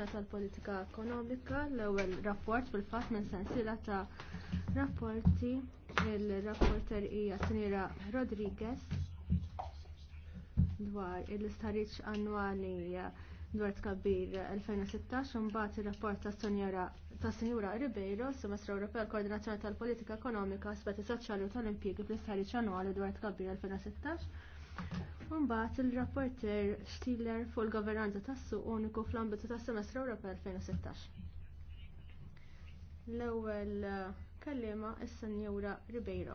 ta' tal-politika ekonomika, l-ewwel rapport fil-fatt minn sensiela ta' rapporti il-rapporter hija Sinira Rodriguez dwar il-istħarriġ annwali dwar tkabbir 2016 mbagħad ir-rapport ta' Sonjera ta' Sinjura Ribeiro, Semestru Ewropew Koordinazzjoni tal-Politika Ekonomika, Aspetti Soċjali u tal-Impjiegi fl-istħarriġ annwali dwar tkabbir 2016. Mbagħad il-rapporter Stiller fuq il-governanza tas-suq uniku fl-ambitu tas-semestru Ewropew 2016. L-ewwel eh, kelliema is-Senjura Ribeiro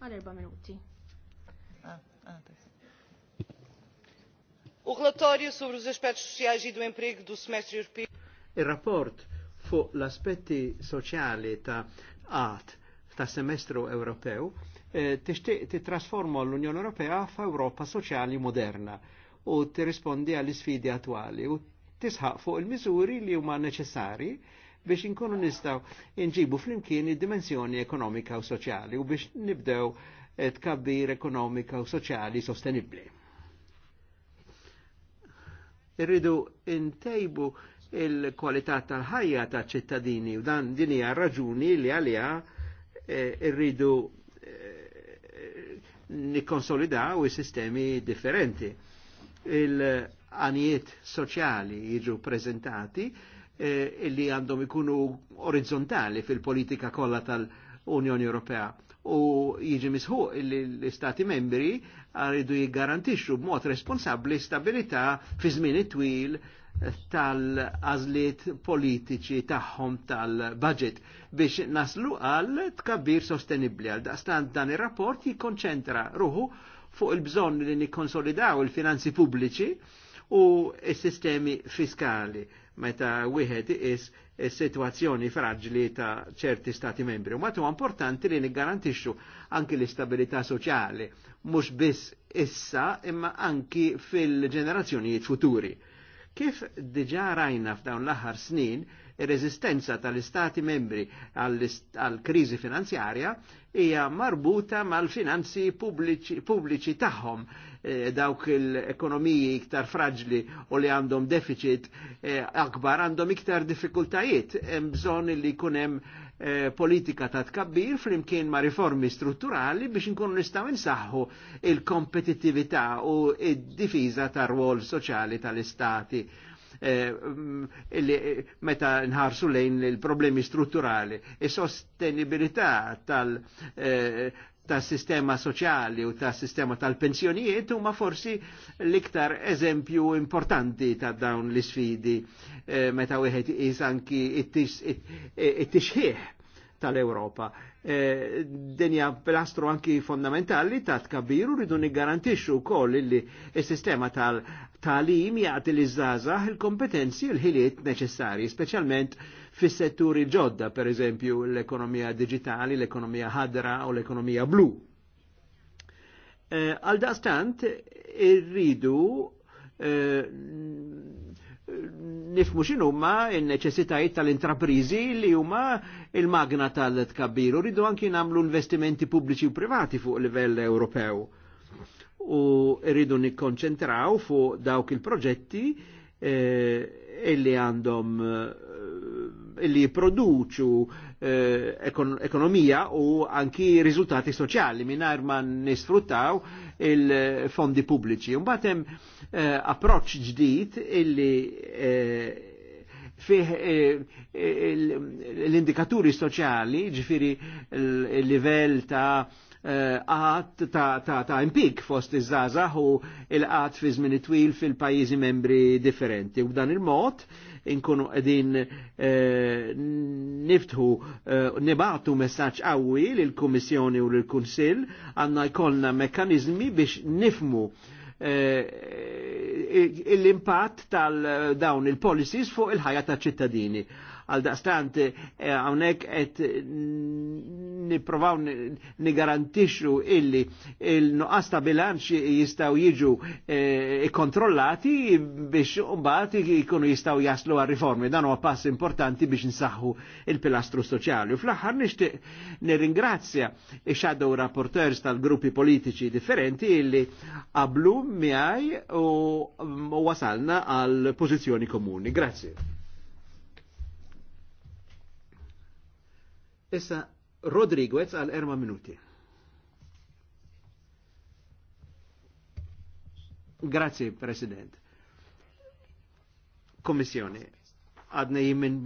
għal erba' minuti. Ah, ah, o relatório sobre os aspectos sociais e do emprego do semestre europeu. Il-rapport fuq l-aspetti soċjali ta' art ta' semestru Ewropew Eh, tixtieq titrasforma l-Unjoni Ewropea f'Ewropa soċjali moderna u tirrispondi għall isfidi attwali u tisħaq fuq il-miżuri li huma neċessari biex inkunu nistaw inġibu flimkien id-dimensjoni ekonomika u soċjali u biex nibdew eh, tkabbir ekonomika u soċjali sostenibli. Irridu intejbu il-kwalità tal-ħajja ta' ċittadini u dan din hija raġuni li għalija eh, irridu nikkonsolidaw sistemi differenti. Il-għanijiet soċjali jiġu prezentati eh, illi għandhom ikunu orizzontali fil-politika kollha tal-Unjoni Ewropea u jiġi misħuq illi l-Istati membri għaridu jiggarantixxu b'mod responsabbli stabilità fi żmien it-twil tal-azliet politiċi tagħhom tal-budget biex naslu għal tkabbir sostenibli għal daqstant dan ir-rapport jikkonċentra ruħu fuq il-bżonn li nikkonsolidaw il-finanzi pubbliċi u s-sistemi fiskali meta wieħed is situazzjoni fragili ta' ċerti stati membri. U matu importanti li niggarantixxu anki l-istabilità soċjali, mhux biss issa imma anki fil-ġenerazzjonijiet futuri Kif diġa rajna f'dawn l-aħħar snin, ir-reżistenza tal-istati membri għall-kriżi finanzjarja hija marbuta mal-finanzi pubbliċi tagħhom e, dawk l-ekonomiji iktar fraġli u li għandhom deficit e, akbar għandhom iktar diffikultajiet hemm bżonn li jkun hemm Eh, politika ta' tkabbir flimkien ma' riformi strutturali biex nkunu nistgħu insaħħu il-kompetittività u id-difiża ta' rwol soċjali tal-istati eh, meta nħarsu lejn il-problemi strutturali. E sostenibilità tal-, eh, ta' sistema soċjali u ta' sistema tal-pensjonijiet huma forsi l-iktar eżempju importanti ta' dawn l-isfidi eh, meta wieħed is anki eh, it-tixħieħ tal-Europa. Eh, Dinja Denja pilastru anki fondamentali ta' tkabbiru rridu nigarantixxu wkoll illi s-sistema tal talim jagħti li żgħażagħ il-kompetenzi il l-ħiliet neċessarji, specialment fis-setturi ġodda, per eżempju l-ekonomija digitali, l-ekonomija ħadra u l-ekonomija blu. Eh, għal e, dastant irridu uh, nifmu x'inhuma n-neċessitajiet tal-intraprizi li huma il-magna tal tkabbiru Rridu anki nagħmlu investimenti pubbliċi u privati fuq livell Ewropew u rridu nikkonċentraw fuq dawk il-proġetti eh, illi għandhom eh, illi produċu eh, ekonomija u anki riżultati soċjali minar ma nisfruttaw il-fondi pubbliċi. Unbatem approċ ġdid illi fih l-indikaturi soċjali, ġifiri il livell ta' Eh, għat ta' impik fost iż-żazax u il-għat fi żmien twil fil-pajjiżi membri differenti. U dan il-mod inkunu qegħdin eh, niftħu eh, nibatu messaġġ qawwi lill-Kummissjoni u lill-Kunsill għandna jkollna mekkaniżmi biex nifmu l-impatt tal-dawn il-policies fuq il-ħajja ta' ċittadini. Għal daqstant hawnhekk eh, qed niprovaw ni illi il-nuqqas ta' bilanċ jistgħu jiġu eh, ikkontrollati biex mbagħad jkunu jistgħu jaslu għal riformi. Dan huwa pass importanti biex nsaħħu il-pilastru soċjali. U fl-aħħar nixtieq nirringrazzja ix-shadow rapporteurs tal-gruppi politiċi differenti illi qablu miegħi u wasalna għal pożizzjoni komuni. Grazie. Issa Rodriguez għal erma minuti. Grazie, President. Komissjoni, għadna jimmin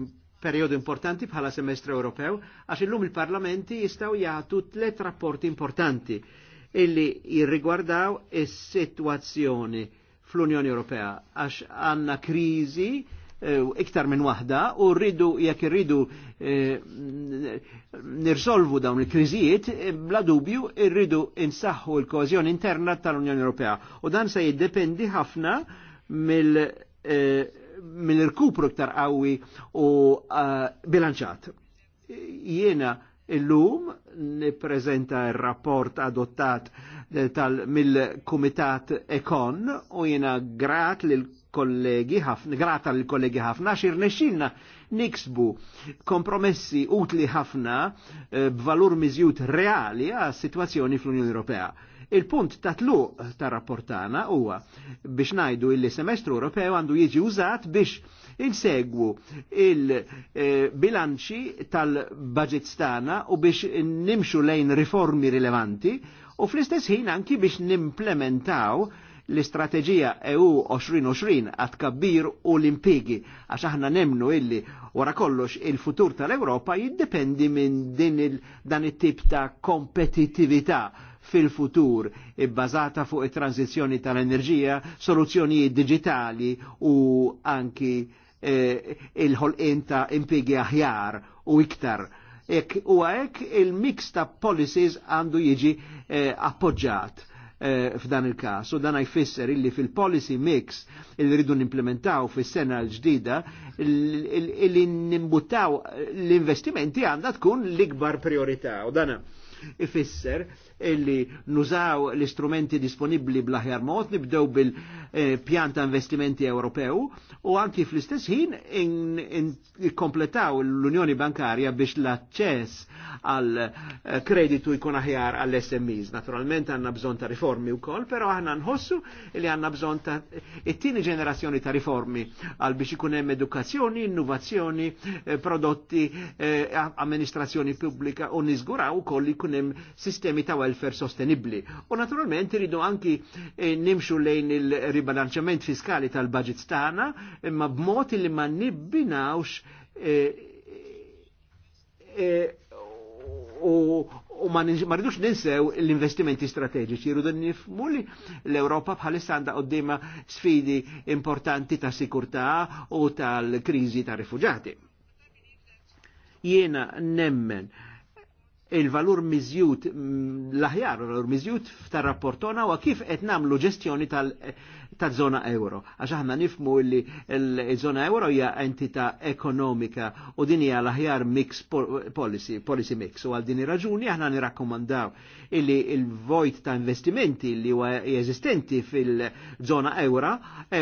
periodu importanti bħala semestru Ewropew, għax il-lum il-parlamenti jistaw jgħatu tlet rapporti importanti illi jirrigwardaw is situazzjoni fl-Unjoni Ewropea għax għanna krizi Eh, iktar minn waħda u rridu jekk irridu eh, nirsolvu dawn il-kriżijiet eh, bla dubju rridu insaħħu l-kożjoni interna tal-Unjoni Ewropea u dan se jiddependi ħafna mill mill-irkupru iktar qawwi u bilanċat. Jiena illum nippreżenta r-rapport adottat mill-Kumitat Ekon u jiena grat lil kollegi ħafna, grata l kollegi ħafna, xir nexilna niksbu kompromessi utli ħafna eh, b'valur miżjut reali għas situazzjoni fl-Unjoni Ewropea. Il-punt ta' tluq ta' rapportana huwa biex najdu il semestru Ewropew għandu jiġi użat biex insegwu il-bilanċi eh, tal-budget stana u biex nimxu lejn riformi rilevanti u fl-istess ħin anki biex nimplementaw l-istrateġija EU 2020 għat kabbir u l-impigi, għax aħna nemnu illi wara kollox il-futur tal-Europa jiddependi minn din il dan it-tip ta' kompetitività fil-futur ibbażata fuq it-tranzizjoni tal-enerġija, soluzzjonijiet digitali u anki eh, il-ħolqien ta' impigi aħjar u iktar. Ek, u għek il-mix ta' policies għandu jiġi eh, appoġġat Eh, f'dan il-kas. U dan għajfisser illi fil-policy mix illi rridu nimplementaw fis-sena l-ġdida illi n-imbuttaw l-investimenti għandha tkun l-ikbar priorità. U dan ifisser illi nużaw l-istrumenti disponibli blaħjar mod, nibdew bil pjanta ta' investimenti Ewropew u anki fl-istess ħin kompletaw l-Unjoni Bankarja biex l-aċċess għal eh, kreditu jkun aħjar għall smis Naturalment għanna bżon ta' riformi u però pero għanna nħossu li għanna bżon ta' it-tini ġenerazzjoni ta' riformi għal biex ikun hemm edukazzjoni, innovazzjoni, eh, prodotti, eh, amministrazzjoni pubblika u nizguraw ukoll li hemm sistemi ta' welfare sostenibli. U naturalment iridu anki eh, nimxu lejn il-ribalanċament fiskali tal-budget stana, imma b'mod li ma nibbinawx eh, eh, u ma ridux ninsew l-investimenti strateġiċi, rridu nifmu li l-Europa bħalissa għandha qoddima sfidi importanti ta' sikurta u tal krizi ta' rifuġati. Jiena nemmen il-valur mizjut mm, l-aħjar, l-valur miżjut tar-rapportona u kif qed nagħmlu ġestjoni tal- ta' zona euro. Għax aħna nifmu li l-zona euro hija entità ekonomika u din hija l-aħjar mix policy, policy mix. U għal din raġuni aħna nirakkomandaw illi il-vojt ta' investimenti li huwa eżistenti fil-zona euro,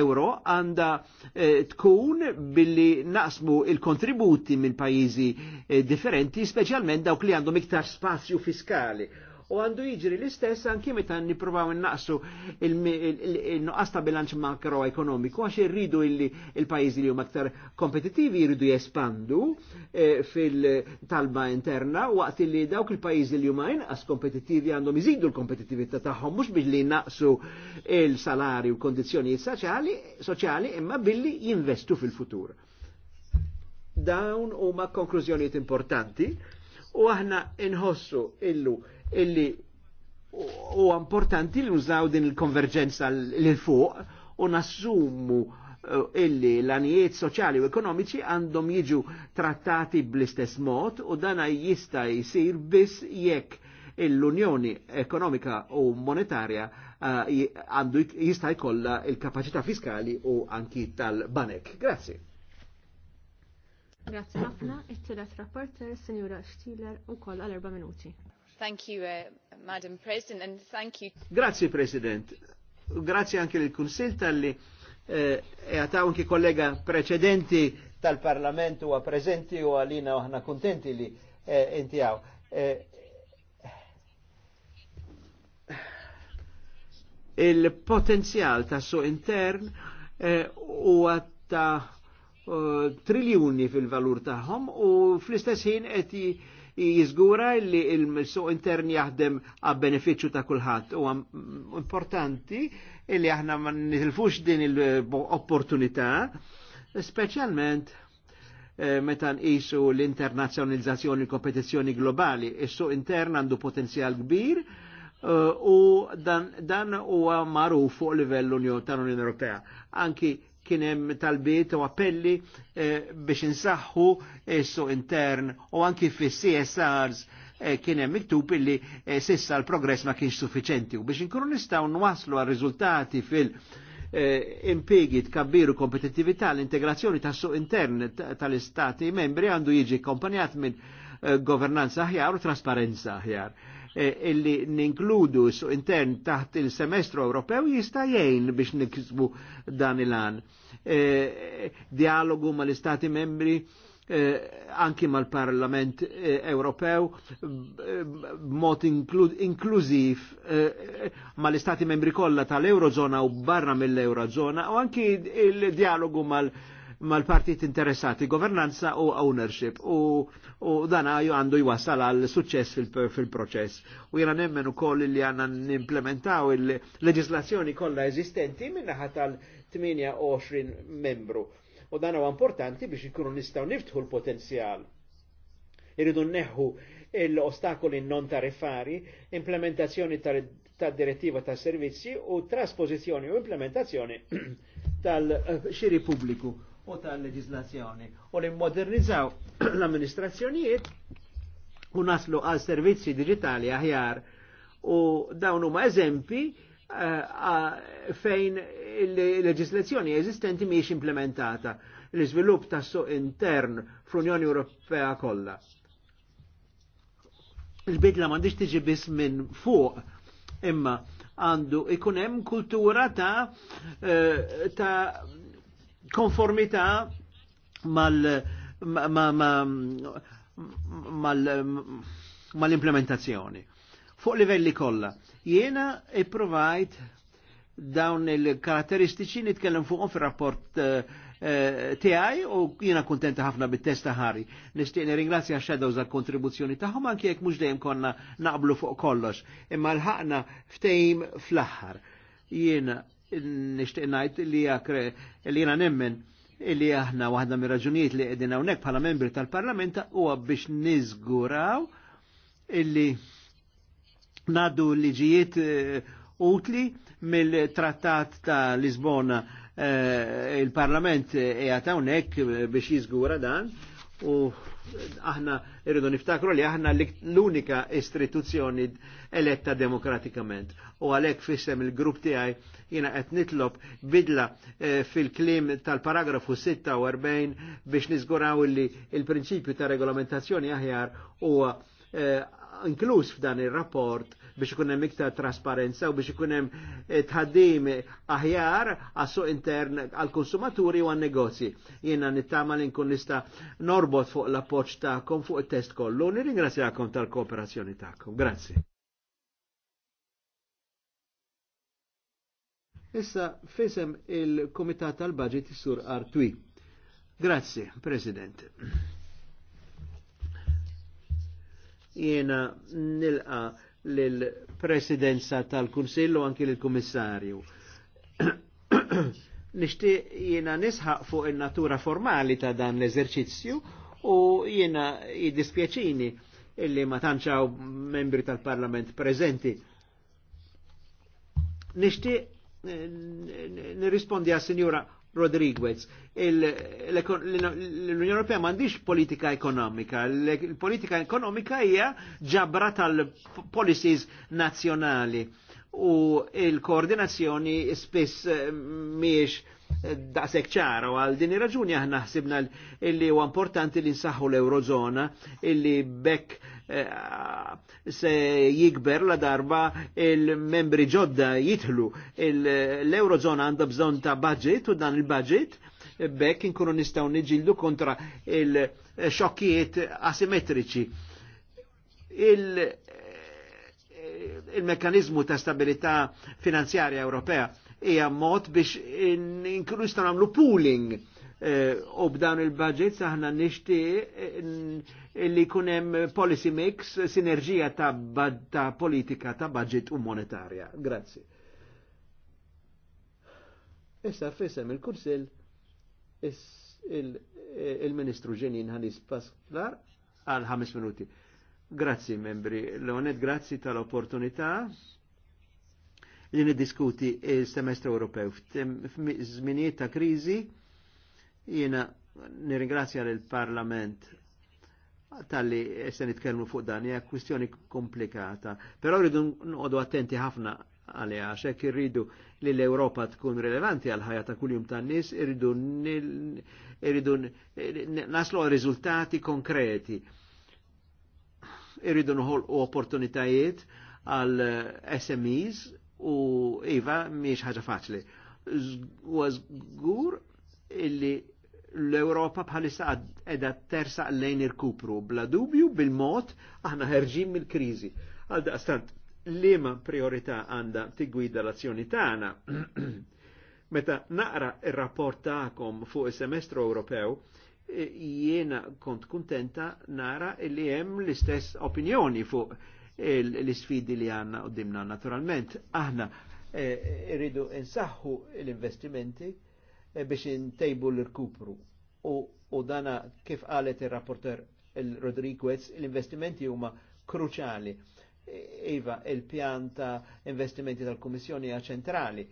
euro għanda eh, tkun billi naqsmu il-kontributi minn pajjiżi eh, differenti, speċjalment dawk li għandhom iktar spazju fiskali u għandu jiġri l-istess anki meta nippruvaw innaqsu il-nuqqas ta' bilanċ makroekonomiku għax irridu illi il-pajjiżi li huma aktar kompetittivi jridu jespandu eh, fil-talba interna waqt li dawk il-pajjiżi li huma inqas kompetittivi għandhom iżidu l-kompetittività tagħhom mhux billi jnaqsu il-salari u kondizzjonijiet soċjali imma billi jinvestu fil-futur dawn huma konklużjonijiet importanti u aħna inħossu illu illi u importanti li nużaw din il-konverġenza l-fuq u nassumu eh, illi l-anijiet soċjali u ekonomiċi għandhom jiġu trattati bl-istess mod u dana jista jisir biss jekk l-Unjoni Ekonomika u Monetarja eh, għandu jista jkollha il-kapacità fiskali u anki tal-banek. Grazie. Grazie ħafna, it rapporter, Signora Stiller, u koll għal erba' minuti. Uh, Grazie, President. Grazie anche il Consiglio tali eh, e a għataw anki kollega preċedenti tal-Parlament u għaprezenti u għalina u għahna kontenti li eh, inti għaw. Eh, il-potenzjal ta' su intern eh, a ta' eh, triljuni fil-valur tagħhom u fl-istess eti qed jizgura li il-suq intern jaħdem għab beneficju ta' kulħadd. U importanti li aħna ma nilfux din l-opportunità, specialment eh, meta nqisu l-internazzjonalizzazzjoni kompetizzjoni globali. Is-suq intern għandu potenzjal kbir eh, u dan, huwa magħruf fuq livell l-Unjoni tal-Unjoni Ewropea. Anki kien hemm talbiet u appelli eh, biex insaħħu issu intern u anki fis-CSRs eh, kien hemm miktub illi eh, sissa l-progress ma kienx suffiċenti u biex inkunu nistgħu nwaslu għal riżultati fil- impiegi tkabbiru kompetittività l-integrazzjoni tas suq intern tal-istati membri għandu jiġi kompanjat minn governanza aħjar u trasparenza aħjar. Eh, illi ninkludu su intern taħt il-semestru Ewropew jista' jgħin biex nikisbu dan il-an. Eh, dialogu mal-Istati membri eh, anki mal-Parlament Ewropew b'mod inklużiv mal-Istati membri kollha tal-Eurozona u barra mill-Eurozona u anki il-dialogu mal-Parlament mal-partit interessati, governanza u ownership u, u għaju għandu jwassal għal suċess fil-proċess. Fil u jena nemmen u koll li għanna n-implementaw il-leġislazzjoni kollha eżistenti minna tal-28 membru. U dan huwa importanti biex ikunu nistgħu niftħu l-potenzjal. Irridu neħu l-ostakoli non tarifari, implementazzjoni tal-direttiva tal servizzi u trasposizjoni u implementazzjoni tal-xiri pubbliku u tal-leġislazzjoni u li modernizzaw l-amministrazzjonijiet u naslu għal servizzi digitali aħjar u dawn huma eżempi eh, fejn il-leġislazzjoni eżistenti miex implementata l-iżvilupp tas suq intern fl-Unjoni Ewropea kollha. Il-bidla m'għandix tiġi biss minn fuq imma għandu ikun hemm kultura ta' eh, ta' konformità mal mal-implementazzjoni. Fuq livelli kollha. Jiena ipprovajt dawn il-karatteristiċi nitkellem fuqhom fir-rapport eh, eh, tiegħi u jiena kuntenta ħafna bit-test ta' ħari. Nixtieq nirringrazzja x-shadows għall-kontribuzzjoni tagħhom anke jekk mhux dejjem konna naqblu fuq kollox, imma l-ħaqna ftehim fl-aħħar. Jiena nishtiq ngħid li li jiena nemmen li aħna waħda mir raġunijiet li qegħdin hawnhekk bħala membri tal-Parlament huwa biex niżguraw illi ngħaddu liġijiet eh, utli mill-trattat ta' Lisbona eh, il-Parlament eh, jgħata hawnhekk biex jiżgura dan u aħna irridu niftakru li aħna l-unika istituzzjoni eletta demokratikament. U għalhekk fissem il-grupp tiegħi jiena qed nitlob bidla eh, fil-klim tal-paragrafu 46 biex nizguraw li il-prinċipju ta' regolamentazzjoni aħjar huwa eh, inkluż f'dan ir-rapport biex ikun hemm iktar trasparenza u biex ikun hemm eh, tħaddim aħjar għas-suq intern għall-konsumaturi u għan-negozji. Jiena nittama li nkun nista' norbot fuq l-appoġġ tagħkom fuq it-test kollu. Nirringrazzjakom tal-kooperazzjoni tagħkom. Grazzi. Issa fisem il-Komitat tal-Budget sur Artwi. Grazzi, President jiena nilqa l-presidenza tal-Kunsillu anki l-Kummissarju. Nishti jena nisħaq fuq il-natura formali ta' dan l-eżerċizzju u jena jiddispjaċini illi ma tanċaw membri tal-Parlament prezenti. Nishti eh, nirrispondi għas-Sinjura Rodriguez, l-Unjoni Ewropea m'għandix politika ekonomika, l-politika ekonomika hija ġabra tal-policies nazzjonali u il-koordinazzjoni spiss eh, miex eh, daqsek ċara u għal din raġuni aħna ħsibna illi huwa importanti li nsaħħu l-Eurozona illi bekk eh, se jikber la darba il-membri ġodda jitħlu l-Eurozona għanda bżonn ta' budget u dan il-budget bekk inkunu nistgħu niġildu kontra il-xokkijiet asimetriċi il-mekanizmu ta' stabilità finanzjarja Ewropea hija mod biex inkunu jistgħu nagħmlu pooling eh, u b'dawn il-budgets aħna nixti eh, li jkun hemm policy mix, sinerġija ta' politika ta' budget u monetarja. Grazzi. Issa fisem il-kursil eh, il-Ministru Ġenin Ħanis Pasklar għal ħames minuti. Grazzi membri, Leonet, grazzi tal-opportunità li niddiskuti il-semestru Ewropew. F'żminijiet ta' kriżi jiena nirringrazzja lill parlament tal-li se nitkellmu fuq dan hija kwistjoni komplikata. Però rridu nqogħdu attenti ħafna għalli għax hekk irridu li l-Ewropa tkun rilevanti għal ħajja ta' kuljum tan-nies irridu naslu riżultati konkreti irridu nħol u opportunitajiet għal eh, SMEs u iva miex ħaġa faċli. U għazgur illi l-Europa bħalissa edha tersa lejn irkupru bla dubju bil-mod aħna ħerġin mill-krizi. Għal daqstant, lima priorità għanda tigwida l-azzjoni tagħna. Meta naqra ir-rapport tagħkom fuq is-semestru Ewropew, jiena kont kuntenta nara li hemm l-istess opinjoni fuq l-isfidi li għanna u dimna naturalment. Aħna eh, irridu e, insaħħu l-investimenti e, biex intejbu l-rkupru. U, u dana kif qalet il-rapporter il-Rodriguez, l-investimenti huma kruċali. Iva, il-pjanta investimenti tal-Kummissjoni ċentrali,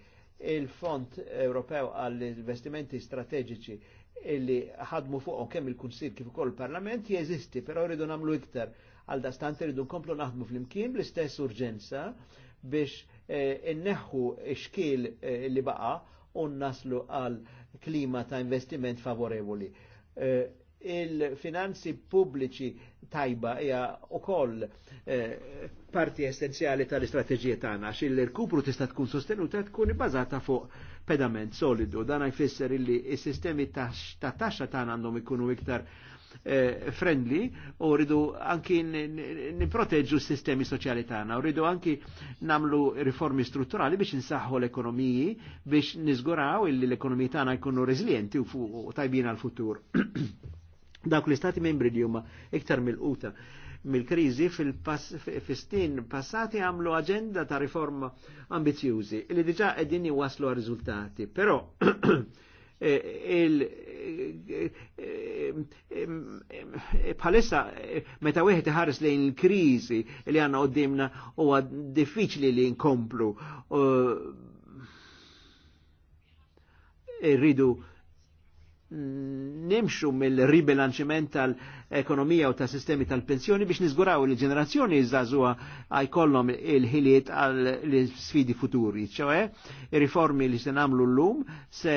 il-Fond Ewropew għall-investimenti Strategiċi illi ħadmu fuqhom kemm il-Kunsil kif ukoll il-Parlament jeżisti, però rridu nagħmlu iktar għal dastant rridu nkomplu naħdmu fl-imkien bl-istess urġenza biex eh, inneħħu x xkiel eh, li baqa u naslu għal klima ta' investiment favorevoli. Eh, il-finanzi pubbliċi tajba hija wkoll parti essenzjali tal-istrateġija tagħna għax il-rkupru tista' tkun sostenuta tkun ibbażata fuq pedament solidu. Dan jfisser illi is-sistemi ta' taxxa tagħna għandhom ikunu iktar eh, friendly u rridu anki niproteġu s-sistemi soċjali tagħna u rridu anki namlu riformi strutturali biex insaħħu l-ekonomiji biex niżguraw illi l-ekonomiji tagħna jkunu reżilienti u tajbin għal-futur. Dawk l-istati membri li huma iktar mill-quta mill-kriżi fil-stin passati għamlu agenda ta' riforma ambizjużi li diġa għedin waslu għal riżultati. Però eh, eh, bħalissa eh, meta wieħed iħares lejn il-kriżi li għandna qudiemna huwa diffiċli li nkomplu rridu Mm, nimxu mill-ribilanċiment tal-ekonomija u tal-sistemi tal-pensjoni biex nizguraw il ġenerazzjoni jizzazua għajkollom il-ħiliet għal-sfidi futuri, ċoħe, riformi li se namlu l-lum se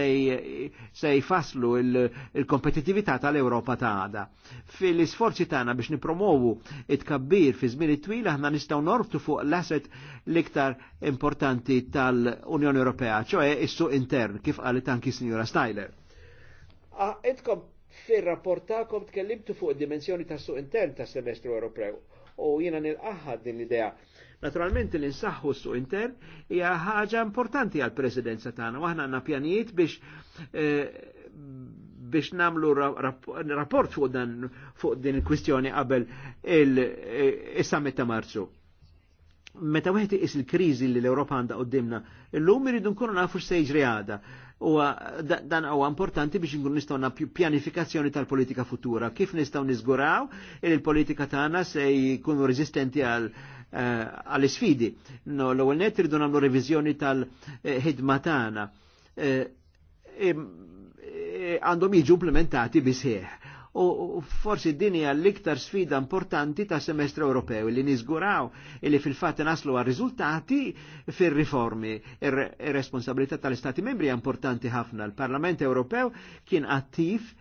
jfaslu il-kompetitività tal-Europa ta' għada. Fil-sforzi tagħna biex nipromovu it-kabbir fi zmini twil aħna nistgħu norftu fuq l-asset l-iktar importanti tal-Unjoni Ewropea, ċoħe is-suq intern, kif qalet anki Signora Styler Għedkom ah, fil-rapportakom tkellimtu fuq dimensjoni ta' suq intern ta' semestru Ewropew u jina nil-qaħad din l-idea. Naturalment l-insaħħu suq intern hija ħaġa importanti għal presidenza tagħna u aħna għandna pjanijiet biex eh, biex namlu rapport fuq dan fuq din il-kwistjoni qabel il-summit eh, ta' Marzu. Meta wieħed is il-kriżi li l-Ewropa għandha qudiemna, illum iridu nkunu nafu x'se jiġri għada u dan huwa importanti biex nkun nistgħu na pjanifikazzjoni tal-politika futura. Kif nistgħu niżguraw il politika tagħna se jkunu resistenti għal eh, għal sfidi. No, l-ewwel net irridu nagħmlu reviżjoni tal-ħidma tagħna eh, eh, għandhom jiġu implementati bisħieħ u forsi din hija l-iktar sfida importanti ta' semestru Ewropew li nizguraw li fil fat naslu għal riżultati fir-riformi. Ir-responsabilità tal-Istati membri hija importanti ħafna. L-Parlament Ewropew kien attiv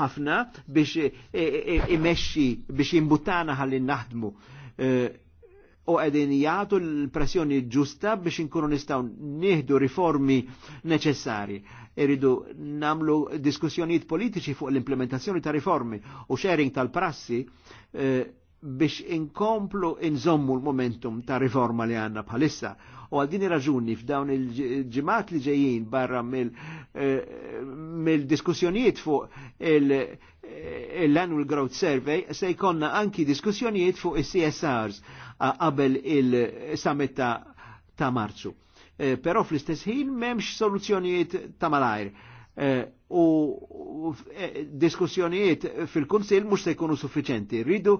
ħafna biex imexxi biex imbuttana ħalli naħdmu. Eh, u għedin jgħatu l-pressjoni ġusta biex inkunu nistaw nieħdu riformi neċessari. Iridu namlu diskussjonijiet politiċi fuq l-implementazzjoni ta' riformi u sharing tal-prassi eh, biex inkomplu inżommu l-momentum ta' riforma li għanna bħalissa. U għal din raġuni f'dawn il-ġimat li ġejjin barra mill-diskussjonijiet eh, fuq eh, l-Annual Growth Survey se jkonna anki diskussjonijiet fuq il-CSRs qabel il-summit ta' marzu. Eh, però fl-istess ħin memx soluzzjonijiet ta' malajr u e, diskussjonijiet fil-Kunsil mux se jkunu suffiċenti. Rridu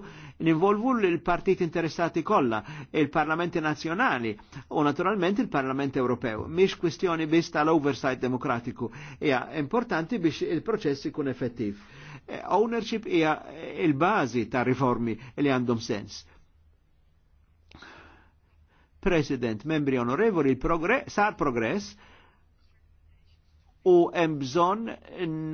ninvolvu l-partit interessati kollha, il-Parlamenti Nazzjonali u naturalment il-Parlament Ewropew. Miex kwistjoni biss tal-oversight demokratiku. Hija importanti biex il-proċess ikun effettiv. E, ownership hija il bazi ta' riformi li għandhom sens. President, membri onorevoli, il-progress, sar progress, u hemm bżonn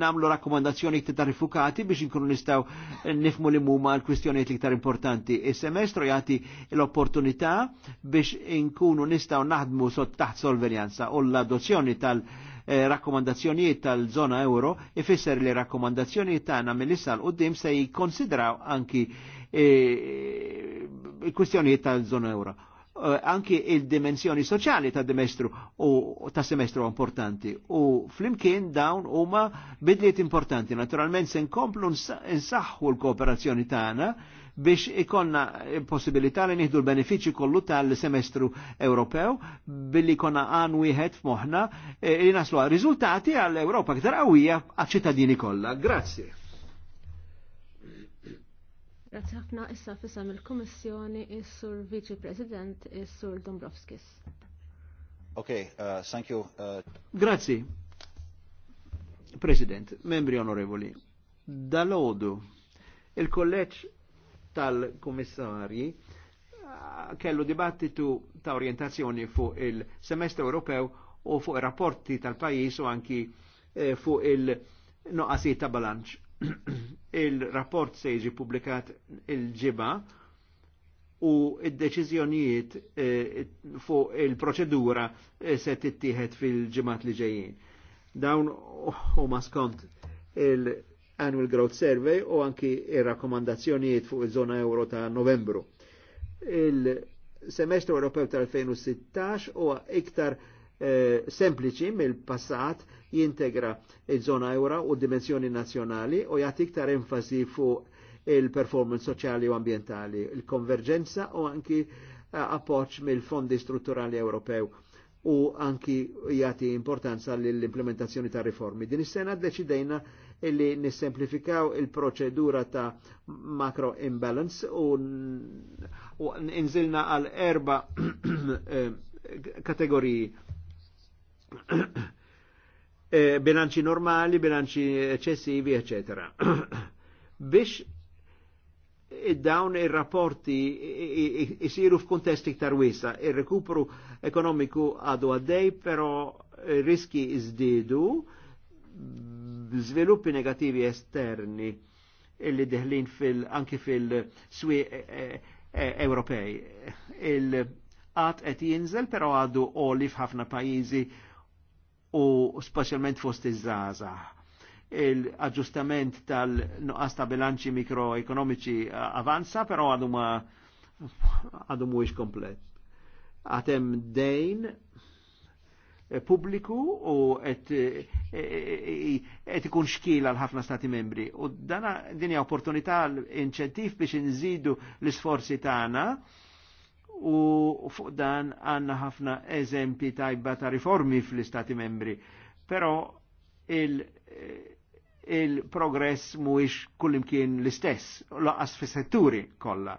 nagħmlu rakkomandazzjoni iktar rifukati biex inkunu nistgħu nifmu li muma l-kwistjonijiet iktar importanti. Is-semestru jagħti l-opportunità biex inkunu nistgħu naħdmu sott taħt solvenjanza u l-adozzjoni tal- eh, rakkomandazzjonijiet tal-zona euro ifisser li rakkomandazzjonijiet tagħna mill-issa l qudiem se jikkonsidraw anki eh, kwistjonijiet tal-zona euro eh, anki il-dimensjoni soċjali ta' dimestru u ta' semestru importanti u flimkien dawn huma bidliet importanti. Naturalment se nkomplu nsaħħu l-kooperazzjoni tagħna biex ikonna possibilità li nieħdu l-benefiċi kollu tal-semestru Ewropew billi konna għan wieħed f'moħħna eh, li naslu għal riżultati għall-Ewropa ktar qawwija għaċ-ċittadini kollha. Grazzi. Grazie ħafna issa fisam il-Kommissjoni is-Sur Vice President is-Sur Dombrovskis. Ok, uh, thank you. Uh... Grazie. President, membri onorevoli, dal-ħodu il kolleċ tal komissarji uh, kellu dibattitu ta' orientazzjoni fuq il-semestru Ewropew u fuq il-rapporti tal-pajis u anki eh, fuq il-noqqasi ta' bilanċ Il-rapport se jiġi publikat il-ġiba u id-deċiżjonijiet eh, fuq il-proċedura eh, se tittieħed fil-ġimat li ġejjin. Dawn huma skont il-Annual Growth Survey u anki il rakkomandazzjonijiet fuq il żona euro ta' Novembru. Il-semestru Ewropew tal-2016 huwa iktar eh, sempliċi mill-passat jintegra il zona euro u dimensjoni nazjonali u jagħti iktar enfasi fuq il-performance soċjali u ambientali, il-konverġenza u anki eh, appoġġ mill-fondi strutturali Ewropew u anki jagħti importanza l-implementazzjoni ta' riformi. Din is-sena deċidejna illi nissemplifikaw il-proċedura ta' macro imbalance u, u nżilna għal erba eh, kategoriji Eh, bilanċi normali, bilanċi eccessivi, eccetera. Biex id eh, dawn il rapporti isiru f'kuntest iktar wisa, il rekupru ekonomiku għadu għaddej, però eh, riski izdidu, sviluppi negativi esterni illi deħlin fil, anki fil-swi Ewropej. Il-qat qed jinżel, però għadu oli f'ħafna pajizi u specialment fost iż-żaza. Il-aġġustament tal-nuqqas ta' bilanċi mikroekonomiċi eh, avanza, però għadu ma għadu mhuwiex komplet. Għatem dejn eh, pubbliku u eh, qed ikun xkil għal ħafna stati membri. U dana dinja opportunità l inċentiv biex inżidu l-isforzi tagħna u fuq dan għanna ħafna eżempi tajba ta' riformi fl-istati membri. Però il-progress il mhuwiex kullimkien l-istess, laqas fi setturi kollha.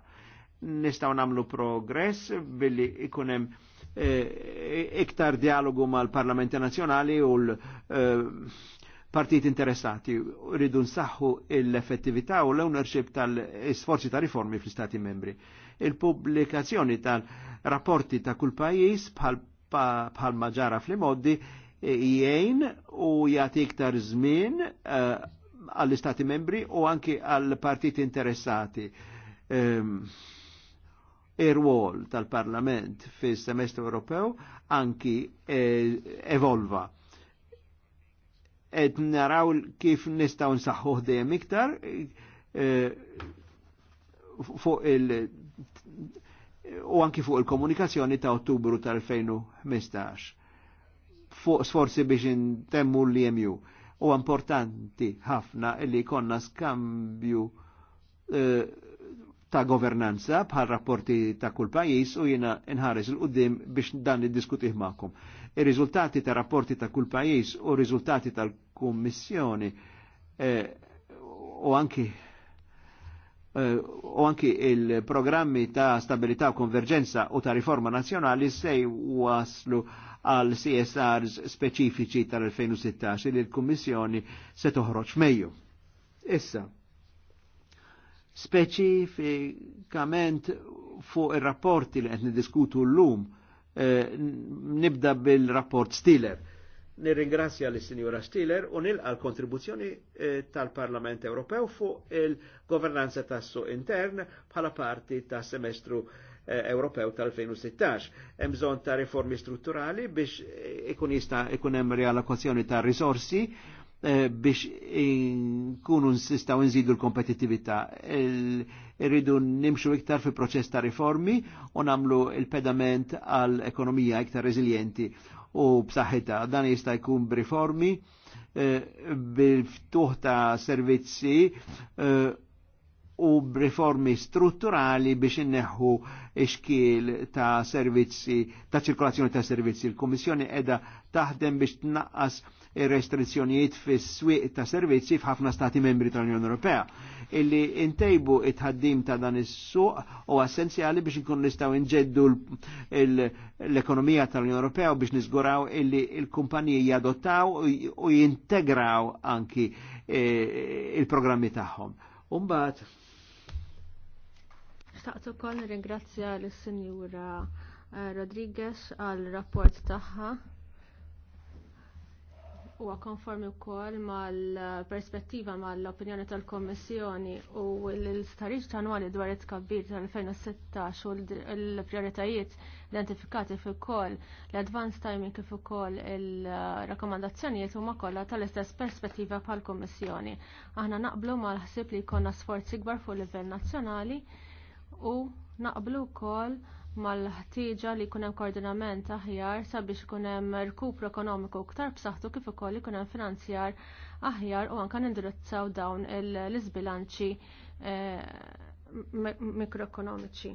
Nistgħu nagħmlu progress billi ikun hemm eh, iktar dialogu mal-Parlamenti Nazzjonali u l eh, partiti interessati rridu nsaħħu l-effettività u l-ownership tal isforzi ta' riformi fl-Stati membri il-pubblikazzjoni tal-rapporti ta' kull pajjiż bħal maġara fl-imoddi e, jgħin u jagħti iktar żmien e, għall-istati membri u anki għall-partiti interessati. Ehm, ir-wol tal-Parlament fis semestru Ewropew anki e, evolva et naraw kif nistaw nsaħħuħ dejjem iktar fuq il u anki fuq il-komunikazzjoni ta' ottubru tal-2015 fuq sforzi biex intemmu l imu U importanti ħafna li konna skambju eh, ta' governanza bħal rapporti ta' kull pajis u jina nħares l-qoddim biex dan id-diskutih ma'kom. Ir-riżultati ta' rapporti ta' kull pajis u riżultati tal-Kummissjoni eh, u anki Eh, u anki il-programmi ta' stabilità u konverġenza u ta' riforma nazjonali sej waslu għal CSRs speċifiċi tal-2016 li l-Kummissjoni se toħroġ Mejju. Issa, speċifikament fuq ir rapporti li qed niddiskutu llum, lum eh, nibda bil-rapport Stiller Nirringrazzja l sinjura Stiller u nilqa l-kontribuzzjoni eh, tal-Parlament Ewropew fuq il-governanza tassu intern bħala parti tas semestru eh, Ewropew tal-2016. Hemm bżonn ta' riformi strutturali biex eh, ikun jista' ikun hemm riallokazzjoni ta' risorsi biex nkunu nsistaw nżidu l-kompetittività. Irridu nimxu iktar fi proċess ta' riformi u namlu il-pedament għal ekonomija iktar reżiljenti u b'saħħitha. Dan jista' jkun b'riformi eh, bil-ftuħ ta' servizzi eh, u b'riformi strutturali biex inneħħu xkiel ta' servizzi, ta' ċirkolazzjoni ta' servizzi. Il-Kommissjoni edha taħdem biex tnaqqas restrizzjonijiet fis-swieq ta' servizzi f'ħafna stati membri tal-Unjoni Ewropea. Illi intejbu it-ħaddim ta' dan is-suq u essenzjali biex nkun nistgħu nġeddu l-ekonomija tal-Unjoni Ewropea u biex niżguraw illi l-kumpaniji jadottaw u jintegraw anki e, il-programmi tagħhom. Umbat. Xtaqt ukoll ringrazzja l sinjura eh, Rodriguez għal rapport tagħha huwa konformi wkoll mal-perspettiva mal-opinjoni tal-Kommissjoni u l-istariġ tanwali dwar it-tkabbir tal-2016 u l-prioritajiet identifikati fi koll l advanced timing kif ukoll il-rakkomandazzjonijiet huma kollha tal-istess perspettiva pal kommissjoni Aħna naqblu mal ħsib li jkollna sforzi kbar fuq livell nazzjonali u naqblu wkoll mal-ħtieġa li jkun hemm koordinament aħjar sabiex ikun hemm rkupru ekonomiku iktar b'saħħtu kif ukoll ikun hemm finanzjar aħjar u anke nindirizzaw dawn l-iżbilanċi eh, mikroekonomiċi.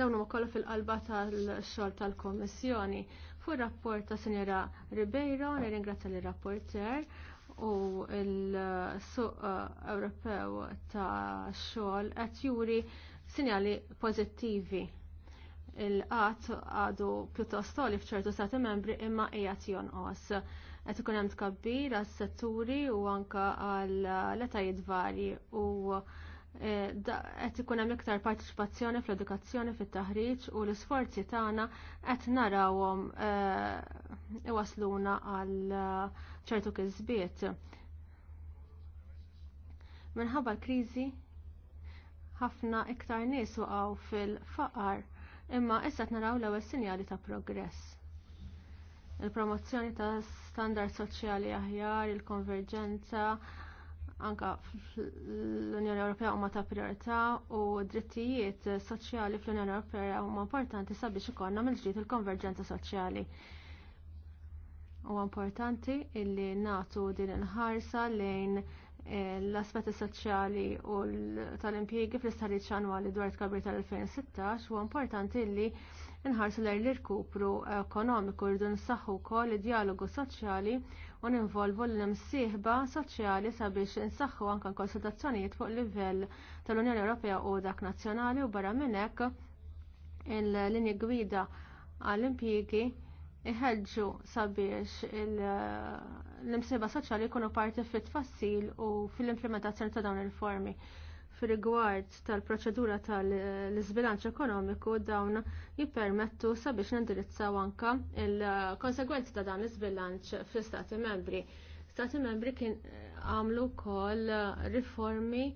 Dawn huma kollha fil-qalba tal-xogħol tal-Kommissjoni. Fuq rapport ta' Sinjera Ribeiro, nirringrazzja lir rapporter u l-suq eh, Ewropew ta' xogħol qed juri sinjali pożittivi. Il-qat għadu pjuttost toli f'ċertu stati membri imma qiegħed jonqos. Qed ikun hemm tkabbir għas-setturi u anke għal etajiet varji u e, qed ikun hemm iktar partiċipazzjoni fl-edukazzjoni fit-taħriġ u l-isforzi tagħna qed narawhom e, iwasluna għal e, ċertu kisbiet. Minħabba l-kriżi ħafna iktar nies waqgħu fil-faqar imma issa naraw l-ewwel sinjali ta' progress. Il-promozzjoni ta' standard soċjali aħjar, il-konverġenza, anka l-Unjoni Ewropea huma ta' priorità u drittijiet soċjali fl-Unjoni Ewropea huma importanti sabiex ikollna mill-ġdid il-konverġenza soċjali. Huwa importanti illi nagħtu din il-ħarsa lejn l-aspetti soċjali u tal-impjiegi fl-istħarriċ annwali dwar it-Kabri tal-2016 huwa importanti li nħarsu l l-irkupru ekonomiku rridu nsaħħu wkoll id-dialogu soċjali u ninvolvu l-imsieħba soċjali sabiex nsaħħu anke konsultazzjonijiet fuq livell tal-Unjoni Ewropea u dak nazzjonali u barra minn hekk il-linji gwida għall-impjiegi iħedġu sabiex eh, l-imsiba soċjali jkunu parti fit-tfassil u fil-implementazzjoni ta' dawn il-formi. Fil-rigward tal-proċedura tal-izbilanċ ekonomiku dawn jippermettu sabiex nindirizzaw anka il-konsegwenzi ta' dan l-izbilanċ fl-Stati membri. Stati membri kien eh, għamlu kol riformi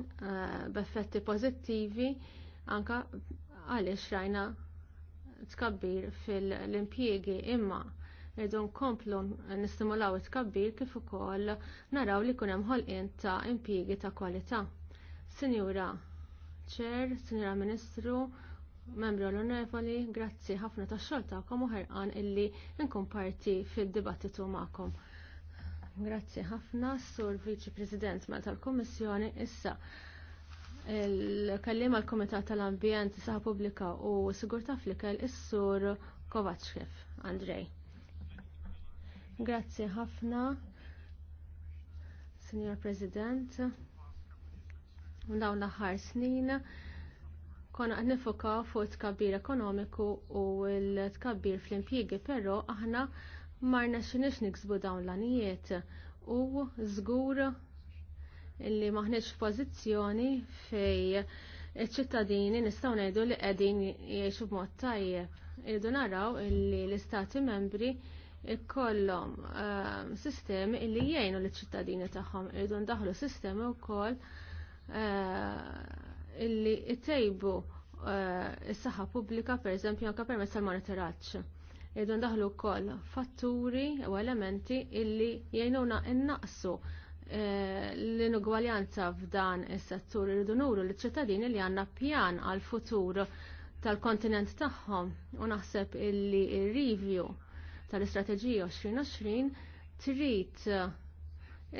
eh, b'effetti pozittivi anka għaliex rajna tkabbir fil-impjiegi imma rridu nkomplu nistimulaw tkabbir kif ukoll naraw li jkun hemm ħolqien ta' impjiegi ta' kwalità. Sinjura Ċer, Sinjura Ministru, membri onorevoli, grazzi ħafna tax xogħol tagħkom ħerqan illi nkun parti fid-dibattitu ma'kom. Grazzi ħafna, Sur Viċi President tal-Kummissjoni issa il-kallima l-Komitat tal-Ambjent Saħa Pubblika u Sigurta Flikel is-Sur Kovacev Andrej. Grazzi ħafna, Signor President, dawn l-aħħar snin konna qed nifokaw fuq tkabbir ekonomiku u l-tkabbir fl-impjiegi, però aħna ma rnexxinix niksbu dawn l-anijiet u żgur illi maħniex f'pożizzjoni fej iċ-ċittadini nistgħu ngħidu li qegħdin jgħixu b'mod tajjeb. Irridu naraw illi l-istati membri ikollhom ehm, sistemi illi jgħinu l-ċittadini tagħhom. Irridu ndaħlu sistemi wkoll uh, illi jtejbu s ehm, is-saħħa pubblika pereżempju anke permezz tal-monitoraġġ. Irridu ndaħlu wkoll fatturi u elementi illi jgħinuna innaqsu Eh, l-inugwaljanza f'dan is-settur irridu nuru li ċittadini li għandna pjan għal futur tal-kontinent tagħhom u naħseb illi review tal-istrateġija 2020 trid eh,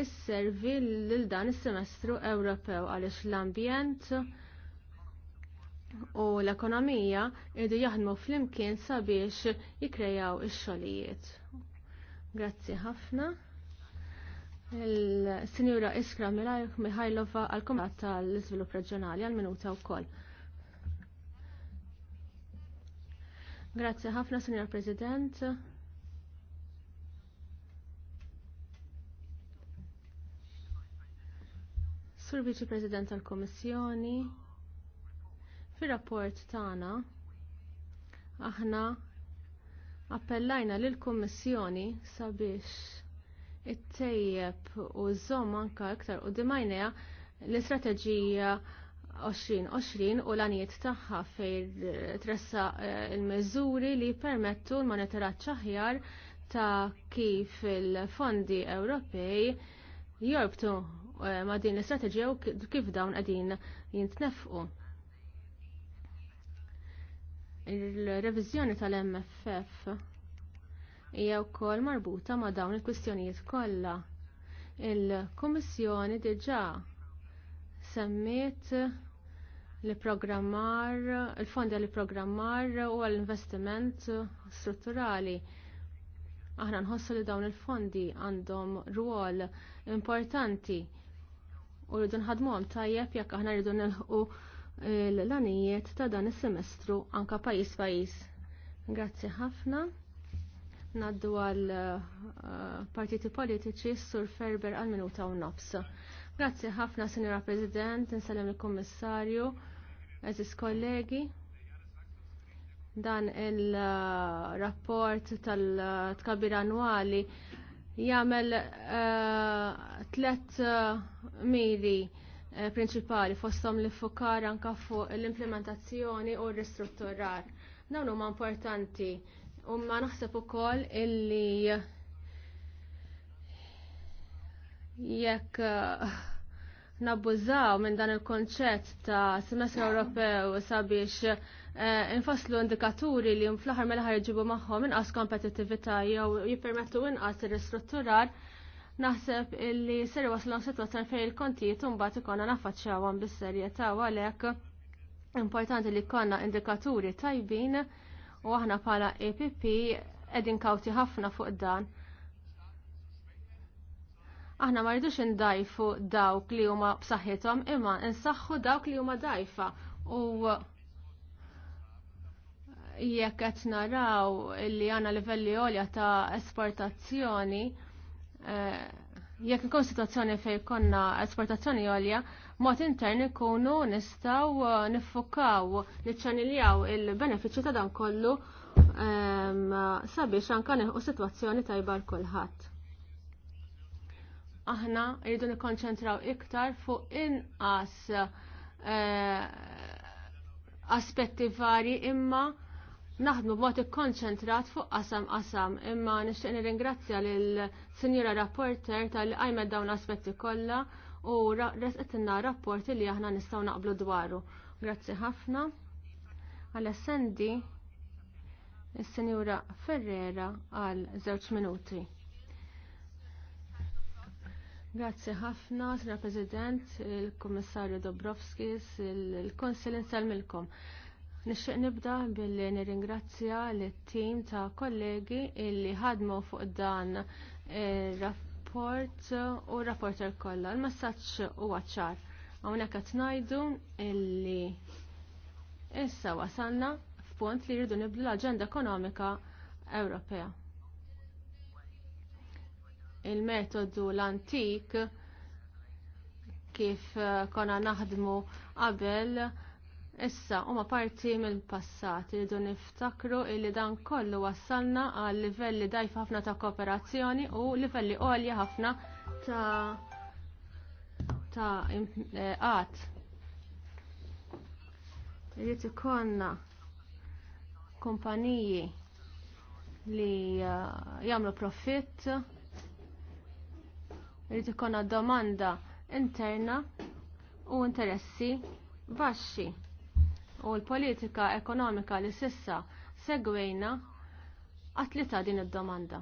isservi lil dan is-semestru Ewropew għaliex l-ambjent u l-ekonomija irdu jaħdmu flimkien sabiex jikrejaw ix-xogħlijiet. Grazzi ħafna il-Sinjura Iskra Mihajlova għal-Komitat tal-Izvilupp Reġjonali għal-Minuta wkoll. Grazie ħafna, Sinjor President. Sur Viċi President tal-Komissjoni, fir-rapport tagħna aħna appellajna lill komissjoni sabiex it-tejjeb u żomm anka iktar u dimajnija l-istrateġija 2020 u l-għaniet tagħha fejn tressa eh, il mezzuri li permettu l-monitoraġġ ċaħjar ta' kif il-fondi Ewropej jorbtu eh, ma' din l-istrateġija u kif dawn qegħdin jintnefqu. Il-reviżjoni tal-MFF hija wkoll marbuta ma' dawn il-kwistjonijiet kollha. Il-Kummissjoni diġà semmiet li programmar, il-fondi li programmar u għall-investiment strutturali. Aħna nħossu li dawn il-fondi għandhom rwol importanti u rridu nħadmuhom tajjeb jekk aħna rridu nilħqu l-lanijiet ta' dan is-semestru anke pajjiż pajjiż. Grazzi ħafna naddu għal eh, partiti politiċi sur Ferber għal minuta u nofs. Grazzi ħafna, Senjora President, nsellem il-Kommissarju, eżis kollegi. Dan il-rapport tal-tkabir annwali jagħmel eh, tlet eh, miri prinċipali fostom li fukar anka fuq l-implementazzjoni u r-ristrutturar. Dawn huma importanti u ma naħseb ukoll illi jekk eh, nabbużaw minn dan il-konċett ta' semestru Ewropew sabiex eh, infaslu indikaturi li fl-aħħar mill-aħħar jġibu magħhom inqas kompetittività jew jippermettu inqas irristrutturar naħseb illi ser waslhom sitwazzjoni fejn il-kontijiet imbagħad ikonna naffaċċjawhom bis-serjetà u għalhekk importanti li konna indikaturi tajbin u aħna bħala EPP qegħdin kawti ħafna fuq dan. Aħna ma rridux indajfu dawk li huma b'saħħithom imma insaħħu dawk li huma dajfa u jekk qed naraw li għandna livelli għolja ta' esportazzjoni eh, jekk ikun situazzjoni fejn konna esportazzjoni għolja mod intern ikunu nistgħu uh, niffukaw, niċċanniljaw il-benefiċċju ta' dan kollu um, sabiex anke neħu sitwazzjoni tajba l kulħadd. Aħna rridu nikkonċentraw iktar fuq inqas uh, aspetti vari imma naħdmu b'mod ikkonċentrat fuq qasam qasam imma nixtieq nirringrazzja lil Sinjura Rapporter tal-qajmet dawn l aspetti kollha u resqetinna rapport li aħna nistgħu naqblu dwaru. Grazzi ħafna. Għal-essendi, il-Senjura Ferrera għal żewġ minuti. Grazzi ħafna, Sra President, il-Kommissarju Dobrovskis, il-Konsil insalmilkom. Nixtieq nibda billi nirringrazzja lit tim ta' kollegi illi ħadmu fuq dan ir eh, rapport u rapporter kollha. Il-messaġġ huwa ċar. Hawnhekk qed ngħidu illi issa wasalna f'punt li jridu nibdu l-aġenda ekonomika Ewropea. Il-metodu l-antik kif konna naħdmu qabel Issa, huma parti mill-passat li dun niftakru li dan kollu wassalna għal livelli dajf ħafna ta' kooperazzjoni u livelli għolja ħafna ta' ta' eh, għat. Rrit ikonna kumpaniji li eh, jagħmlu profitt, rrit ikonna domanda interna u interessi baxxi u l-politika ekonomika li sissa segwejna għatlita din id-domanda.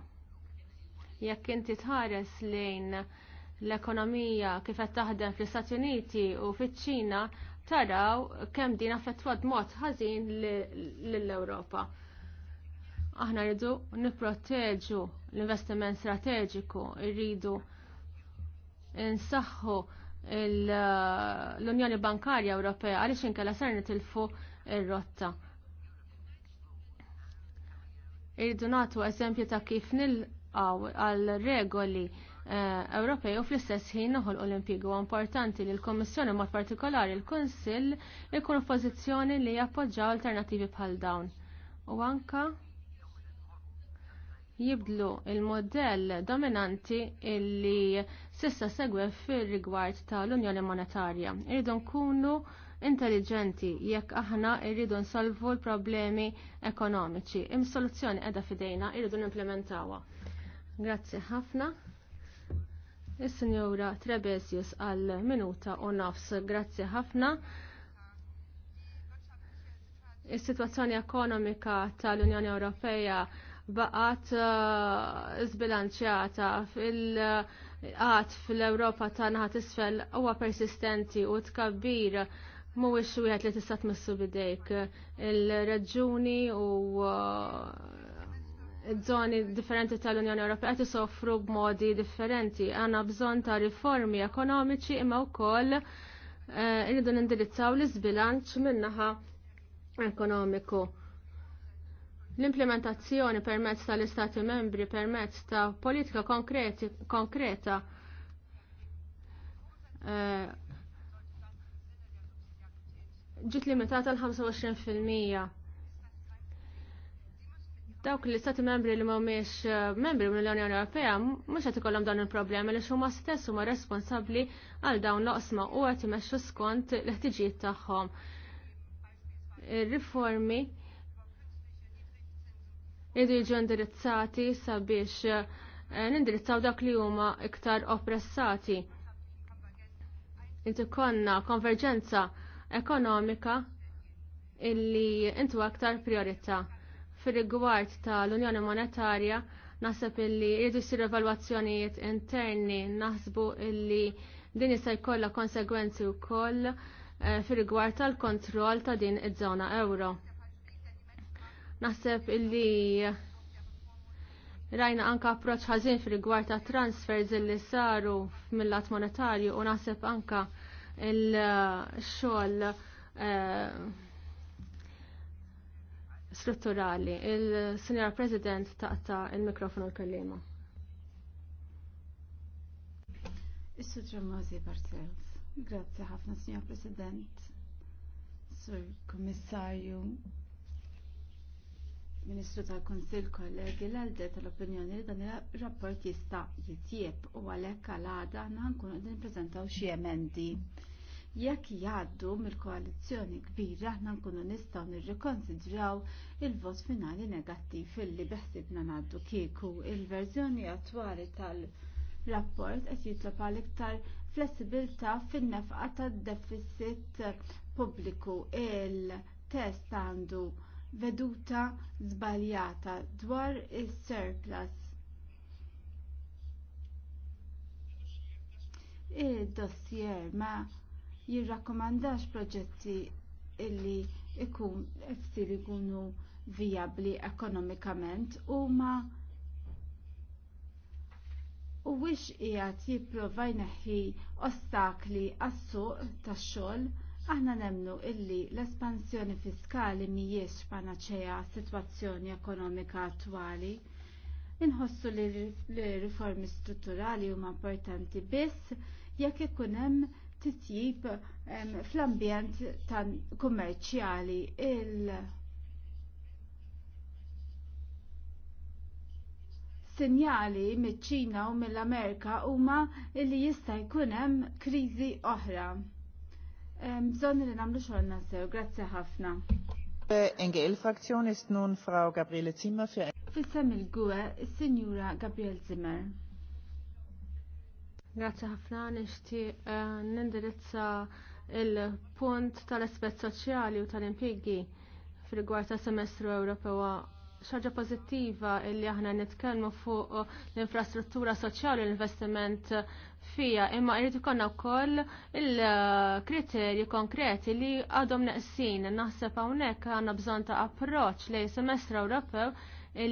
Jekk inti tħares lejn l-ekonomija kif qed taħdem fl-Istati Uniti u fiċ-Ċina taraw kemm din affettwat mod ħażin lill-Ewropa. Aħna rridu nipproteġu l-investiment strateġiku, rridu insaħħu l-Unjoni Bankarja Ewropea għaliex inkella ser nitilfu ir-rotta. Irridu nagħtu eżempju ta' kif nilqaw għal regoli eh, Ewropej u fl-istess ħin noħol Olimpiku importanti li l-Kommissjoni mod partikolari l-Kunsill ikunu pożizzjoni li jappoġġaw alternativi bħal dawn. U anka jibdlu il-modell dominanti illi sissa segwe fil-rigward tal-Unjoni Monetarja. Irridu nkunu intelligenti jekk aħna irridu nsolvu l-problemi ekonomiċi. Im soluzzjoni edha fidejna irridu nimplementawa. Grazzi ħafna. Is-Sinjura Trebesius għal minuta u nofs. Grazzi ħafna. Is-sitwazzjoni ekonomika tal-Unjoni Ewropea baqgħet uh, eh, zbilanċjata fil- uh, għat fil-Europa ta' naħat isfel huwa persistenti u tkabbir mhuwiex wieħed li tista' tmissu bidejk il-raġuni u żoni uh, differenti tal-Unjoni Ewropea qed isofru b'modi differenti. Għandna bżonn ta' riformi ekonomiċi imma wkoll uh, irridu nindirizzaw l-iżbilanċ min-naħa ekonomiku. L-implementazzjoni permezz tal-Istati membri permezz ta' politika konkreti, konkreta eh, ġiet limitata l-25%. Dawk l-istati membri li mhumiex eh, membri mill-Unjoni Ewropea mhux qed ikollhom dawn il-problemi li huma stess huma responsabbli għal dawn l-oqsma u qed imexxu skont l-ħtiġijiet tagħhom. Ir-riformi jridu jiġu indirizzati sabiex eh, nindirizzaw dak li huma iktar oppressati. Inti konna konverġenza ekonomika illi intu aktar priorità. Fir-rigward tal-Unjoni Monetarja naħseb illi jridu jisir evalwazzjonijiet interni nasbu illi din jista' jkollha konsegwenzi wkoll eh, fir-rigward tal-kontroll ta' din iż-żona euro. Naħseb illi rajna anka approċ ħażin fil-rigward ta' transfers illi saru mill-lat monetarju u naħseb anka il-xogħol eh, strutturali. Il-Sinjora President taqta il-mikrofonu l-kellima. Issu ġemmazi Bartels. Grazie ħafna, Signor President, Sur Kommissarju, Ministru tal kunsill kollegi l-għalde tal-opinjoni li dan il-rapport jista' jitjieb u għalhekk għal għada aħna nkunu qed nippreżentaw xi emendi. Jekk jgħaddu mill-koalizzjoni kbira aħna nkunu nistgħu nirrikonsidraw il-vot finali negattiv illi beħsibna ngħaddu kieku il-verżjoni attwali tal-rapport qed jitlob għal iktar flessibilità fin-nefqa tad-deficit pubbliku il-test għandu veduta żbaljata dwar is-surplus. Il-dossier ma jirrakkomandax proġetti illi ikun fsir ikunu vijabbli ekonomikament u ma u wix qiegħed jipprova jneħħi ostakli għas-suq tax-xogħol Aħna nemnu illi l-espansjoni fiskali mhijiex panaċeja situazzjoni ekonomika attwali. Inħossu li l-riformi strutturali huma importanti biss jekk ikun hemm titjib fl-ambjent tan kummerċjali il- sinjali miċ-Ċina u mill-Amerika huma li jista' jkun hemm kriżi oħra. Bżonni li namlu xogħolna sew, grazzi ħafna. Engel fraktion ist nun Frau Gabriele Zimmer Fissem il-gwe, Signora Gabriele Zimmer. Grazie ħafna nishti eh, nindirizza il-punt tal-aspett soċjali u tal-impjegi fil gwarta semestru Ewropew xaġa pożittiva illi aħna nitkellmu fuq l-infrastruttura soċjali l-investiment fija imma irrid ikonna wkoll il-kriterji konkreti li għadhom neqsin naħseb hawnhekk għandna bżonn ta' approċċ lejn semestru Ewropew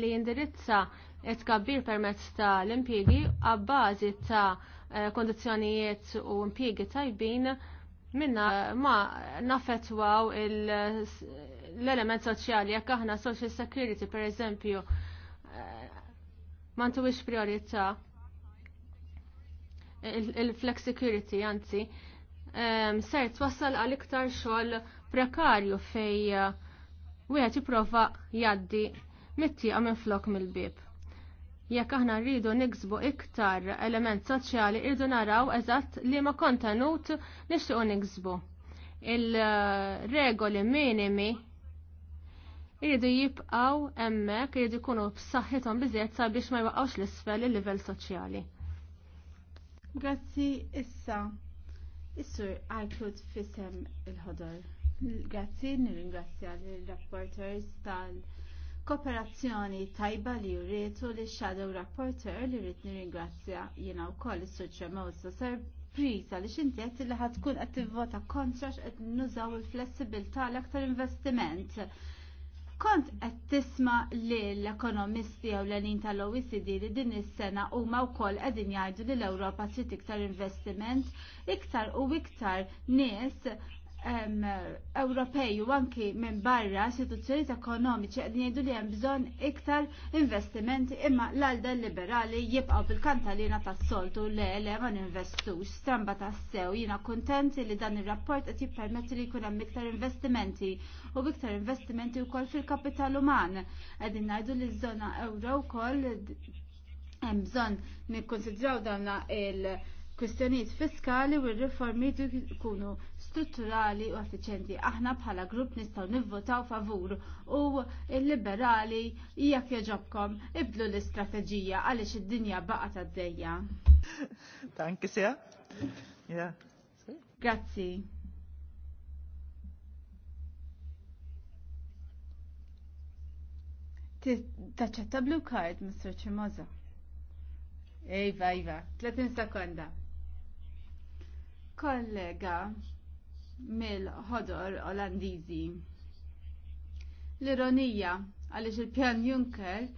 li jindirizza t kabbir permezz ta' l impjiegi għabbażi ta' eh, kondizzjonijiet u impjiegi tajbin minna ma nafetwaw l-element soċjali jekk aħna social security per eżempju eh, ma ntuwix priorità il-flex security anzi ser twassal għal iktar xogħol prekarju fej eh, wieħed jipprova jaddi mitti minn flok mill-bib. Jekk aħna rridu niksbu iktar element soċjali rridu naraw eżatt li ma kontenut nixtiequ niksbu. Il-regoli minimi irridu jibqaw hemmhekk irridu jkunu b'saħħithom biżjed sabiex ma jwaqgħux l-isfel il-livell soċjali. Grazzi issa. Is-sur Aykut fisem il-ħodor. Grazzi, nirringrazzja l-rapporters tal-kooperazzjoni tajba li jurietu li shadow rapporter li rrit nirringrazzja jina u koll is-suċa mawsa sorpriza li xintiet li ħatkun għattivvota kontra x'qed nużaw il-flessibilta l-aktar investiment kont qed tisma' li l-ekonomisti jew l tal-OECD li din is-sena huma wkoll qegħdin jgħidu li l-Ewropa trid iktar investiment, iktar u iktar nies Ewropej u anki minn barra istituzzjonijiet ekonomiċi qed jgħidu li hemm bżonn iktar investimenti imma l-għalda liberali jibqgħu bil kanta li tas-soltu le le ma ninvestux. Stramba tassew jiena kuntenti li dan ir-rapport qed jippermetti li jkun hemm iktar investimenti u iktar investimenti wkoll fil-kapital uman. Qegħdin ngħidu li ż-żona euro wkoll hemm bżonn nikkonsidraw dawn il- kwistjonijiet fiskali u r-riformi jkunu strutturali u effiċenti. Aħna bħala grupp nistgħu nivvotaw favur u l-liberali jekk joġobkom ibdlu l-istrateġija għaliex id-dinja baqa' ta' dejja Tanki sija. Grazzi. Taċċetta blue card, Mr. Cimoza. Ejva, ejva, 30 sekonda kollega mill-ħodor Olandiżi. L-ironija għaliex il-pjan Juncker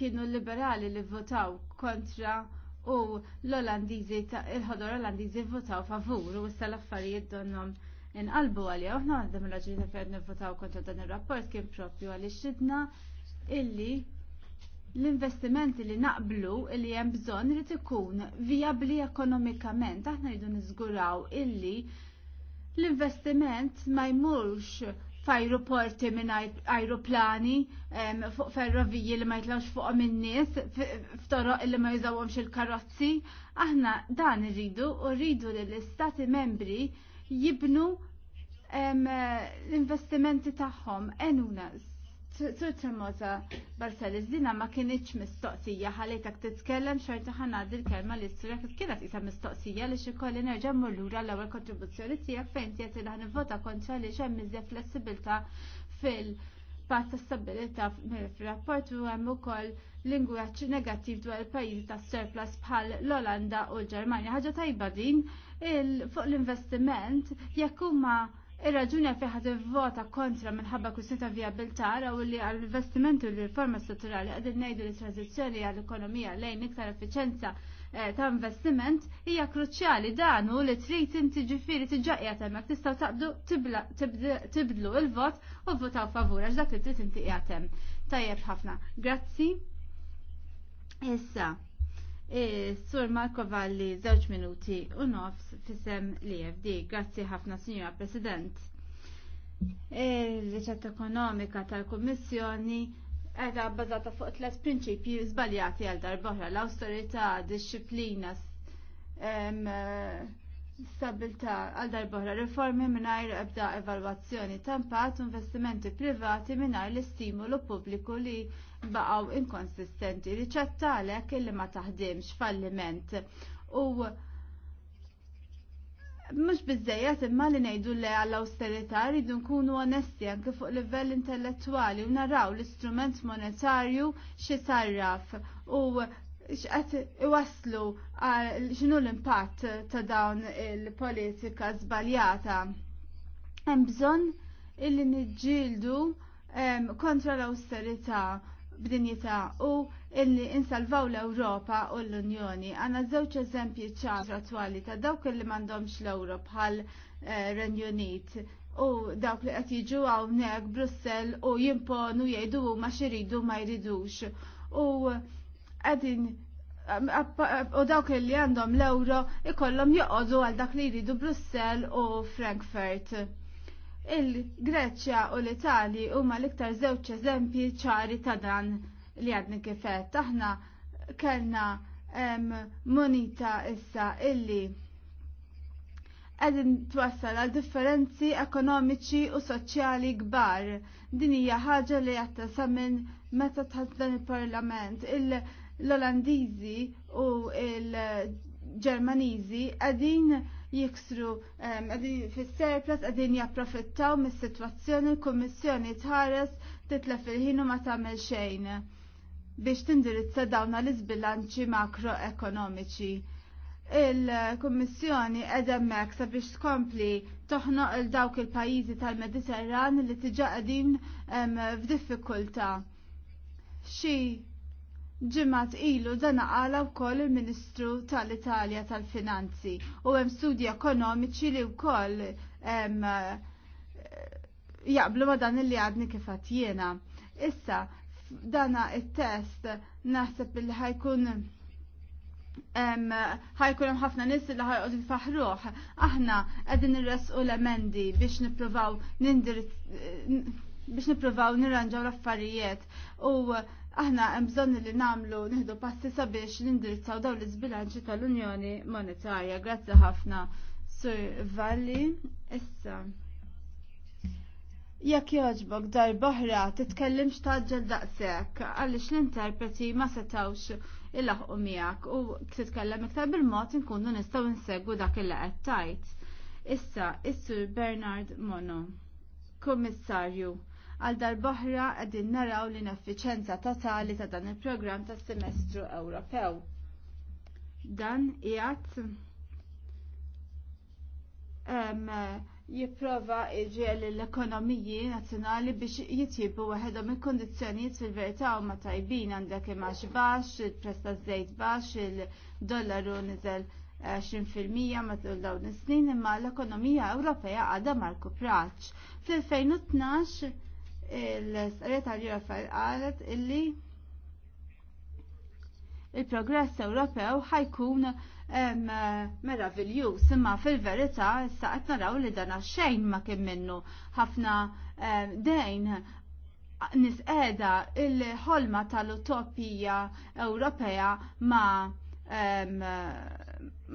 kienu liberali li votaw kontra u l-Olandiżi il-ħodor Olandiżi votaw favur u issa l-affarijiet donnom inqalbu għalija. Aħna għandhom raġuni ta' fejn nivvotaw kontra dan ir-rapport kien propju għaliex xidna illi l-investimenti li naqblu li hemm bżonn li ikun vijabbli ekonomikament. Aħna rridu niżguraw illi l-investiment ma jmurx f'ajruporti minn ajruplani fuq ferroviji li ma jitlawx fuqhom in-nies f'toroq li ma jużawhomx il-karozzi. Aħna dan rridu u rridu li l-istati membri jibnu l-investimenti tagħhom enunas Sur Tremosa Barcelis, dina ma kienieċ mistoqsija ħalejtak titkellem xorta ħanad il-kelma li s-surek kienet isa mistoqsija li xikolli nerġa' mullura l-ewwel kontribuzzjoni tiegħek fejn tiegħed li ħanivvota kontra li xemm iżjed flessibilta fil- pat ta' stabilita fil-rapport u hemm ukoll lingwaġġ negattiv dwar il-pajjiżi tas surplus bħal l-Olanda u l-Ġermanja. Ħaġa tajba din fuq l-investiment jekk huma Ir-raġuni fi ħad vota kontra minħabba kwistjoni ta' viabilità li għall investimentu u l-riforma strutturali qegħdin ngħidu li tranzizzjoni għall-ekonomija lejn iktar effiċenza eh, ta' investiment hija kruċjali dan u li trid inti ġifieri tiġaqja temmek tistgħu taqbdu tibdlu il-vot u votaw favur għax dak li trid inti qiegħed Tajjeb ħafna. Grazzi. Issa. Eh, Sur Marco Valli, zewġ minuti u nofs fisem l Grazzi ħafna, Signora President. Il-riċetta eh, ekonomika tal-Kommissjoni għedha bbażata fuq tlet prinċipji żbaljati għal darbohra l-austerità, disċiplina, eh, stabilta għal darbohra riformi mingħajr ebda evalwazzjoni tampat investimenti privati mingħajr l istimolu pubbliku li baqgħu inkonsistenti riċettalek illi ma taħdimx falliment u mux bizzejet imma li nejdu li għall-austerità rridu nkunu onesti anke fuq livell intellettuali u naraw l-istrument monetarju xi sarraf u xqed iwaslu x'inhu l-impatt ta' dawn il-politika żbaljata. Hemm bżonn illi niġġieldu kontra l-austerità b'dinjità u illi insalvaw l-Ewropa u l-Unjoni. Għanna żewġ eżempji ċar attwali ta' dawk illi m'għandhomx l-Ewro bħal eh, Renju Unit u dawk li qed jiġu hawnhekk Brussell u jimponu jgħidu ma xiridu ma jridux. U qegħdin u dawk li għandhom l-euro ikollhom joqogħdu għal dak li jridu Brussell u Frankfurt. Il-Greċja u l-Itali huma l-iktar żewġ eżempji ċari ta' dan li għadni kifet. Aħna kellna monita issa illi għedin twassal għal differenzi ekonomiċi u soċjali kbar. Din hija ħaġa li jattasa minn meta dan il-Parlament. L-Olandiżi u l-Ġermaniżi għedin jiksru fil serplas għedin japprofittaw mis-situazzjoni, l-Kommissjoni tħares titlef il-ħin u ma tagħmel xejn biex tindirizza dawna l-izbilanċi makroekonomiċi. Il-Kommissjoni meksa sabiex tkompli toħnoq il-dawk il-pajizi tal-Mediterran li tiġa qegħdin f'diffikulta. Xi Ġimat ilu għala qala wkoll il-Ministru tal-Italja tal-Finanzi u hemm studji ekonomiċi li wkoll jaqblu ma dan li għadni kif jena. Issa dana it-test naħseb li ħajkun ħajkun hemm ħafna nies li ħajqogħdu faħruħ Aħna qegħdin nirresqu l-emendi biex nippruvaw nindirizz biex nippruvaw nirranġaw l-affarijiet u aħna hemm bżonn li nagħmlu nieħdu passi sabiex nindirizzaw dawn l-iżbilanċi tal-Unjoni Monetarja. Grazzi ħafna Sur Valli. Issa. Jekk jogħġbok dar boħra titkellimx taġġel daqshekk għaliex l-interpreti ma setawx il-laħqu miegħek u titkellem iktar bil-mod inkunu nistgħu nsegwu dak il qed tajt. Issa, is-Sur Bernard Mono, Kummissarju Għal darboħra għedin naraw l-ineffiċenza totali ta' dan il-programm ta' semestru Ewropew. Dan jgħat um, jipprova iġiel l-ekonomiji nazzjonali biex jitjibu waħedhom il-kondizjonijiet fil-verità u ma tajbin għandek imax baxx, il-presta żejt baxx, il-dollaru niżel 20% matul dawn is-snin imma l-ekonomija Ewropea għadha marku praċ. Fil-2012 il-sarjet għal Rafael qalet illi il-progress Ewropew ħajkun meravigljuż imma fil-verità issa qed naraw li dan xejn ma kien minnu ħafna dejn nisqeda il-ħolma tal-utopija Ewropea ma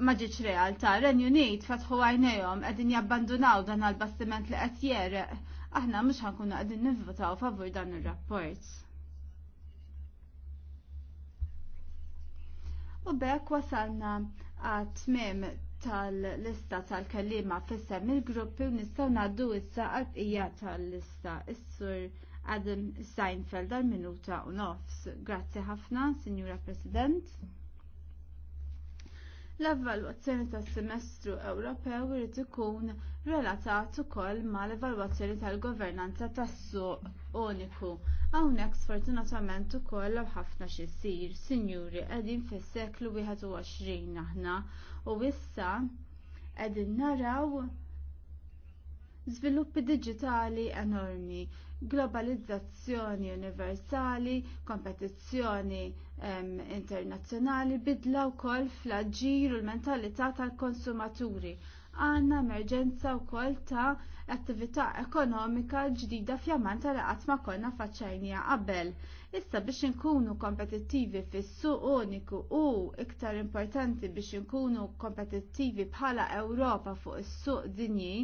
ma ġiċ realtà. Renju Unit fatħu għajnejhom qegħdin jabbandunaw dan għal bastiment li qed jereq aħna mhux ħankunu qegħdin nivvotaw favur dan ir-rapport. U bekk wasalna għat-tmim tal-lista tal-kellima fissem il-gruppi u nistgħu ngħaddu issa għal ija tal-lista. Is-sur Adam Seinfeld għal-minuta u nofs. Grazzi ħafna, Signora President l-evalwazzjoni tas-semestru Ewropew irid ikun relatat ukoll mal-evalwazzjoni tal-governanza tas-suq uniku. Hawnhekk sfortunatament ukoll hemm ħafna xi jsir, sinjuri qegħdin fis-seklu 21 aħna u issa qegħdin naraw żviluppi diġitali enormi globalizzazzjoni universali, kompetizzjoni internazzjonali bidla wkoll fl-aġir u l-mentalità tal-konsumaturi. Għanna emerġenza wkoll ta' attività ekonomika ġdida fjamman tal għatma ma konna faċċajnija qabel. Issa biex inkunu kompetittivi fis-suq uniku u iktar importanti biex inkunu kompetittivi bħala Ewropa fuq is-suq dinji,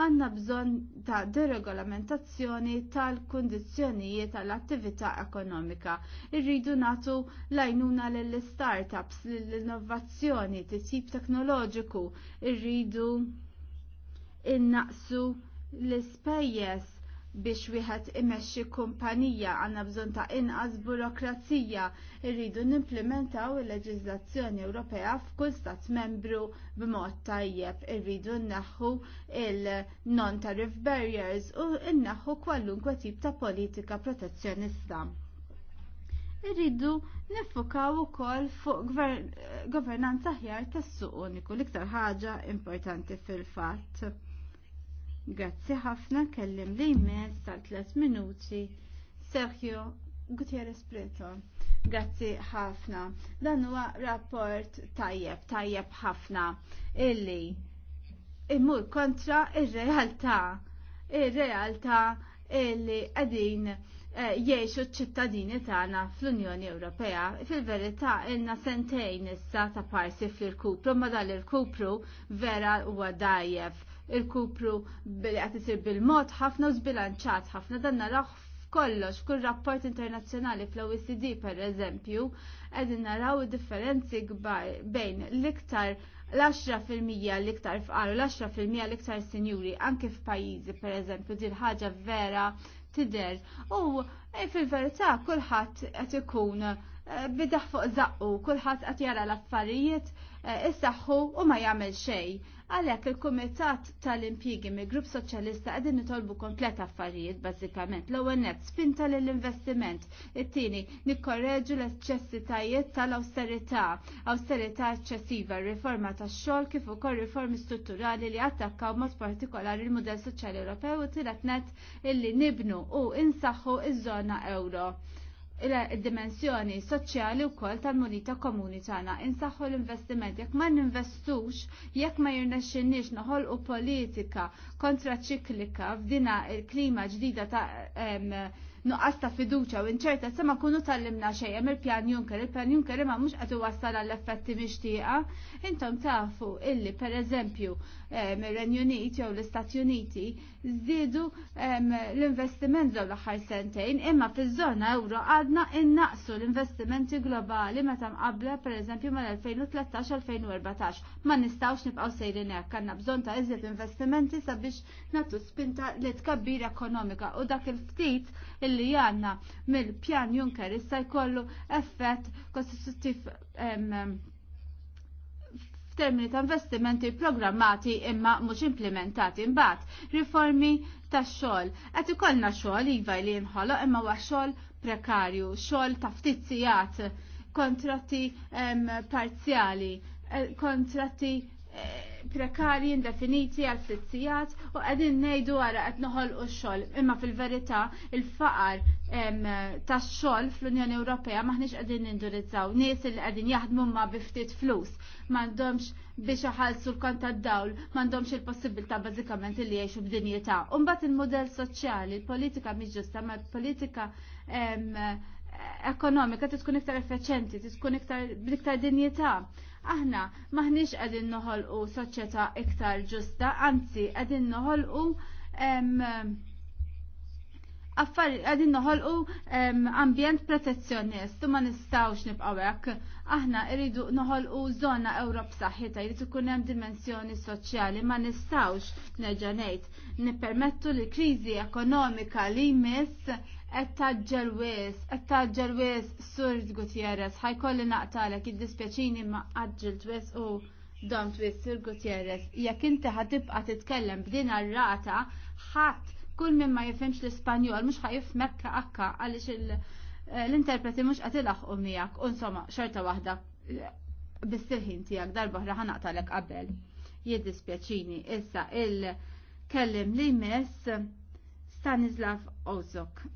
għandna bżonn ta' deregolamentazzjoni tal-kundizzjonijiet tal-attività ekonomika. Irridu natu lajnuna lill-startups, lill-innovazzjoni, tip teknoloġiku, irridu innaqsu l-ispejjeż biex wieħed imexxi kumpanija għandna bżonn ta' inqas burokrazija irridu nimplementaw il-leġiżlazzjoni Ewropea f'kull stat membru b'mod tajjeb irridu nneħħu il-non tariff barriers u nneħħu kwalunkwe tip ta' politika protezzjonista. Irridu nifukaw ukoll fuq governanza ħjar tas-suq uniku l-iktar ħaġa importanti fil-fatt Grazzi ħafna kellim li jmess tal 3 minuti Sergio Gutierrez Preto. Grazzi ħafna. Dan huwa rapport tajjeb, tajjeb ħafna illi Imur kontra ir-realtà. Ir-realtà illi qegħdin eh, jiexu ċittadini tagħna fl-Unjoni Ewropea. Fil-verità ilna sentejn issa ta' parsi fl-irkupru, ma dal-irkupru vera huwa dajjeb il-kupru billi qed isir bil-mod ħafna u zbilanċat ħafna dan raħ f'kollox kull rapport internazzjonali fl-OECD per eżempju qegħdin naraw differenzi kbar bejn l-iktar l-10% l-iktar fqar u l-10% l-iktar sinjuri anke f'pajjiżi per eżempju din ħaġa vera tider u e, fil-verità kulħadd qed ikun e, bidaħ fuq zaqqu kulħadd qed jara l-affarijiet e, issaħħu u ma jagħmel xejn Għalhekk il-Kumitat tal-Impjigi mill-Grupp Soċjalista qegħdin nitolbu komplet affarijiet bażikament. L-ewwel net spinta lill-investiment, it-tieni nikkorreġu l-eċċessitajiet tal-awsterità, awsterità eċċessiva, riforma tax-xogħol kif ukoll riformi strutturali li attakkaw mod partikolari l-mudell soċjali Ewropew u tielet nett illi nibnu u insaħħu iż-żona euro il-dimensjoni soċjali u koll tal-munita komuni tagħna. Insaħħu l-investiment, jekk ma ninvestux, jekk ma jirnexxinniex u politika kontraċiklika f'dina il-klima ġdida ta' nuqqas ta' fiduċa u inċerta sema kunu tal-limna xejjem il-pjan Juncker. Il-pjan Juncker ma mux għadu wassal għall-effetti mixtieqa. Intom tafu illi per eżempju mir-Renju Unit jew l-Istati Uniti żdiedu l-investiment żew l-aħħar sentejn, imma fiż-żona euro għadna innaqsu l-investimenti globali meta mqabbla per eżempju mal-2013-2014. Ma nistgħux nibqgħu sejrin hekk, għandna bżonn ta' iżjed investimenti sabiex nagħtu spinta li tkabbir ekonomika u dak il-ftit illi għanna mill-pjan Juncker issa jkollu effett kostituttiv f'termini ta' investimenti programmati imma mhux implementati imbagħad riformi tax-xogħol. Għati ikollna xogħol iva li jinħoloq imma huwa xogħol prekarju, xogħol taftizzijat, ftit kontratti parzjali, eh, kontratti eh, prekari indefiniti għal fizzijat u għedin nejdu għara għed noħol u xol. Imma fil-verita il-faqar ta' xol fl-Unjoni Ewropea maħniċ għedin nindurizzaw. Nies li għedin jaħdmu ma' biftit flus. Mandomx biex ħalsu l-kont dawl mandomx il-possibilta bazzikament li jiexu b'dinjeta. Umbat il model soċjali, il-politika miġġusta, ma' politika ekonomika tkun iktar effiċenti, tkun iktar b'iktar dinjeta. Aħna maħniex qegħdin noħolqu soċjetà iktar ġusta, anzi qegħdin u affar għadin noħolqu ambjent protezzjonist u ma nistawx nibqawek. Aħna irridu noħolqu zona Ewrop saħħita jrid ikun hemm dimensjoni soċjali ma nistawx neġa' ngħid nippermettu li kriżi ekonomika li jmiss qed taġġel wis, qed taġġel wis Sur Gutierrez, ħajkolli naqtalek id dispieċini ma għadġil wis u Dom wis Sur Gutierrez. Jekk inti ħatibqa' titkellem b'din ar-rata, ħadd kull min ma jifhimx l-Ispanjol mhux ħajifmek akka għaliex eh, l-interpreti mhux qed u mijak, Insomma, xorta waħda bistilħin tiegħek darba oħra ħanaqtalek qabel. Jiddispjaċini issa il-kellim li miss Stanislav Ozok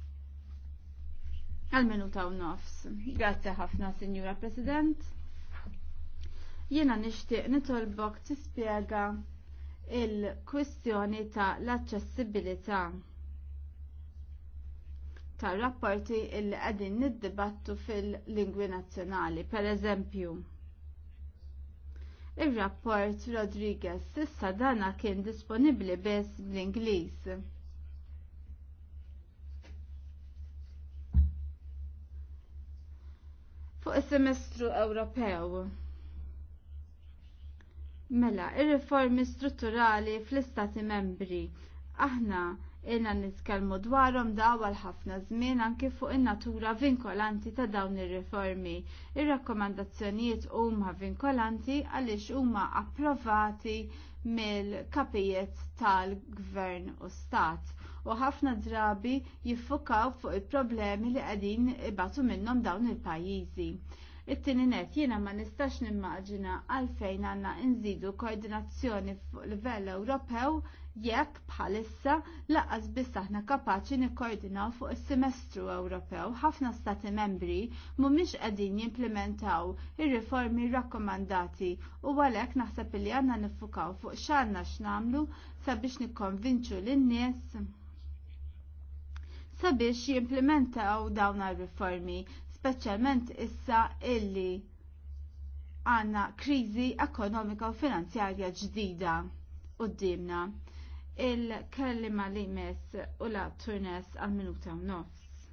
għal-minuta u nofs. Grazzi ħafna, Signora President. Jena nishtiq nitolbok tispjega il-kwistjoni ta' l-aċċessibilità ta' rapporti illi qegħdin niddibattu fil-lingwi nazzjonali. Per eżempju, il-rapport Rodriguez sissa dana kien disponibbli biss bl-Ingliż. fuq is-semestru Ewropew. Mela, ir-riformi strutturali fl-istati membri. Aħna ilna nitkellmu dwarhom dawal ħafna żmien anke fuq in-natura vinkolanti ta' dawn ir-riformi. Ir-rakkomandazzjonijiet huma vinkolanti għaliex huma approvati mill-kapijiet tal-gvern u stat u ħafna drabi jiffukaw fuq il-problemi li qegħdin ibatu minnhom dawn il-pajjiżi. It-tieni net jiena ma nistax nimmaġina għalfejn għandna nżidu koordinazzjoni fuq livell Ewropew jekk bħalissa laqas biss aħna kapaċi nikkoordinaw fuq is-semestru Ewropew ħafna stati membri mhumiex qegħdin jimplementaw ir-riformi rakkomandati u għalhekk naħseb li għandna niffukaw fuq x'għandna x'namlu sabiex nikkonvinċu lin-nies sabiex jimplementaw dawn ir-riformi, speċjalment issa illi għandna kriżi ekonomika u finanzjarja ġdida qudiemna il-kellima li mess u la turnes għal-minuta u nofs.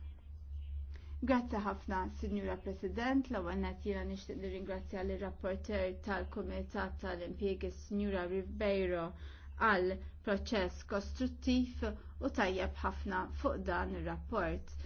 Grazzi ħafna, Signora President, l għannat jena nishtiq li ringrazzja l rapporter tal-Komitat tal-Impjegi Signora Ribeiro għal proċess kostruttiv u tajjeb ħafna fuq dan il-rapport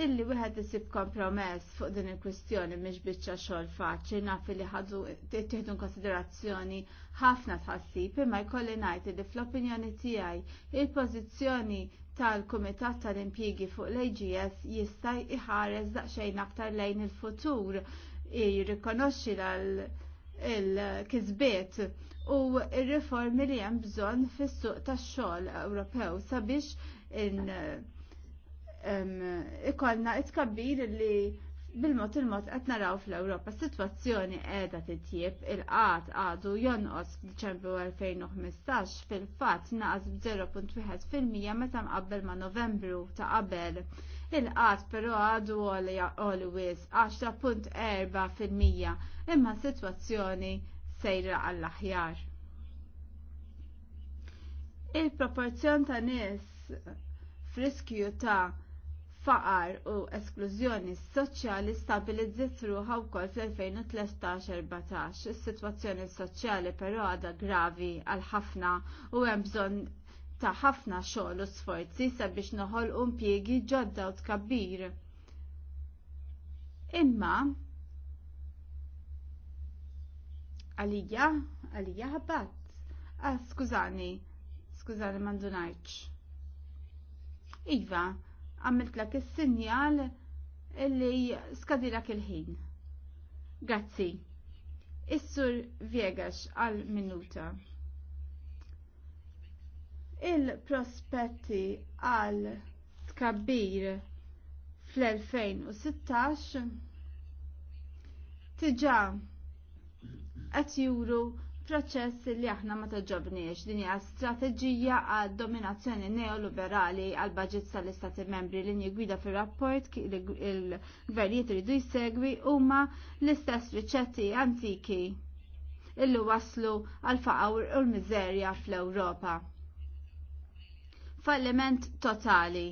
illi wieħed isib kompromess fuq din il-kwistjoni mhix biċċa xogħol faċli naf li ħadu tieħdu konsiderazzjoni ħafna tħassib imma jkolli ngħid li fl-opinjoni tiegħi il-pożizzjoni tal-Kumitat tal impjiegi fuq l-AGS jista' iħares daqsxejn aktar lejn il-futur jirrikonoxxi l il-kisbiet u r-riformi li hemm bżonn fis-suq tax-xogħol Ewropew sabiex in ikollna itkabbir li bil-mod il-mod qed naraw fl-Ewropa s-sitwazzjoni qiegħda titjieb il-qat għadu jonqos f'Diċembru 2015 fil-fatt naqas b-0.1 fil-mija meta mqabbel ma' Novembru ta' qabel. Il-qat però għadu għoli wis 10.4 fil-mija imma s-sitwazzjoni sejra għall-aħjar. Il-proporzjon ta' nies friskju ta' faqar u esklużjoni soċjali stabilizzit ruħa wkoll fl-2013-14. Is-sitwazzjoni soċjali però għadha gravi għal ħafna u hemm bżonn ta' ħafna xogħol u sforzi sabiex noħolqu impjiegi ġodda u tkabbir. Imma għalija, għalija ħabbat. Ah, skużani, skużani mandunajċ. Iva, għamiltlek is-sinjal illi skadilak il-ħin. Grazzi. Issur sur Viegax għal minuta. Il-prospetti għal tkabbir fl-2016 tiġa qed juru proċess li aħna ma toġobniex din hija strateġija għad dominazzjoni neoliberali għal budget tal-Istati membri li jgwida fir-rapport il-gvernijiet iridu jsegwi huma l-istess riċetti antiki illi waslu għal faqawr u l-miżerja fl-Ewropa. Falliment totali.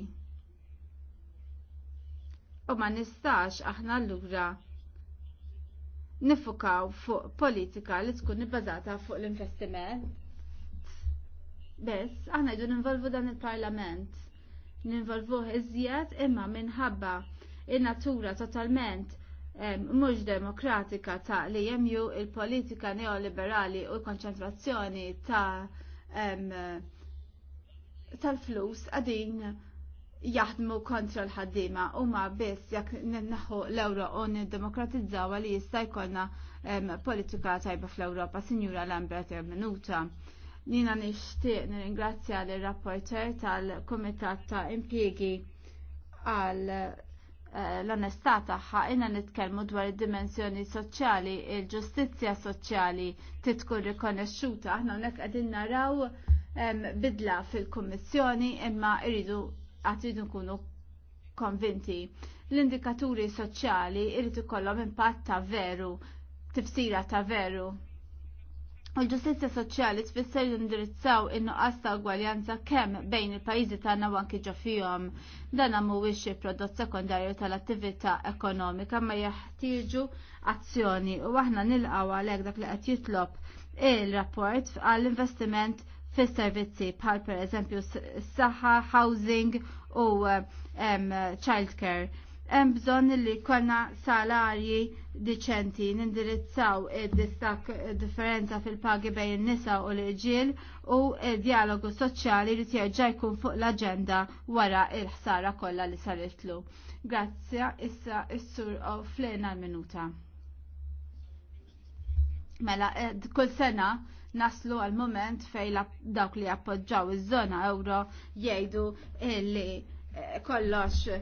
U ma nistax aħna l-lura nifukaw fuq politika li tkun nibbażata fuq l-investiment. Bess, aħna jdu ninvolvu dan il-parlament. Ninvolvuh iżjed imma minħabba in-natura totalment mhux demokratika ta' li jemju il-politika neoliberali u l konċentrazzjoni ta' tal-flus għadin jaħdmu kontra l-ħaddima u ma biss jak naħu l ewro u n-demokratizzawa li jista' jkollna politika tajba fl-Ewropa, Sinjura Lambert minuta. Nina nixtieq nirringrazzja l rapporter tal-Kumitat ta' Impjiegi għal eh, l-onestà tagħha inna nitkellmu dwar id-dimensjoni soċjali, il-ġustizzja soċjali titkun rikonoxxuta. Aħna hawnhekk qegħdin naraw bidla fil-Kummissjoni imma rridu għatrid nkunu konvinti. L-indikaturi soċjali irrid ikollhom impatt ta' veru, tifsira ta' veru. U l-ġustizja soċjali tfisser jindirizzaw in-nuqqas ta' ugwaljanza kemm bejn il-pajjiżi tagħna u anki ġo fihom. Dan mhuwiex xi prodott sekondarju tal-attività ekonomika ma jeħtieġu azzjoni u aħna nilqgħu għalhekk dak li qed jitlob il-rapport għall investiment fis servizzi bħal per eżempju s-saħħa, housing u um, childcare. Hemm bżonn li konna salarji diċenti nindirizzaw id-distak differenza fil-pagi bejn in-nisa u l-irġiel u d-dialogu soċjali li jerġa' jkun fuq l-aġenda wara il-ħsara kollha li saritlu. Grazzja, issa s-sur flena l-minuta. Mela, eh, kull sena naslu għal moment fej dawk li appoġġaw iż-żona euro jgħidu li eh, kollox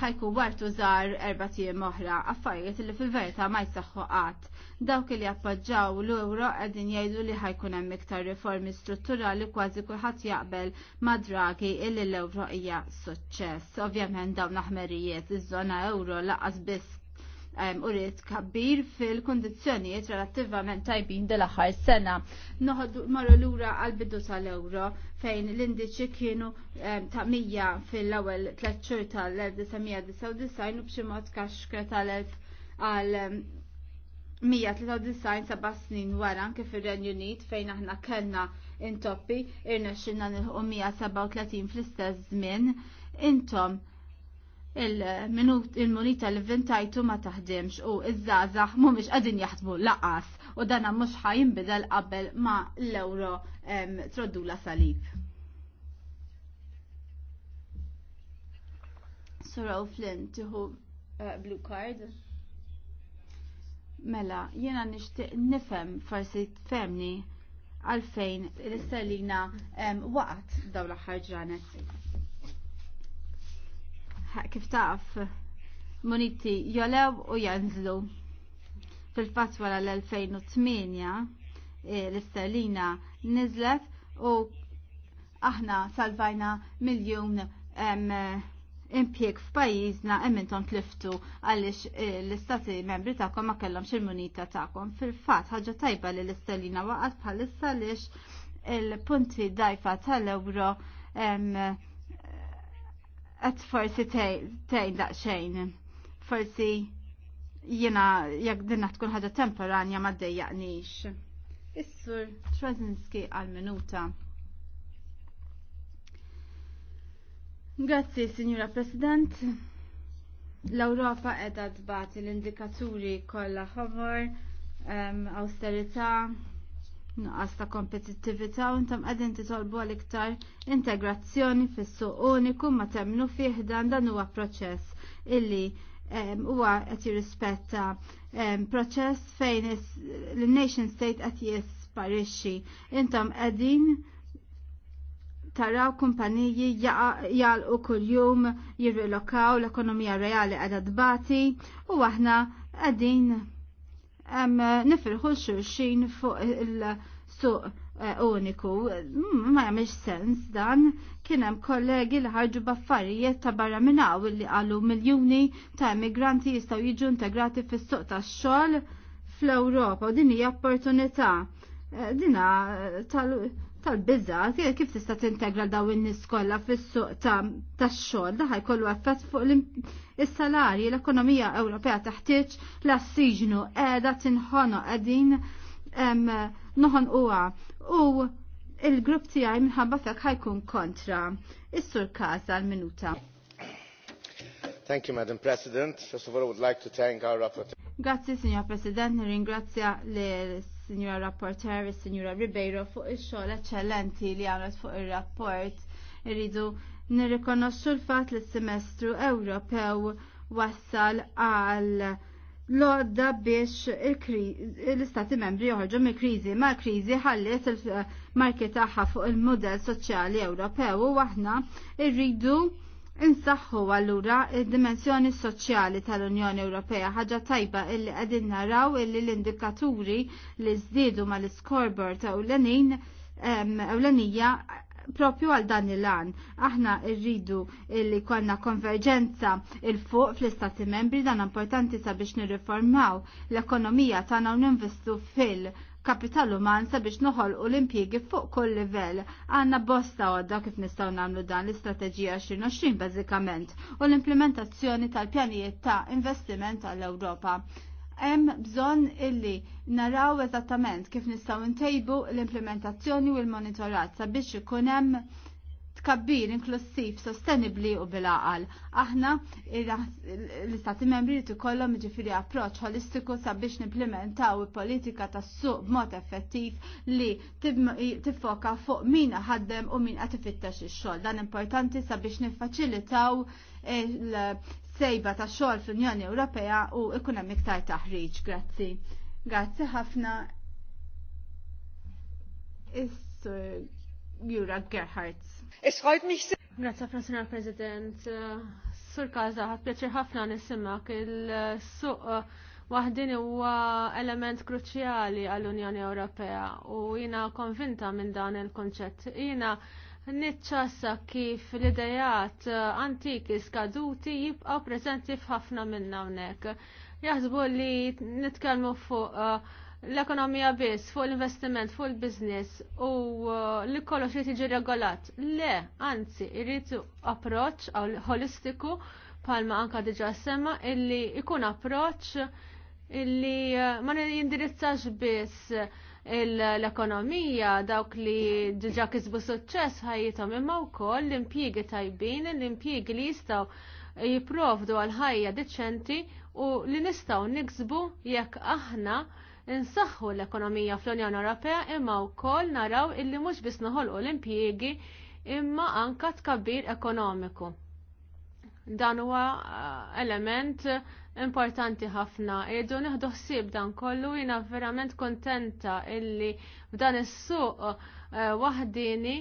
ħajku wartu żar erba' tim oħra, affarijiet li fil-verità ma jsaħħu qatt. Dawk li appoġġaw l-euro qegħdin jgħidu li ħajkun hemm iktar riformi strutturali kważi kulħadd jaqbel ma' dragi illi l-euro hija suċċess. Ovvjament dawn aħmerijiet iż-żona euro laqas biss u rrit kabbir fil kondizjoniet relattivament tajbin dal-aħħar sena. Noħdu marru lura għal-bidu tal-euro fejn l-indiċi kienu ta' 100 fil-ewwel tliet tal-1999 u b'xi mod kaxkra tal-1000 għal 193 seba' snin wara kif fir-Renju Unit fejn aħna kellna intoppi irnexxinna nilħu 137 fl-istess żmien intom il-munita l vintajtu ma taħdimx u iż-żazax mhumiex qegħdin jaħdmu laqas u dana mhux ħajinbidel qabel ma l-euro troddula salib. Sura u Flynn tieħu eh, blue card. Mela, jiena nixtieq nifhem forsi tfemni għalfejn l istallina waqgħet dawla ħarġanet kif taf moniti jolew u janżlu. Fil-fatt wara l-2008 eh, l istellina nizlet u aħna salvajna miljon eh, impjeg f'pajjiżna hemm intom tliftu għaliex eh, l-istati membri tagħkom ma kellhomx il-munita tagħkom. Fil-fatt ħaġa tajba li l-istellina waqgħet bħalissa għaliex il-punti dajfa tal-ewro għat forsi tgħid daqsxejn. Forsi jiena jekk dinna tkun ħaġa temporanja ma ddejjaqnix. Is-sur Trozinski għal-minuta. Grazzi, Signora President. L-Europa edha tbati l-indikaturi kollha ħovor ehm, austerità, nuqqas ta' kompetittività u intom qegħdin titolbu għal iktar integrazzjoni fis-suq uniku ma temnu fih dan dan huwa proċess illi huwa qed jirrispetta proċess fejn l-nation state qed jisparixxi. Intom qegħdin taraw kumpaniji jgħalqu kuljum jirrilokaw l-ekonomija reali qiegħda dbati u aħna qegħdin nifirħu l-xurxin fuq il-suq eh, uniku. Mm, ma jamiex sens dan, kienem kollegi li ħarġu baffarijiet ta' barra minnaw li għallu miljoni ta' emigranti jistaw jiġu integrati fis-suq ta' xol fl-Europa u din hija opportunità. Eh, dina eh, tal tal-bizzat kif tista' tintegra daw in-nies kollha fis-suq tax-xogħol daħaj kollu effett fuq is-salarji l-ekonomija Ewropea taħtieġ l-assiġnu qiegħda tinħono qegħdin noħon huwa u il-grupp tiegħi minħabba fek ħajkun kontra. Is-sur Kaza l-minuta. Thank you, Madam President. First of all, I would like to thank our rapporteur. Grazie, Signor President. Ringrazia le Signora Rapporter, Signora Ribeiro fuq il-xogħol eċċellenti li għamlet fuq ir-rapport. Irridu nirrikonoxxu l-fatt li s-semestru Ewropew wassal għal lodda biex l-istati membri joħorġu mill kriżi ma kriżi ħalliet il-marki fuq il model soċjali Ewropew u aħna rridu Insaħħu allura id-dimensjoni soċjali tal-Unjoni Ewropea ħaġa tajba illi qegħdin naraw illi l-indikaturi li żdiedu mal-scoreboard ewlenin ewlenija propju għal dan il-għan. Aħna irridu illi konna konverġenza il-fuq fl-istati membri dan importanti sabiex nirriformaw l-ekonomija tagħna u ninvestu fil- kapital uman sabiex noħol u l impiegi fuq kull livell. Għanna bosta għadda kif nistaw namlu dan l-istrateġija 2020 bazzikament u l-implementazzjoni tal-pjanijiet ta' investiment għall-Ewropa. Hemm bżonn illi naraw eżattament kif nistgħu ntejbu l-implementazzjoni u l-monitorat sabiex ikun hemm Kabbir inklusiv, sostenibli u bil-aqal. Aħna l-istati membri li kollom ġifiri approċ holistiku sabiex nimplementaw il-politika ta' suq b'mod effettiv li tifoka fuq min ħaddem u min qed il ix-xogħol. Dan importanti sabiex niffaċilitaw il-sejba ta' xogħol fl-Unjoni Ewropea u ekonomik iktar taħriġ. Grazzi. Grazzi ħafna. is Jura Gerhardt. Es freut mich sehr. Grazie, Frasina President. Sur Kaza, ħat pjaċir ħafna nisimak il-suq eh, wahdin huwa element kruċjali għall-Unjoni Ewropea u jina konvinta minn dan il-konċett. Jina nitċassa kif l-idejat eh, antiki skaduti jibqaw prezenti f'ħafna minna hawnhekk. Jaħsbu li nitkellmu fuq uh, l-ekonomija biss, fuq l-investiment, fuq il biznis u uh, li kollox li tiġi regolat. Le, anzi, irritu approċ holistiku palma anka diġa semma illi ikun approċ illi uh, ma jindirizzax biss l-ekonomija dawk li diġa kisbu suċċess ħajjithom imma wkoll l-impjiegi tajbin, l-impjiegi li jistgħu jipprovdu għal ħajja deċenti u li nistgħu niksbu jekk aħna insaħħu l-ekonomija fl-Unjoni Ewropea imma wkoll naraw illi mhux biss noħolqu l-impjiegi imma anka tkabbir ekonomiku. Dan huwa eh, element importanti ħafna. Irridu nieħdu ħsieb dan kollu jiena verament kontenta illi f'dan is-suq eh, waħdini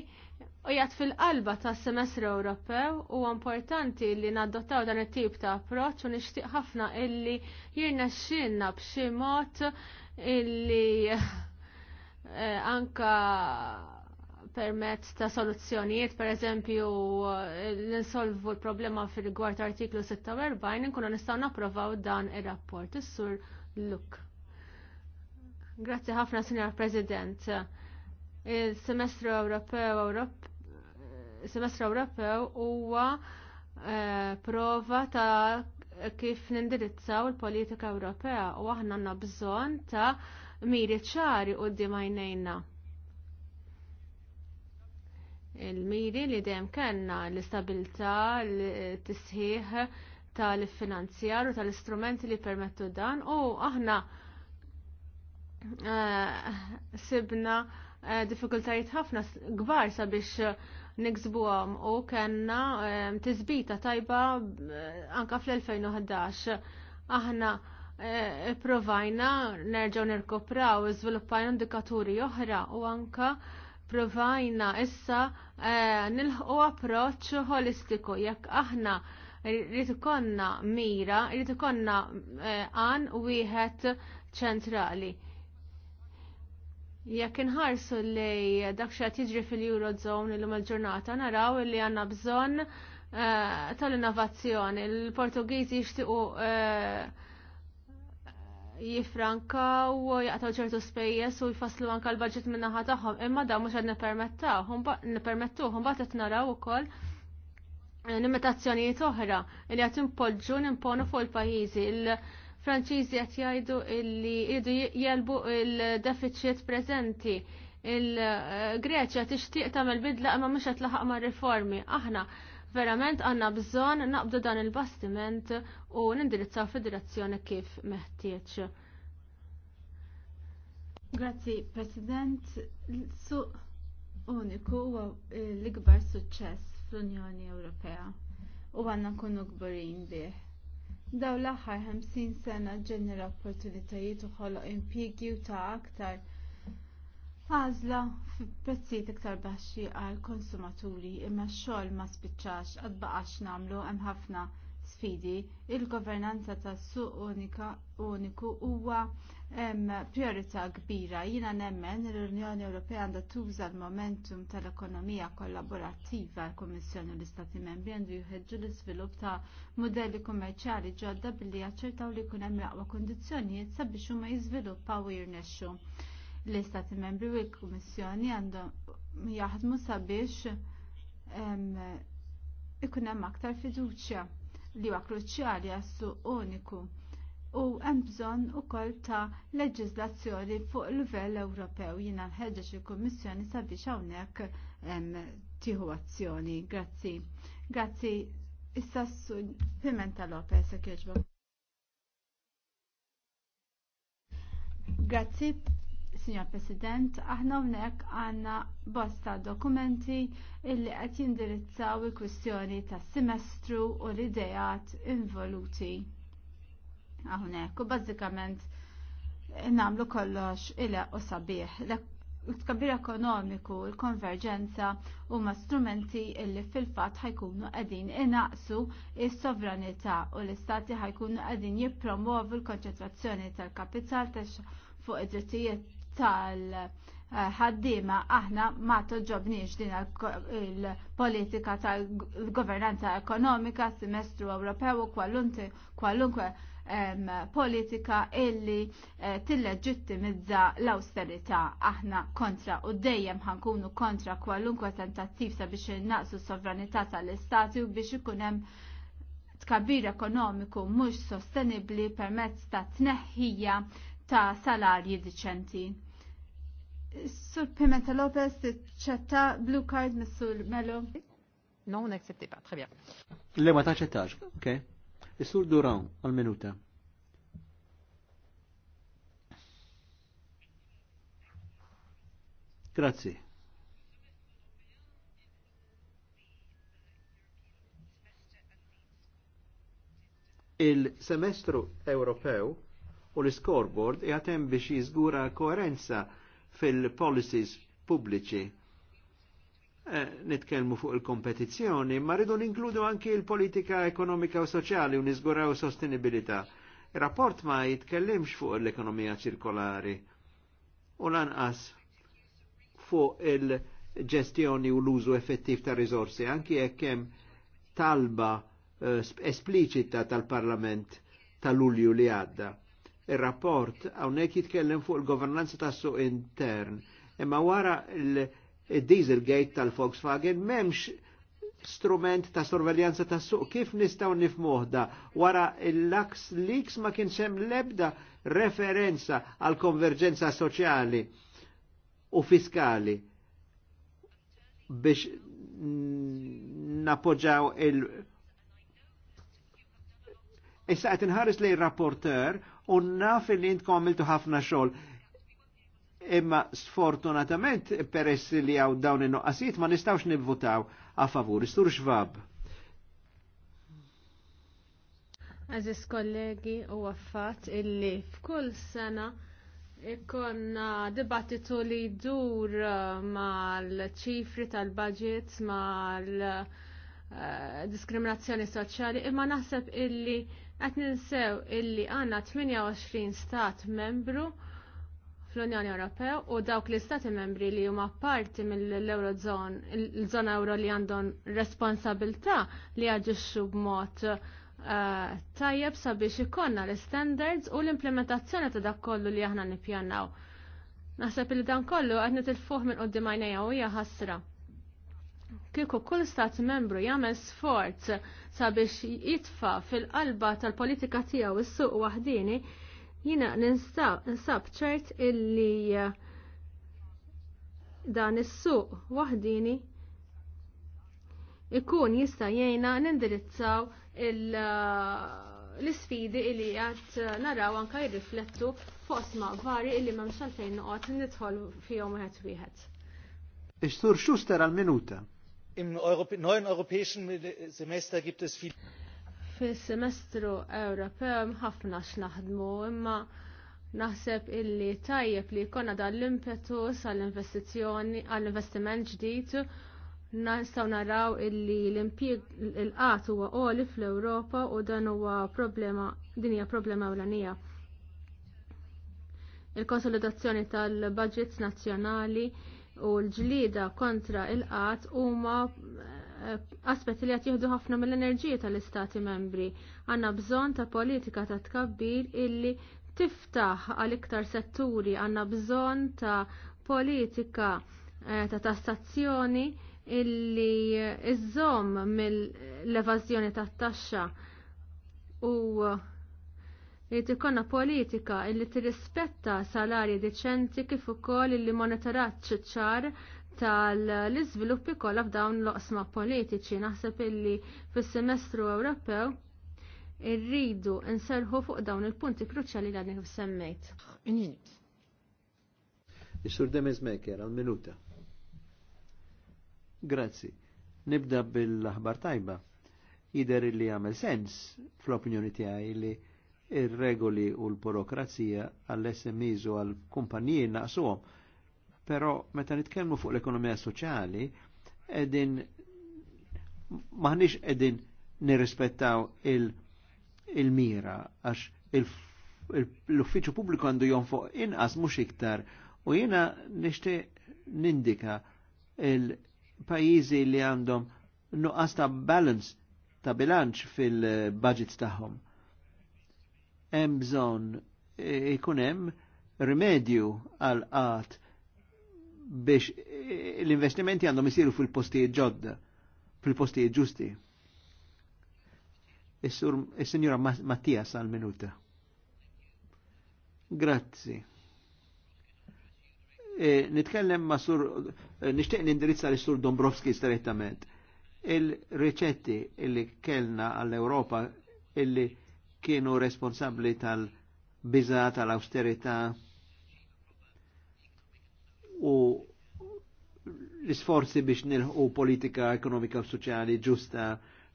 U jgħat fil-qalba ta' semestru Ewropew u importanti li naddottaw dan it-tip ta' approċ u nixtieq ħafna illi jirna xinna b'xi mod illi eh, anka permezz ta' soluzzjonijiet, per eżempju, l-insolvu eh, l-problema fil-gwart artiklu 46, nkunu nistaw napprovaw dan ir-rapport. Is-sur Luk. Grazie ħafna, Signor President. Il-semestru Ewropew semestru Ewropew huwa eh, prova ta' kif nindirizzaw il-politika Ewropea u aħna għandna bżonn ta' miri ċari u għajnejna. Il-miri li dejjem kellna l-istabilità, l-tisħiħ tal-finanzjar u tal-istrumenti li permettu dan u aħna eh, sibna eh, diffikultajiet ħafna kbar sabiex niksbuhom u kellna ehm, tizbita tajba eh, anka fl-2011. Aħna eh, provajna nerġgħu nirkopraw iżviluppajna indikaturi oħra u anka provajna issa eh, nilħu approċċ holistiku jekk aħna rrid ikonna mira, rrid ikonna għan wieħed ċentrali. Jekk inħarsu li dak tiġri fil-Eurozone l-lum il-ġurnata naraw li għanna bżon eh, tal-innovazzjoni. Il-Portugiżi jixtiqu jifranka eh, jifrankaw, jaqtaw ċertu spejjes u jfasslu anka l-budget minna tagħhom, imma da mhux qed nippermettuhom bagħad qed naraw ukoll eh, limitazzjonijiet oħra li qed impoġġu nimponu fuq il-pajjiżi. il pajjiżi Franċiżi qed jgħidu illi jidu jelbu il-deficit preżenti. Il-Greċja tixtieq tagħmel bidla imma mhux qed laħaq ma' riformi. Aħna verament għandna bżonn naqbdu dan il-bastiment u nindirizzaw fid-direzzjoni kif meħtieġ. Grazzi, President. Suq uniku huwa l-ikbar suċċess fl-Unjoni Ewropea u għandna nkunu kburin bih Daw l-aħħar 50 sena ġenera opportunitajiet u ħoloq impjiegi u ta' aktar għażla f'prezzijiet iktar baxxi għal konsumaturi imma x-xogħol ma spiċċax għad baqax nagħmlu hemm ħafna sfidi. Il-governanza tas-suq uniku huwa hemm priorità kbira. Jiena nemmen li l-Unjoni Ewropea għandha tuża l-momentum tal-ekonomija kollaborattiva l-Kummissjoni u l-Istati Membri għandu jħeġġu l-iżvilupp ta' modelli kummerċjali ġodda billi jaċċertaw li jkun hemm aqwa kundizzjonijiet sabiex huma jiżviluppaw u jirnexxu. L-Istati Membri u l-Kummissjoni għandhom jaħdmu sabiex ikun hemm aktar fiduċja li huwa kruċjali għas-suq uniku u hemm bżonn ukoll ta' leġiżlazzjoni fuq livell Ewropew jiena nħeġġeġ il-Kummissjoni sabiex hawnhekk tieħu azzjoni. Grazzi. Grazzi issa Pimenta Lopez jogħġbu. Grazzi, Signor President, aħna hawnhekk għandna bosta dokumenti illi qed jindirizzaw il-kwistjoni tas-semestru u l-idejat involuti għahunek, u bażikament nagħmlu kollox ila u sabiħ. L-tkabbir ekonomiku, l-konverġenza huma strumenti illi fil fat ħajkunu qegħdin inaqsu il sovranità u l-istati ħajkunu qegħdin jippromovu l-konċentrazzjoni tal-kapital fuq id-drittijiet tal ħaddima aħna ma toġobniġ din il-politika tal-governanza ekonomika, semestru Ewropew u kwalunkwe politika illi eh, tilleġittimizza l-austerità aħna kontra u dejjem ħankunu kontra kwalunkwe tentattiv sabiex innaqsu s-sovranità tal-istati u biex ikun hemm tkabbir ekonomiku mhux sostenibbli permezz ta' tneħħija ta' salarji diċenti. Sur Pimenta Lopez, ċetta blue card, Missur Melo? Non, n'acceptez pas, très bien. Le ma taċċettax, ok? Isur sur Duran, għal-minuta. Grazie. Il-semestru Ewropew u l-scoreboard jgħatem biex jizgura koerenza fil-policies pubbliċi Eh, nitkellmu fuq il-kompetizzjoni, ma rridu ninkludu anki il-politika ekonomika u soċjali u niżguraw sostenibilità. Il-rapport ma jitkellimx fuq l-ekonomija ċirkolari u lanqas fuq il-ġestjoni u l-użu effettiv ta' risorsi, anki jekk hemm talba eh, esplicita tal-Parlament tal-Ulju li għadda. Il-rapport hawnhekk jitkellem fuq il-governanza tas-suq intern, imma wara il- id-Dieselgate tal-Volkswagen memx strument ta' sorveljanza ta' suq kif nistaw nifmuħda wara il-lax leaks ma kienx hemm lebda referenza għal konverġenza soċjali u fiskali biex napoġaw il- Issa qed inħares lejn rapporteur u naf li intkom għamiltu ħafna xogħol imma sfortunatament peress li għaw dawn il noqqasit ma nistawx nivvotaw a favur. Istur xvab. Aziz kollegi u għaffat illi f'kull sena ikonna dibattitu li dur uh, mal-ċifri tal-budget, mal-diskriminazzjoni uh, soċjali, imma naħseb illi għat ninsew illi għanna 28 stat membru fl-Unjoni Ewropea u dawk l-istati membri li huma parti mill-Eurozone, l-żona euro li għandhom responsabilità li jaġixxu b'mod eh, tajjeb sabiex ikonna l-standards u l-implementazzjoni ta' dak kollu li aħna nippjannaw. Naħseb li dan kollu qed nitilfuh minn qudiem għajnejja u hija ħasra. Kieku kull stat membru jagħmel sforz sabiex jitfa' fil-qalba tal-politika tiegħu is-suq waħdini, Jina ninsab ċert illi eh, dan is-suq waħdini ikun jista' jgħinna nindirizzaw eh, l-isfidi illi qed eh, naraw anke jirriflettu fosma vari illi m'hemmx għalfejn noqgħod nidħol fihom wieħed wieħed. Ix-sur Schuster għal-minuta. Im neuen europäischen Semester gibt es viel fil semestru Ewropew ħafna x'naħdmu imma naħseb illi tajjeb li jkollna dan l-impetus għall-investizzjoni għall-investiment ġdid nistgħu naraw illi l-impjieg il-qat huwa qoli fl-Ewropa u dan huwa problema din hija problema ewlenija. Il-konsolidazzjoni tal-budgets nazzjonali u l ġlieda kontra il-qat huma aspet li għat jihdu ħafna mill-enerġija tal-istati membri. Għanna bżon ta' politika ta' tkabbir illi tiftaħ għal-iktar setturi, għanna bżon ta' politika eh, ta' tassazzjoni illi iżżomm mill-evażjoni tat-taxxa u li eh, tikonna politika illi tirrispetta salari deċenti kif ukoll illi monitorat ċar tal izviluppi kollha f'dawn l-oqsma politiċi naħseb illi fis-semestru Ewropew irridu nserħu fuq dawn il-punti kruċjali li għadni semmejt. Minut. Ix-sur Meker, għal-minuta. Grazzi. Nibda bil-aħbar tajba. Jider li għamel sens fl-opinjoni tiegħi li ir-regoli u l-burokrazija għall smis u għall-kumpaniji naqsuhom Pero meta nitkellmu fuq l-ekonomija soċjali, edin maħniex edin nirrispettaw il-mira il għax l-uffiċu pubbliku għandu jonfoq inqas mhux iktar u jiena nixtieq nindika il-pajjiżi li għandhom nuqqas ta' balance ta' bilanċ fil-budgets tagħhom. Hemm bżonn e, ikun hemm rimedju għal qat biex l-investimenti għandhom jisiru fil-postijiet ġodda, fil-postijiet ġusti. is sinjura Mattias għal minuta. Grazzi. E, nitkellem ma' sur, e, nishtiq nindirizza li sur Dombrovski strettament. Il-reċetti illi kellna għall-Europa illi kienu responsabli tal-biza, tal-austerita, tal austerità tal austerita u l-isforzi biex nilħu politika ekonomika u soċjali ġusta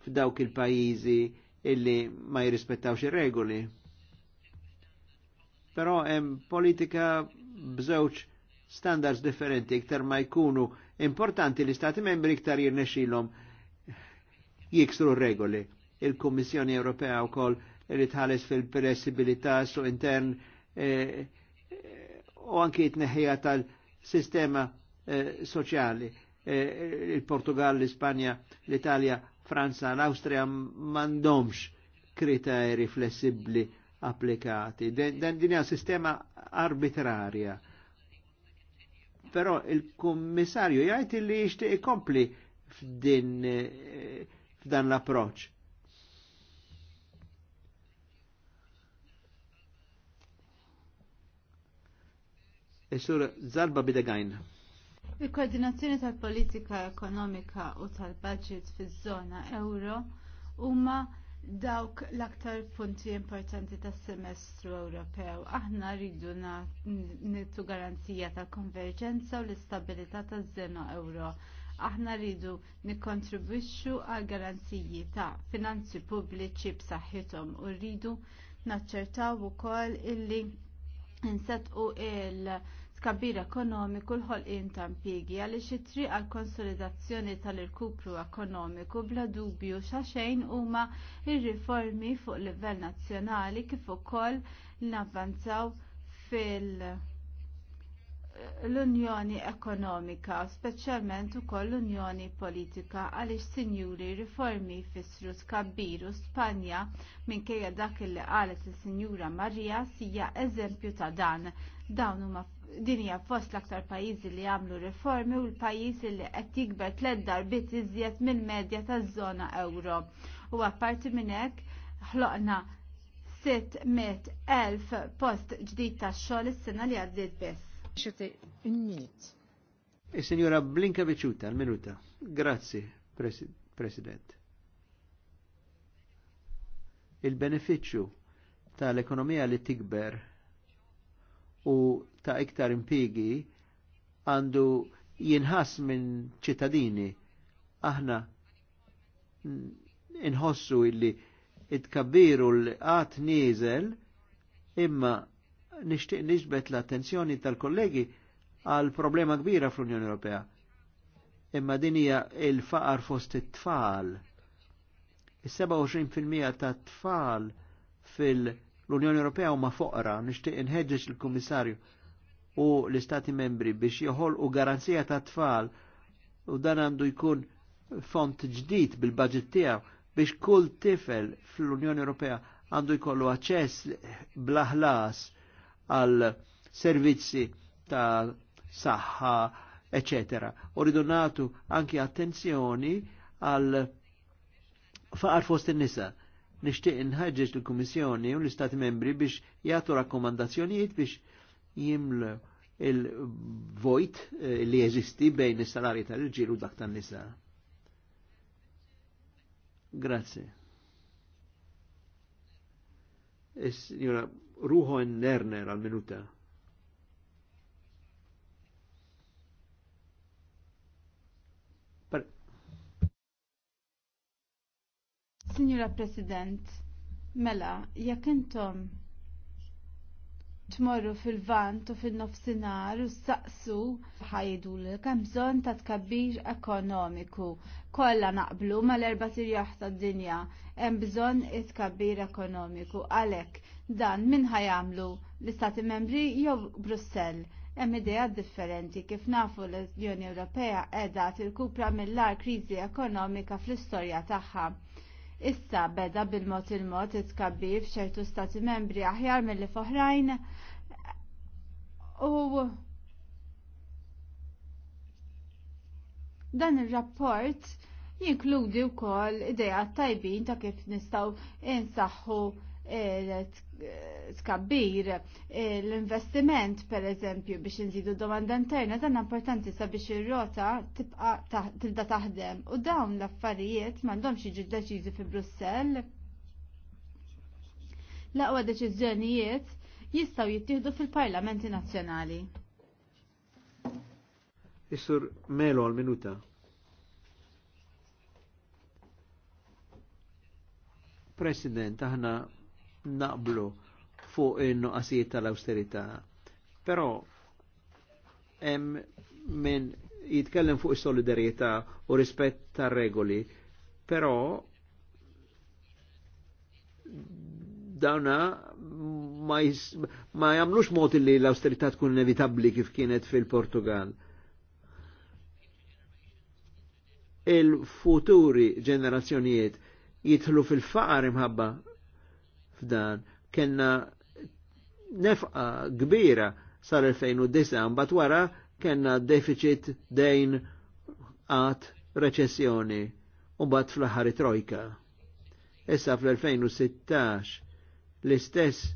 f'dawk il-pajjiżi illi ma jirrispettawx ir-regoli. Però hemm politika bżewġ standards differenti iktar ma jkunu importanti li stati membri iktar jirnexilhom jiksru regoli. Il-Kummissjoni Ewropea wkoll li tħales fil-pressibilità su intern eh, eh, u eh, anki t-neħija tal- sistema eh, soċjali. Eh, Il-Portugal, l-Ispanja, l-Italja, Franza, l-Austria mandomx kriteri flessibli applikati. Dan din sistema arbitrarja. Però il-kommissarju jgħid li jixtieq ikompli f'din eh, f'dan l-approċ. Is-sur Zalba Bidegajn. Il-koordinazzjoni tal-politika ekonomika u tal-budget fiż-żona euro huma dawk l-aktar punti importanti tas semestru Ewropew. Aħna rridu nittu garanzija tal-konverġenza u l-istabilità taż-żena euro. Aħna rridu nikkontribwixxu għal garanziji ta' finanzi pubbliċi b'saħħithom u rridu naċċertaw ukoll illi u il- skabir ekonomiku l ħol ta' impjiegi għalli xitri għal għall konsolidazzjoni tal-irkupru ekonomiku bla dubju xaxejn huma r-riformi fuq livell nazzjonali kif ukoll l navvanzaw fil- l-Unjoni Ekonomika, speċjalment ukoll l-Unjoni Politika għaliex sinjuri riformi jfissru u Spanja minkejja dak li qalet il-Sinjura Marija sija eżempju ta' dan. Dawn huma din hija fost l-aktar pajjiżi li għamlu riformi u l-pajjiżi li qed jikber tliet darbit iżjed mill-medja taż-żona Ewro. U apparti minn hekk ħloqna 600,000 post ġdid ta' xogħol is-sena li għaddiet biss. Il-Signora e, Blinka Veċuta, al-minuta. Grazie, pres President. Il-beneficju tal-ekonomija li tikber u ta' iktar impigi għandu jinħass minn ċittadini. Aħna inħossu illi itkabbiru l għat nizel imma nixtieq nisbet l-attenzjoni tal-kollegi għal problema kbira fl-Unjoni Ewropea. Imma din hija l faqar fost it-tfal. Is-27% ta' tfal fil-Unjoni Ewropea huma foqra, nixtieq inħeġġeġ il-Kummissarju u l-Istati membri biex joħolqu garanzija ta' tfal u dan għandu jkun font ġdid bil-budget tiegħu biex kull tifel fl-Unjoni Ewropea għandu jkollu aċċess blaħlas għal servizzi ta' saħħa, eccetera. Uridu natu anki attenzjoni għal faqar fost il nisa Nixtieq inħaġġeġ l komissjoni u l-Istati membri biex jagħtu rakkomandazzjonijiet biex jimlu il-vojt eh, li jeżisti bejn is-salari tal ġiru u dak tan-nisa. Grazie. Is-Signora eh, Ruho Nerner għal minuta. Signora President, mela, jekk intom tmorru fil-vant u fil-nofsinar u s-saqsu ħajdu l bżon ta' tkabbir ekonomiku. Kolla naqblu ma l-erba sirjaħ ta' dinja hemm bżon it-tkabbir ekonomiku. Għalek, dan minn ħajamlu l-Istati Membri jew Brussell. Hemm idea differenti kif nafu l-Unjoni Ewropea qiegħda tirkupra mill-ar kriżi ekonomika fl-istorja tagħha issa beda bil-mod il-mod itkabbi f'ċertu stati membri aħjar mill-li foħrajn u dan il-rapport jinkludi wkoll ideja tajbin ta' kif nistgħu insaħħu tkabbir l-investiment per eżempju biex nżidu domanda interna dan importanti sabiex ir-rota tibqa tibda taħdem u dawn l-affarijiet m'għandhomx jiġu deċiżi fi Brussell. L-aqwa deċiżjonijiet jistgħu jittieħdu fil-parlamenti nazzjonali. Isur Melo għal minuta. President, aħna naqblu fuq in-nuqqasijiet tal-austerità. Però hemm minn jitkellem fuq is-solidarjetà u rispett tar-regoli, però dawna ma, jis, ma jamlux mod li l-austerità tkun inevitabli kif kienet fil-Portugal. Il-futuri ġenerazzjonijiet jitlu fil-faqar imħabba f'dan kena nefqa kbira sar-2009 bat wara kena deficit dejn għat reċessjoni u bat fl-aħħar trojka. Issa fl-2016 l-istess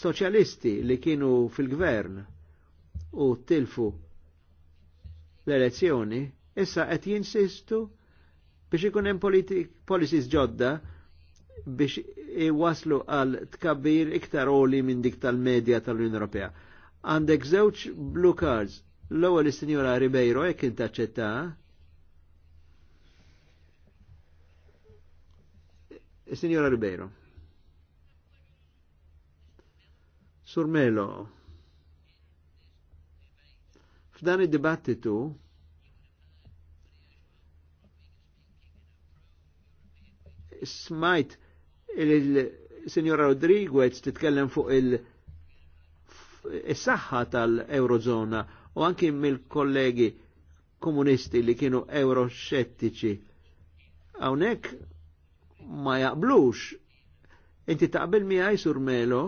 soċjalisti li kienu fil-gvern u tilfu l-elezzjoni issa qed jinsistu biex ikun hemm policies ġodda biex waslu għal tkabbir iktar oli minn dik tal-medja tal-Unjoni Ewropea. Għandek żewġ blue cards. L-ewwel is-Sinjora Ribeiro jekk inti aċċetta. Is-Sinjora Ribeiro. Sur Melo. F'dan id-dibattitu smajt il-Signora Rodriguez titkellem fuq il-saħħa tal-Eurozona u anki mill-kollegi komunisti li kienu euroscettici. Hawnhekk ma jaqblux. Inti taqbel mi għaj surmelo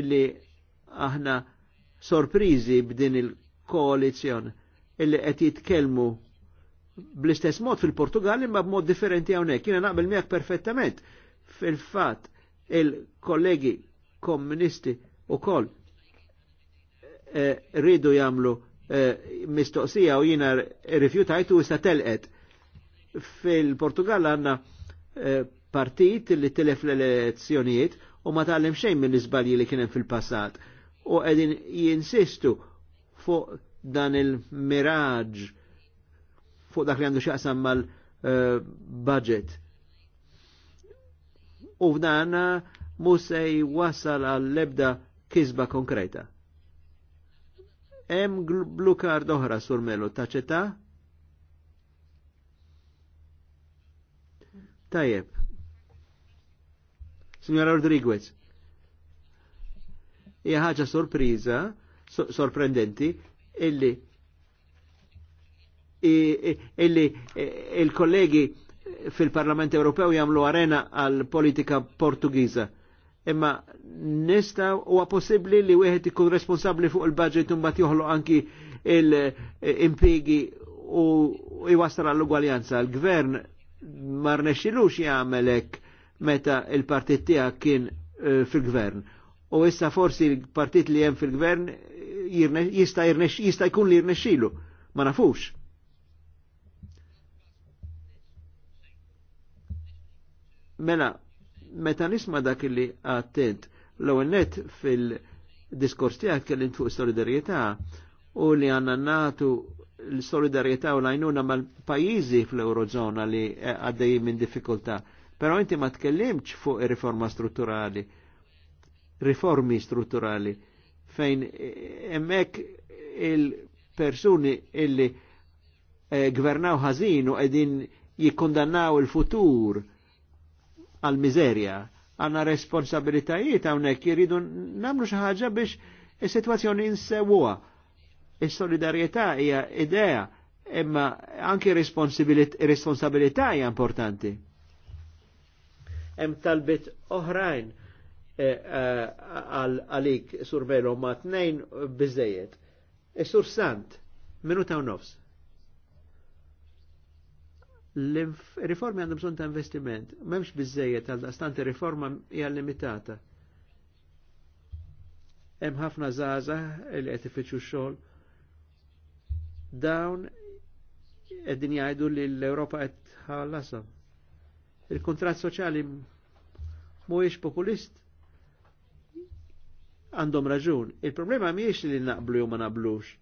illi aħna sorprizi b'din il-koalizjon illi qed jitkellmu bl-istess mod fil-Portugal imma b'mod differenti hawnhekk. Jiena naqbel miegħek perfettament Fil-fat, il-kollegi komunisti u kol eh, ridu jamlu eh, mistoqsija u jina rifjutajtu u telqet. Fil-Portugal għanna eh, li telef l-elezzjonijiet u ma tal xejn minn iżbalji li kienem fil-passat. U għedin jinsistu fuq dan il-miraġ fuq dak li għandu xaqsam mal-budget. Eh, uh, u dan musej wasal jwassal għall-ebda kisba konkreta. Em blukar doħra oħra sur melu taċċetta? Tajjeb. Signora Rodriguez, hija ħaġa sorpriża, sorprendenti, illi illi eh, il-kollegi il fil-Parlament Ewropew jagħmlu arena għal politika Portugiża. Imma nista huwa possibbli li wieħed ikun responsabbli fuq il-budget u mbagħad joħloq anki l impigi u jwassal għall-ugwaljanza. L-gvern ma rnexxilux jagħmel hekk meta il-partit tiegħek kien eh, fil-gvern. U issa forsi l-partit li hemm fil-gvern jista' jkun li jirnexxilu. Ma nafux. Mela, meta nisma dak li għattent l net fil-diskors tiegħek kellim fuq il-Solidarietà u li għanna natu l-solidarietà u l-għajnuna mal-pajizi fl-Eurozona li għaddej minn diffikultà. Pero inti ma tkellimx fuq riforma strutturali, riformi strutturali, fejn emmek il-persuni illi eh, gvernaw ħażin u għedin jikkondannaw il-futur għal-mizerja. Għanna responsabilitajiet għawnek jiridu namlu xaħġa biex il-situazzjoni insewwa. Il-solidarieta hija idea imma anki responsabilità hija importanti. Hemm talbit oħrajn eh, eh, għalik survelo ma tnejn bizzejiet. Is-sur eh, sant, minuta u nofs. L-riformi għandhom bżonn ta' investiment, m'hemmx biżejjed għal stanti riforma hija limitata. Hemm ħafna żgħażagħ li qed ifittxu xogħol. Dawn qegħdin jgħidu li l-Ewropa qed ħallasha. Il-kuntratt soċjali mhuwiex populist għandhom raġun. Il-problema mhijiex li naqblu jew ma naqblux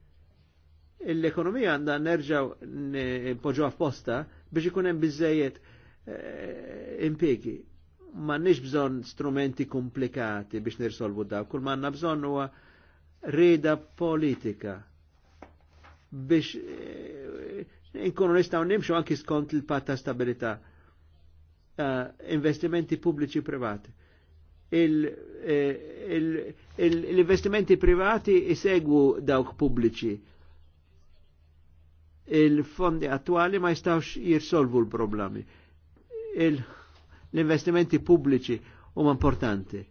l-ekonomija għandha nerġaw nipoġġuha f'posta biex ikun hemm biżejjed eh, impjegi. M'għandniex bżonn strumenti komplikati biex nirsolvu dawk. kull m'għandna bżonn huwa reda politika biex eh, inkunu nistgħu nimxu anki skont il-patt ta' stabilità. investimenti pubblici privati. Eh, l-investimenti privati isegwu dawk pubbliċi il-fondi attuali ma jistawx jirsolvu l-problemi. L-investimenti pubbliċi huma importanti.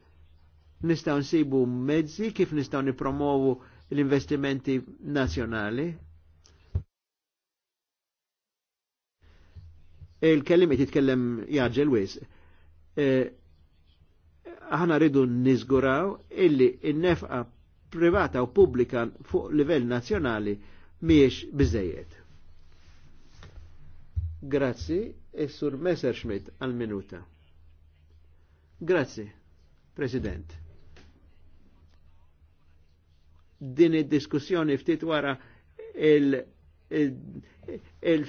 Nistaw nsibu mezzi kif nistaw nipromovu l-investimenti nazjonali. Il-kellimi titkellem jaġġel wis. E, aħna rridu nizguraw illi n nefqa privata u publika fuq livell nazzjonali miex biżejjed. Grazzi, e sur Messerschmidt għal minuta. Grazzi, President. Din id-diskussjoni ftit wara il- il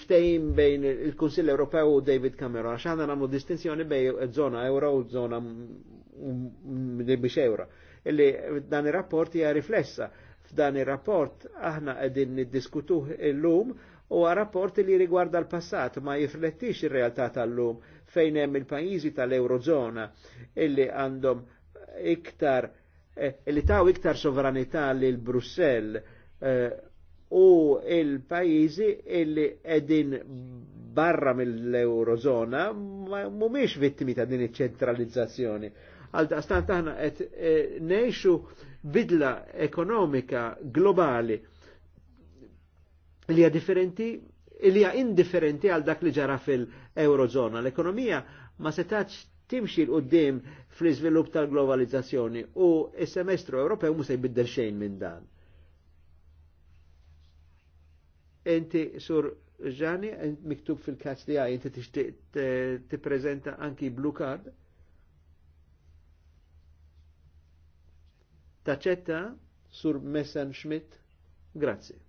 bejn il-Kunsill Ewropew u David Cameron, għax għandna nagħmlu distinzjoni bejn zona euro u zona biex euro. Illi dan ir-rapport hija riflessa. F'dan ir-rapport aħna qegħdin niddiskutuh illum lum u rapporti li rigwarda l-passat ma jiflettix ir-realtà tal-lum fejn hemm il-pajjiżi tal-Eurozona illi għandhom iktar eh, illi taw iktar sovranità lil Brussell eh, u il-pajjiżi illi edin barra mill-Eurozona mhumiex vittimi ta' din iċ-ċentralizzazzjoni. Għal daqstant aħna qed eh, bidla ekonomika globali li hija differenti li hija indifferenti għal dak li ġara fil-Eurozona. L-ekonomija ma setax timxi l-qoddim fl-iżvilupp tal-globalizzazzjoni u s-semestru Ewropew mu se jbiddel xejn minn dan. Enti sur ġani, miktub fil-kats li għaj, inti ti tippreżenta anki blue card. Taċetta sur Messan Schmidt. Grazie.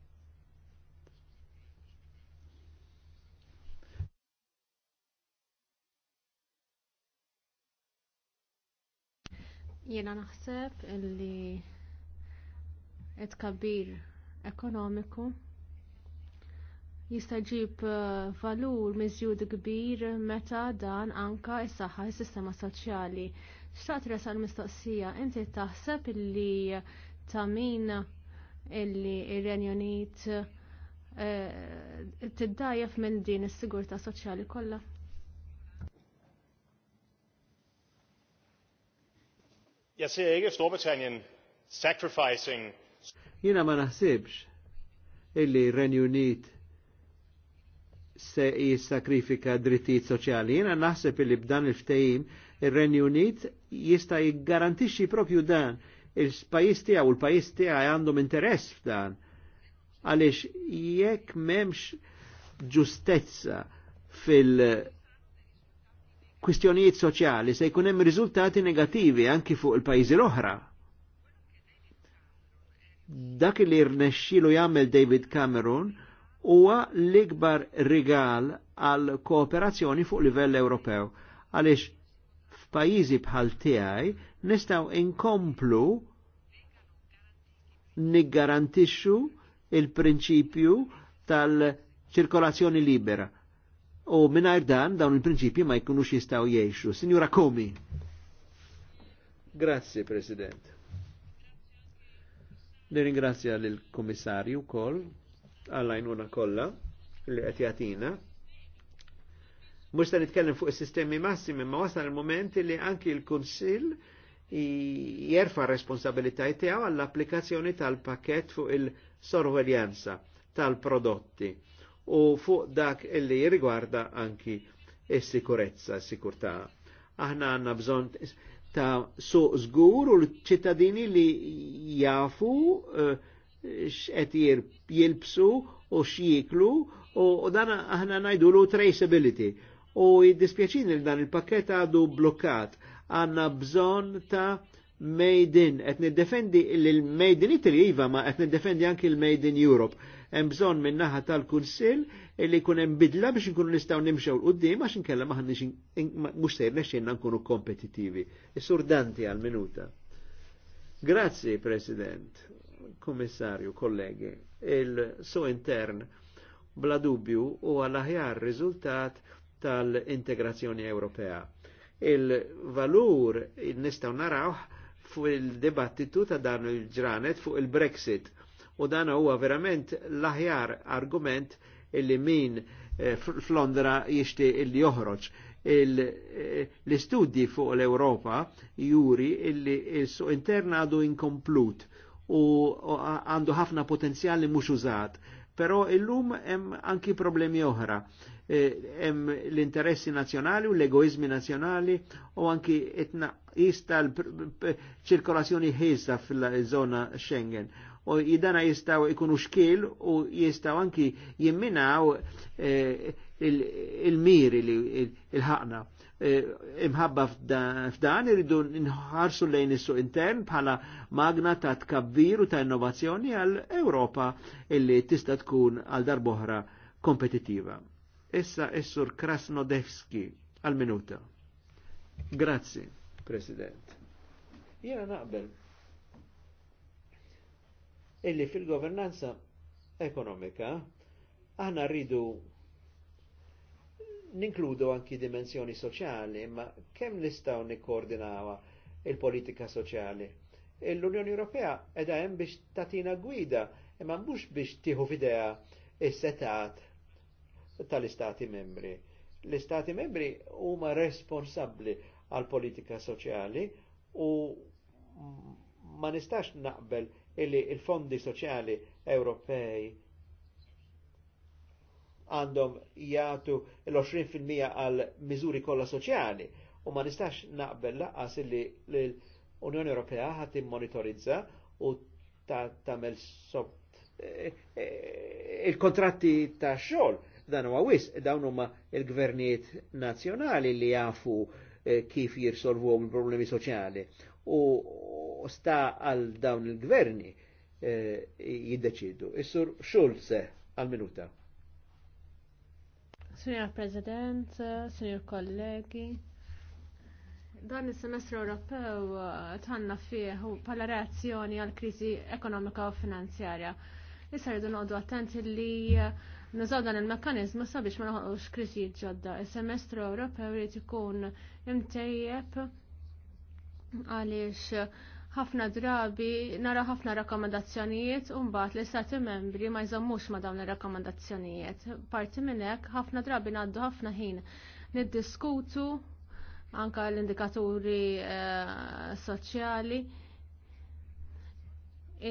Jiena naħseb illi it-kabir ekonomiku jista' jġib uh, valur miżjud kbir meta dan anka jsaħħa s-sistema soċjali. Xtaqt resal mistoqsija, inti taħseb illi ta' min illi ir-Renju Unit uh, tiddajjef minn din is-sigurtà soċjali kollha? Jeg ser ikke Storbritannien sacrificing. Jina ma naħsibx illi Renju Unit se jissakrifika drittijiet soċjali. Jena naħseb illi b'dan il-ftehim ir-Renju Unit jista' jiggarantixxi propju dan il-pajis tiegħu u l-pajis tiegħu għandhom interess f'dan. Għaliex jekk m'hemmx ġustezza fil- kwistjonijiet soċjali se jkun hemm riżultati negativi anki fuq il-pajjiżi l-oħra. Dak li rnexxilu jagħmel David Cameron huwa l-ikbar rigal għal kooperazzjoni fuq livell Ewropew. Għaliex f'pajjiżi bħal tiegħi nistgħu inkomplu niggarantixxu il-prinċipju tal-ċirkolazzjoni libera u mingħajr dan dawn il-prinċipji ma jkunux jistgħu jgħixu. Signora Komi. Grazie President. Nirringrazzja lill-Kummissarju wkoll għallajnuna kollha l qed jagħtina. Mhux nitkellem fuq sistemi massimi, ma wasna il-moment li anki l-Kunsill jerfa responsabilitajt tiegħu għall-applikazzjoni tal paket fuq il-sorveljanza tal-prodotti u fuq dak illi rigwarda anki s-sikurezza, s-sikurtà. Aħna għanna bżon ta' suq zgur u l-ċittadini li jafu uh, x'qed jilbsu u x'jiklu u dan aħna ngħidulu traceability. U jiddispjaċin il dan il-pakket għadu blokkat. Għanna bżon ta' Made in. għetni niddefendi l-Made in Italy iva ma qed niddefendi anki l-Made in Europe hemm bżonn minn naħa tal-Kunsill li kun hemm bidla biex nkunu nistgħu nimxew l-qudiem għax nkellem maħanniex mhux sejrna jirnexxinna nkunu kompetittivi. is Danti għal-minuta. Grazzi, President, Kommissarju, kollegi. Il-so intern bla dubju u għal-aħjar riżultat tal-integrazzjoni Ewropea. Il-valur il nistaw naraw fuq il-dibattitu ta' dan il-ġranet fuq il-Brexit u dan huwa verament l-aħjar argument illi min eh, f'Londra jishti illi joħroġ. Eh, l-istudji fuq l-Europa juri illi il-suq intern għadu inkomplut u għandu ħafna potenzjali mhux użat. Pero illum hemm anki problemi oħra. Eh, hemm l-interessi nazzjonali u l-egoizmi nazzjonali u anki jista l ċirkolazzjoni ħiesa fil-żona Schengen u jidana jistaw ikunu xkil u jistaw anki jimminaw eh, il-miri li il-ħakna. Eh, imħabba f'dan irridu nħarsu lejn is intern bħala magna ta' tkabbir u ta' innovazzjoni għal Ewropa illi tista' tkun għal darboħra kompetitiva. Issa essur Krasnodewski għal minuta. Grazzi, President. Jena naqbel illi fil-governanza ekonomika aħna rridu ninkludu anki dimensjoni soċjali, ma kemm nistgħu nikkoordinawa il-politika soċjali. L-Unjoni Ewropea edha hemm biex tatina gwida, imma mhux biex tieħu f'idea is-setat tal-istati membri. L-istati membri huma responsabbli għal politika soċjali u ma nistax naqbel illi il-fondi soċjali Ewropej għandhom jgħatu l-20% għal miżuri kollha soċjali u ma nistax naqbel laqas illi l-Unjoni Ewropea ħadd immonitorizza u tagħmel e, e, il-kontratti ta' xogħol dan huwa wis dawn huma il-gvernijiet nazzjonali li jafu e, kif jirsolvu il-problemi soċjali u sta għal dawn il-gverni eh, jiddeċidu. Is-sur għal-minuta. Signor President, signor kollegi, dan il-semestru Ewropew eh, tħanna fih bħala reazzjoni għal kriżi ekonomika u finanzjarja. Issa rridu noqdu attenti li eh, nużaw dan il-mekkanizmu sabiex ma noħolqux krizi ġodda. Il-semestru Ewropew jrid ikun imtejjeb għaliex ħafna drabi nara ħafna rakkomandazzjonijiet u mbagħad li istati membri ma jżammux ma dawn ir-rakkomandazzjonijiet. Parti minn hekk ħafna drabi ngħaddu ħafna ħin niddiskutu anka l-indikaturi eh, soċjali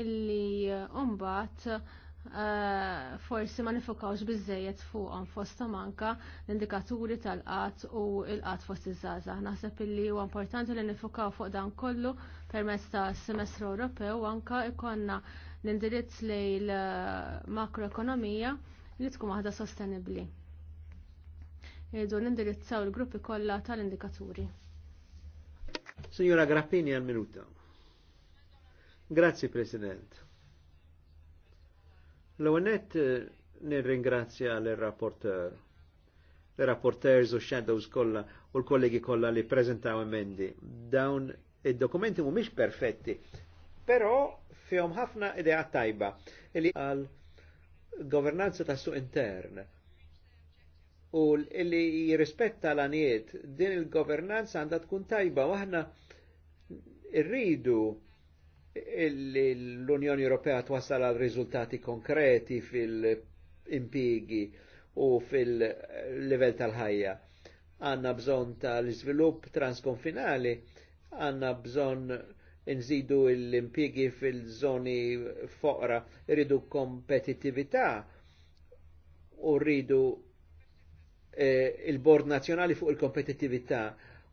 illi eh, mbagħad uh, Eh, forsi ma nifokawx bizzejiet fuqhom fosta manka l-indikaturi tal-qatt u l-qatt fost iż żaza Naħseb illi huwa importanti li nifokaw fuq dan kollu permezz ta' semestru Ewropew anka ikonna l-indirizz lejn l-makroekonomija eh, li tkun waħda sostenibbli. Irridu nindirizzaw il-gruppi kollha tal-indikaturi. Signora Grappini għal minuta. Grazie President. L-għonet eh, nir-ringrazzja l-rapporter, l-rapporters u shadows kolla u l-kollegi kolla li prezentaw emendi. Dawn id-dokumenti miex perfetti, però fihom ħafna idea tajba li għal governanza ta' intern u li jirrispetta l-għaniet din il-governanza għandha tkun tajba u aħna irridu l-Unjoni Ewropea twassal għal riżultati konkreti fil-impigi u fil-level tal-ħajja. Għanna bżon tal-izvilupp transkonfinali, għanna bżon nżidu l-impigi fil-żoni foqra, rridu kompetitività u rridu eh, il-bord nazjonali fuq il-kompetitività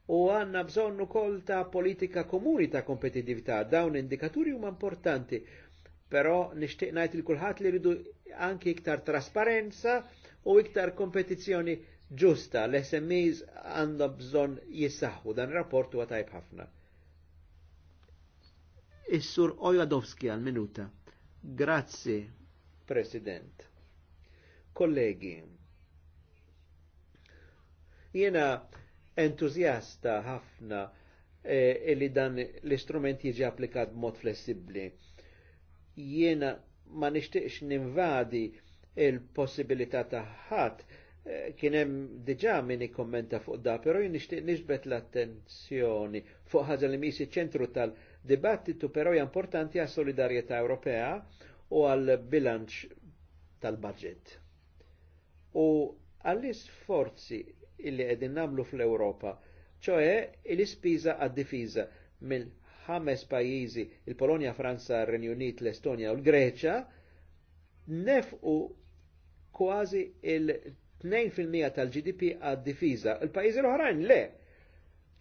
u għanna bżonnu kol ta' politika komuni ta' kompetitività. Dawn indikaturi huma importanti, però nixtieq ngħid il kulħadd li ridu anki iktar trasparenza u iktar kompetizzjoni ġusta. L-SMEs għandha bżonn jissaħħu dan ir-rapport huwa tajb ħafna. Is-sur Ojadowski għal minuta. Grazzi, President. Kollegi, jena entuzjasta ħafna e, li dan l-istrument jiġi applikat b'mod flessibbli. Jiena ma nixtieqx ninvadi il-possibilità ta' ħadd e, kien hemm diġà min ikkommenta fuq da, però jien nixtieq nixbet l-attenzjoni fuq ħaġa li mhix ċentru tal-dibattitu, però hija importanti għas solidarjetà Ewropea u għal bilanċ tal-budget. U għall-isforzi illi qegħdin nagħmlu fl-Ewropa, ċoħe il-ispiża għad-difiża mill ħames pajjiżi, il-Polonja, Franza, Renju Unit, l-Estonja u l-Greċja, nefqu kważi il-2% tal-GDP għad-difiża. Il-pajjiżi l-oħrajn le.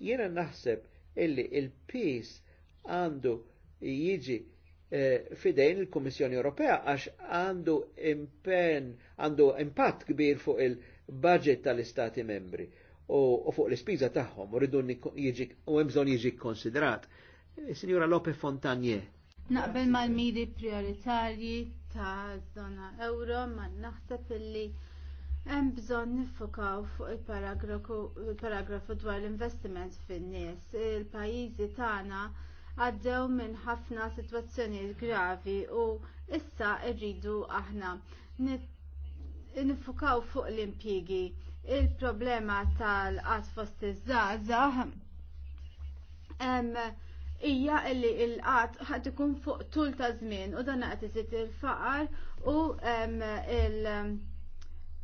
Jiena naħseb illi il-PIS għandu jiġi eh, fidejn il-Kummissjoni Ewropea għax għandu impen, għandu impatt kbir fuq il- budget tal-istati membri u fuq l-ispiża tagħhom rridu jiġi u hemm bżonn jiġi konsidrat. Eh, Signora Lope Fontanje. Naqbel mal-miri prioritarji ta' zona euro ma naħseb illi hemm bżonn nifokaw fuq il-paragrafu dwar l-investiment fin-nies. Il-pajjiżi tagħna għaddew minn ħafna sitwazzjonijiet gravi u issa rridu aħna nifukaw fuq l-impjigi il-problema tal-qas fost iż-żgħażagħ ija illi il-qat ħad ikun fuq tul ta' żmien u dan qed iżid il-faqar u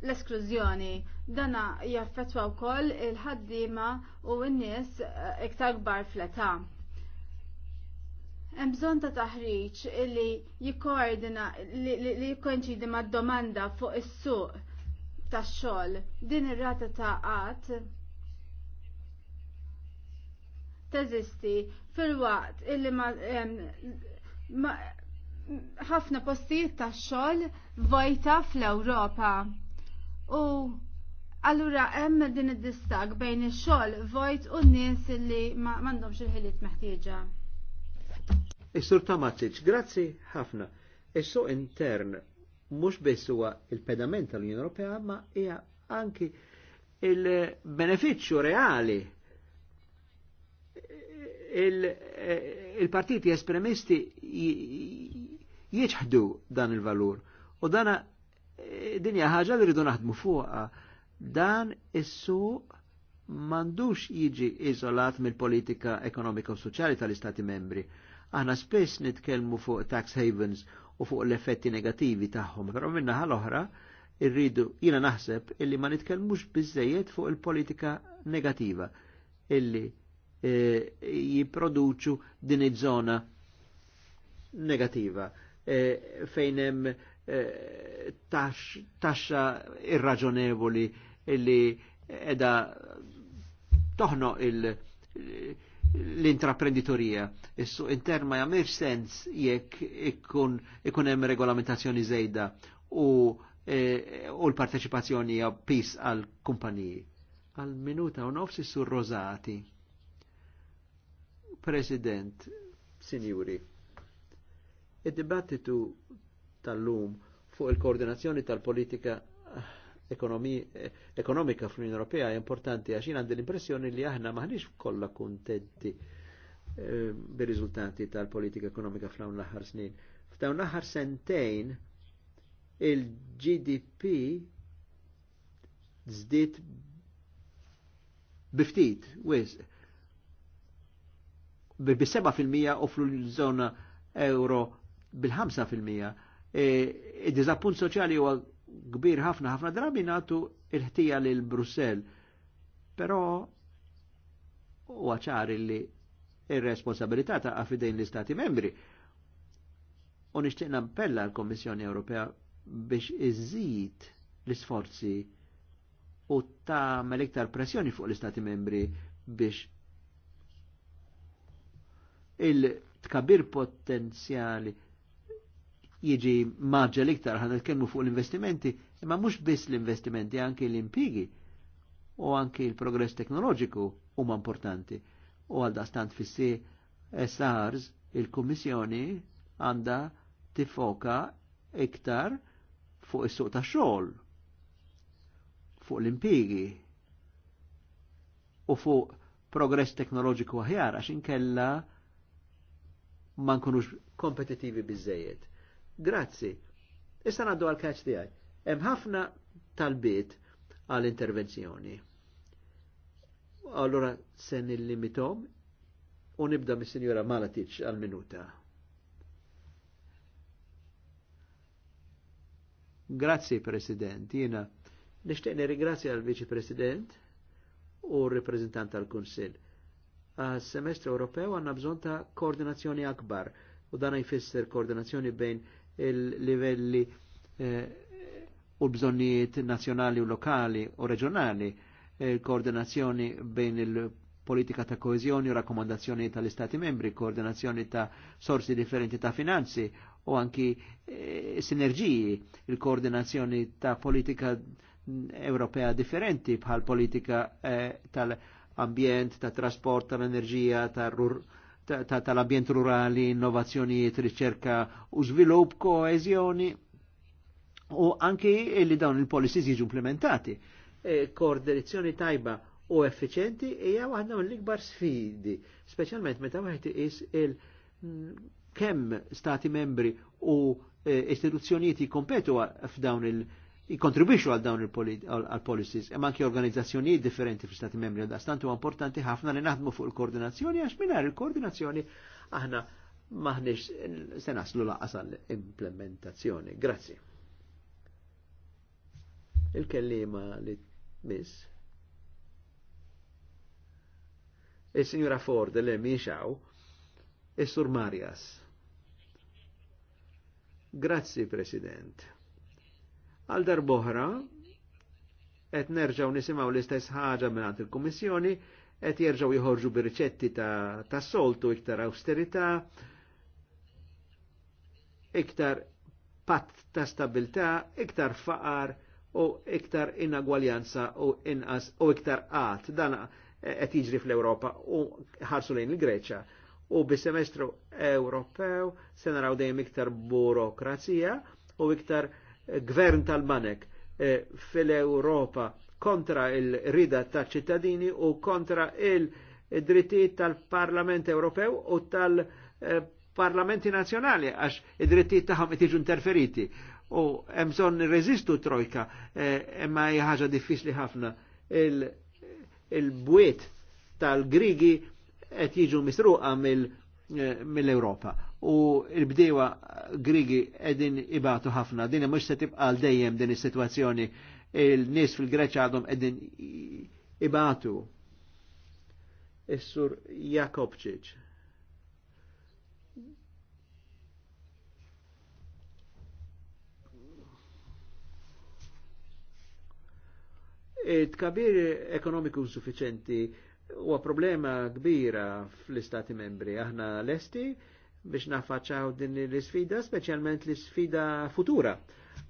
l-esklużjoni. Dana jaffetwa wkoll il-ħaddiema u n-nies eh, iktar kbar fl-età hemm bżonn ta' taħriġ li jikkoordina li jikkonċidi mad-domanda fuq is-suq tax-xogħol. Din ir-rata ta' qatt teżisti fil-waqt illi ma ħafna postijiet tax-xogħol vojta fl-Ewropa. U Allura hemm din id-distag bejn ix-xogħol vojt u n-nies li m'għandhomx il-ħiliet meħtieġa. Is-sur Tamatic, grazzi ħafna. Is-su intern mhux biss huwa il-pedament tal-Unjoni Ewropea, ma hija anki il-benefiċċju reali il-partiti espremisti jieċħdu dan il-valur u dana dinja ħaġa li rridu naħdmu fuqa dan issu mandux jiġi izolat mill-politika ekonomika u soċjali tal-Istati membri Aħna spess nitkellmu fuq tax havens u fuq l-effetti negativi tagħhom, però minna ħal oħra irridu jiena naħseb illi ma nitkellmux biżejjed fuq il-politika negativa illi e, eh, jipproduċu din iż-żona negativa e, fejn hemm eh, taxxa irraġonevoli illi edha toħno il-, il l-intraprenditorija. Issu inter ma jamir sens jekk ikun ikun hemm regolamentazzjoni żejda u e, u l-parteċipazzjoni hija pis għal kumpaniji. Għal minuta u nofs issu President, Signori, id-dibattitu tal-lum fuq il-koordinazzjoni tal-politika ekonomika fl-Unjoni Ewropea importanti għax jien għandi l-impressjoni li aħna maħniex kollha kuntenti eh, bir-riżultati tal-politika ekonomika fl l-aħħar snin. F'dawn l-aħħar sentejn il-GDP żdied biftit, wis, fil 7 u fl-żona euro bil-5%. mija eh, Id-dizappunt soċjali huwa kbir ħafna ħafna drabi natu li lil Brussel. Però huwa għacħar li il responsabilità ta' għafidejn l-Istati membri. U nixtieq nappella l-Kommissjoni Ewropea biex iżid l-isforzi u tagħmel iktar pressjoni fuq l-Istati membri biex il tkabir potenzjali jiġi marġa iktar ħan nitkellmu fuq l-investimenti, imma mhux biss l-investimenti anke l-impigi u anke l-progress teknoloġiku huma importanti. U għal dastant fissi SARS il-Kummissjoni għandha tifoka iktar fuq is-suq ta' xogħol, fuq l-impigi u fuq progress teknoloġiku aħjar għax inkella ma nkunux kompetitivi biżejjed Grazzi. Issa għaddu għal-kaċ tijaj. Hemm ħafna talbiet għal-intervenzjoni. Allora se nillimitom u nibda mis-Sinjora Malatic għal-minuta. Grazzi President, jina nishtiqni nirringrazzja għal-Viċi President u r-Reprezentant tal-Kunsil. Għas-semestru Ewropew għanna bżon ta' koordinazzjoni akbar u dan jfisser koordinazzjoni bejn il-livelli eh, u bżonnijiet nazjonali u lokali u reġjonali, eh, koordinazzjoni bejn il-politika ta' koezjoni u rakkomandazzjoni tal-Istati membri, koordinazzjoni ta' sorsi differenti ta' finanzi u anki eh, sinerġiji, il-koordinazzjoni ta' politika mm, Ewropea differenti bħal politika tal-ambjent, tal-trasport, tal-enerġija, tal rur tal-ambjent rurali, innovazzjonijiet, riċerka u żvilupp, koeżjoni u anki li dawn il-policies jiġu implementati. E, koordinazzjoni tajba u effiċenti hija waħda mill-ikbar sfidi, speċjalment meta wieħed is il kemm stati membri u e, istituzzjonijiet jikkompetu f'dawn il- jikontribuixu għal dawn il-policies, imma anki organizzazzjonijiet differenti fl stati membri għal dastant huwa importanti ħafna li naħdmu fuq il-koordinazzjoni għax mingħajr il-koordinazzjoni aħna maħniex se naslu laqas għall-implementazzjoni. Grazzi. Il-kellima li miss. Il-Signora Ford le miexaw, il-Sur Marias. Grazzi, President. Għal darboħra, et nerġaw nisimaw l-istess ħaġa minn il komissjoni et jerġaw jħorġu biriċetti ta', ta soltu iktar austerità, iktar patt ta' stabilità, iktar faqar u iktar inagwaljanza u inqas u iktar għat. Dan qed jiġri fl europa u ħarsu lejn il greċa U bis-semestru Ewropew se naraw dejjem iktar burokrazija u iktar uh, gvern tal-Banek eh, fil-Europa kontra il-rida ta' ċittadini u kontra il-drittijiet tal-Parlament Ewropew u tal-Parlamenti Nazjonali għax id-drittijiet tagħhom qed interferiti. U hemm bżonn irreżistu trojka, eh, imma hija ħaġa diffiċli ħafna. Il-bwiet tal-Grigi qed jiġu misruqa eh, mill-Europa u l-bdewa grigi edin ibatu ħafna, din mux se tibqa dejjem din is-sitwazzjoni il-nies fil-Greċa għadhom edin ibatu. Is-sur Jakobċiċ. Il-kabir ekonomiku suffiċenti huwa problema kbira fl-Istati membri. Aħna lesti esti biex naffaċċaw din l-sfida, specialment l-sfida futura,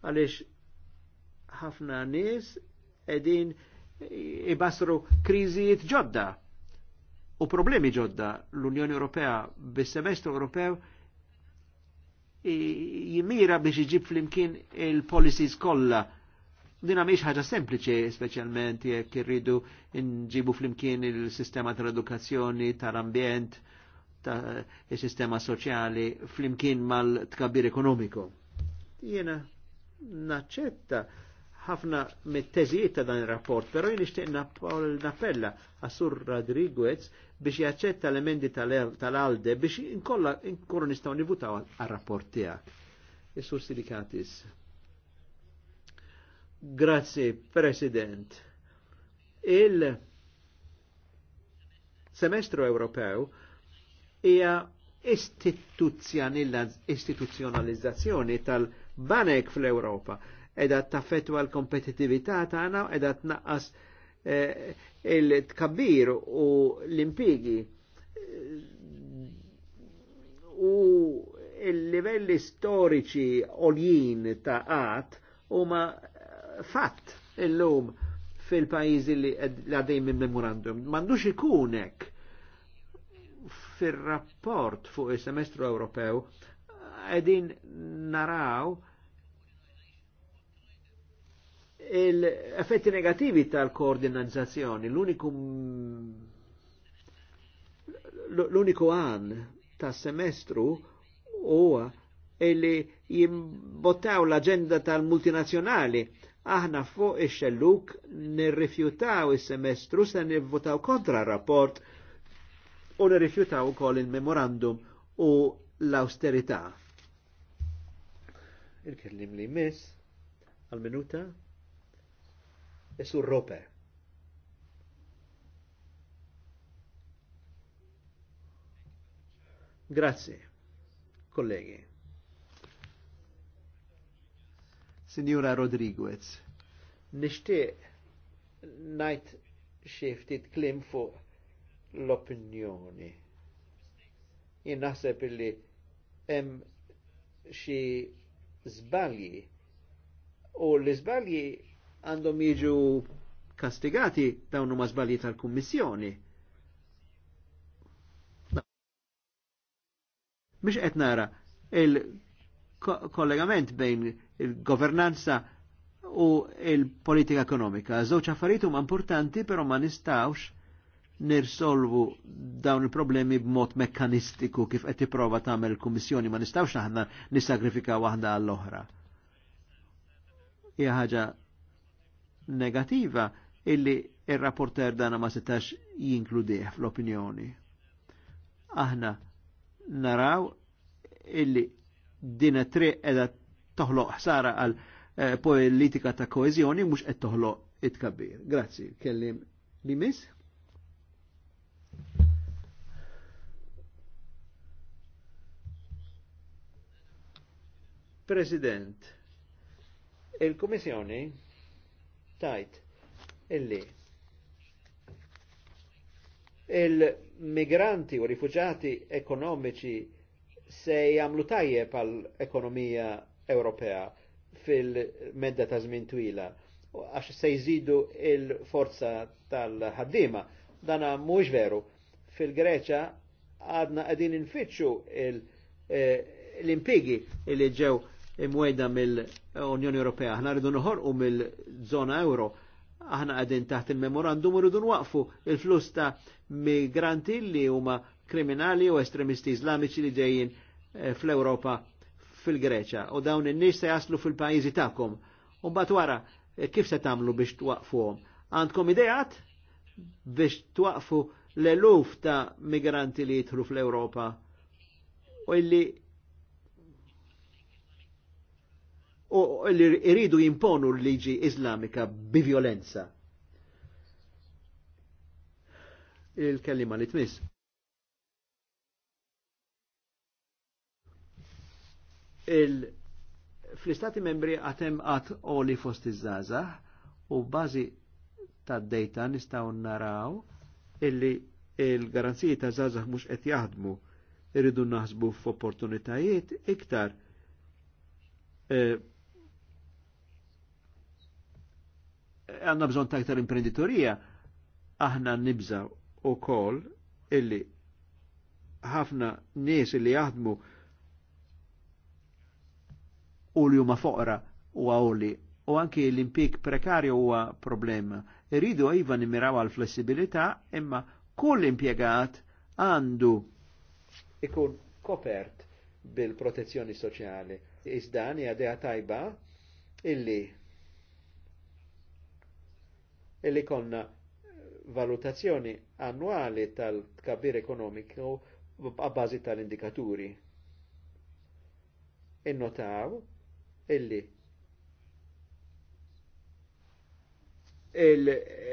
għaliex ħafna nies edin ibasru kriżijiet ġodda u problemi ġodda l-Unjoni Ewropea bis-semestru Ewropew jimira biex iġib flimkien il-policies kollha dina miex ħaġa sempliċi, specialment jekk irridu nġibu flimkien il-sistema tal-edukazzjoni, tal-ambjent, ta' sistema soċjali flimkien mal-tkabir ekonomiku. Jena naċċetta ħafna mit-teżijiet ta' dan ir-rapport, però jien nixtieq nappella għasur Rodriguez biex jaċċetta l-emendi tal-alde biex inkolla inkunu nistgħu nivutaw għar-rapport tiegħek. Is-sur Silikatis. Grazzi, President. Il semestru Ewropew hija istituzjonalizzazzjoni tal-banek fl-Ewropa edha taffetwa l-kompetitività tagħna u edha tnaqqas eh, il-tkabbir u l-impigi u il-livelli storiċi oljin ta' għat u ma fatt il-lum fil-pajizi li għadin minn memorandum. Mandux ikunek fil rapport fuq il-semestru Ewropew qegħdin naraw l-effetti negativi tal-koordinazzazzjoni, l-uniku l-uniku għan tas semestru huwa li jimbottaw l-agenda tal multinazjonali Aħna fuq ix-xelluk nirrifjutaw is-semestru se nivvotaw kontra rapport u nirrifjutaw ukoll il-memorandum u l-austerità. Il-kellim li mis, għal-minuta jessu Rope. Grazie, kollegi. Signora Rodriguez, nishtiq najt xie ftit klim fuq l-opinjoni. Jien naħseb illi hemm xi żbalji u l żbalji għandhom jiġu kastigati dawn huma żbalji tal-Kummissjoni. Mhix qed nara il-kollegament bejn il-governanza u il-politika ekonomika. Żewġ affarijiet huma importanti però ma nistawx nirsolvu dawn il-problemi b'mod mekkanistiku kif qed tipprova tagħmel il-Kummissjoni ma nistgħux aħna nissagrifika waħda għall-oħra. Hija ħaġa negattiva illi ir-rapporter dana ma setax jinkludih fl-opinjoni. Aħna naraw illi dina triq edha toħloq ħsara għal eh, politika ta' koezjoni mhux qed toħloq it-kabbir. Grazzi, kellim li miss? President, il-Komissjoni tajt illi il-migranti u rifugjati ekonomiċi se jamlu tajjeb għal ekonomija Ewropea fil-medda ta' żmien twila għax se jżidu il-forza tal-ħaddima. Dana mhux veru. Fil-Greċa għadna qegħdin infittxu eh, l-impigi il, ġew imwejda mill-Unjoni Ewropea. Aħna rridu noħorqu mill-żona euro. Aħna għadin taħt il-memorandum u rridu nwaqfu il-flus ta' migranti li huma kriminali u estremisti islamiċi li ġejjin eh, fl-Europa fil-Greċa u dawn in-nies se jaslu fil-pajjiżi tagħkom. U mbagħad wara eh, kif se tagħmlu biex twaqfuhom? Għandkom ideat biex twaqfu l-eluf ta' migranti li jidħlu fl-Europa u illi u li iridu jimponu l-liġi islamika bi-violenza. Il-kellima li tmiss. Il fl-istati membri għatem għat li fost iż-żaza u bazi ta' dejta nistaw naraw illi il-garanziji ta' zazah mux qed jaħdmu irridu naħsbu f'opportunitajiet iktar eh, għanna bżon ta' iktar imprenditorija, aħna nibza u kol illi ħafna nies illi jaħdmu u li huma foqra u għawli u anki l-impik prekarju huwa problema. Irridu iva nimiraw għal flessibilità imma kull impiegat għandu ikun kopert bil-protezzjoni soċjali. Iżdani deha tajba illi illi konna valutazzjoni annuali tal-kabir ekonomiku għabbażi tal-indikaturi. Innotaw illi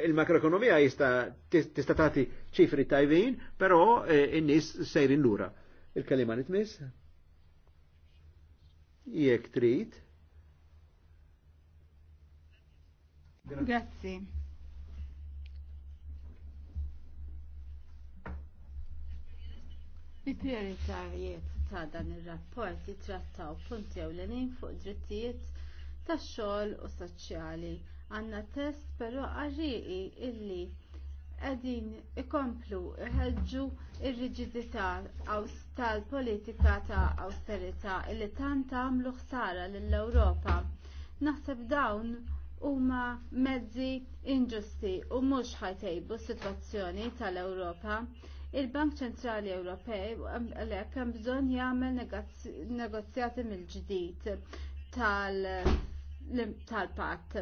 il-makroekonomija il jista tista tati ċifri tajvin, però eh, in-nies sejrin lura. Il-kalima nitmiss? Jek trit? Grazie. il prijoritajiet ta' dan ir-rapport jitrattaw punti ewlenin fuq drittijiet tax-xogħol u soċjali. Għandna test però għarriqi illi qegħdin ikomplu iħeġġu ir-riġidità tal-politika ta' awsterita illi tant għamlu ħsara lill-Ewropa. Naħseb dawn huma mezzi inġusti u mhux ħajtejbu s-sitwazzjoni tal-Ewropa Il-Bank Ċentrali Ewropej għalhekk hemm bżonn jagħmel negozjati mill-ġdid tal patt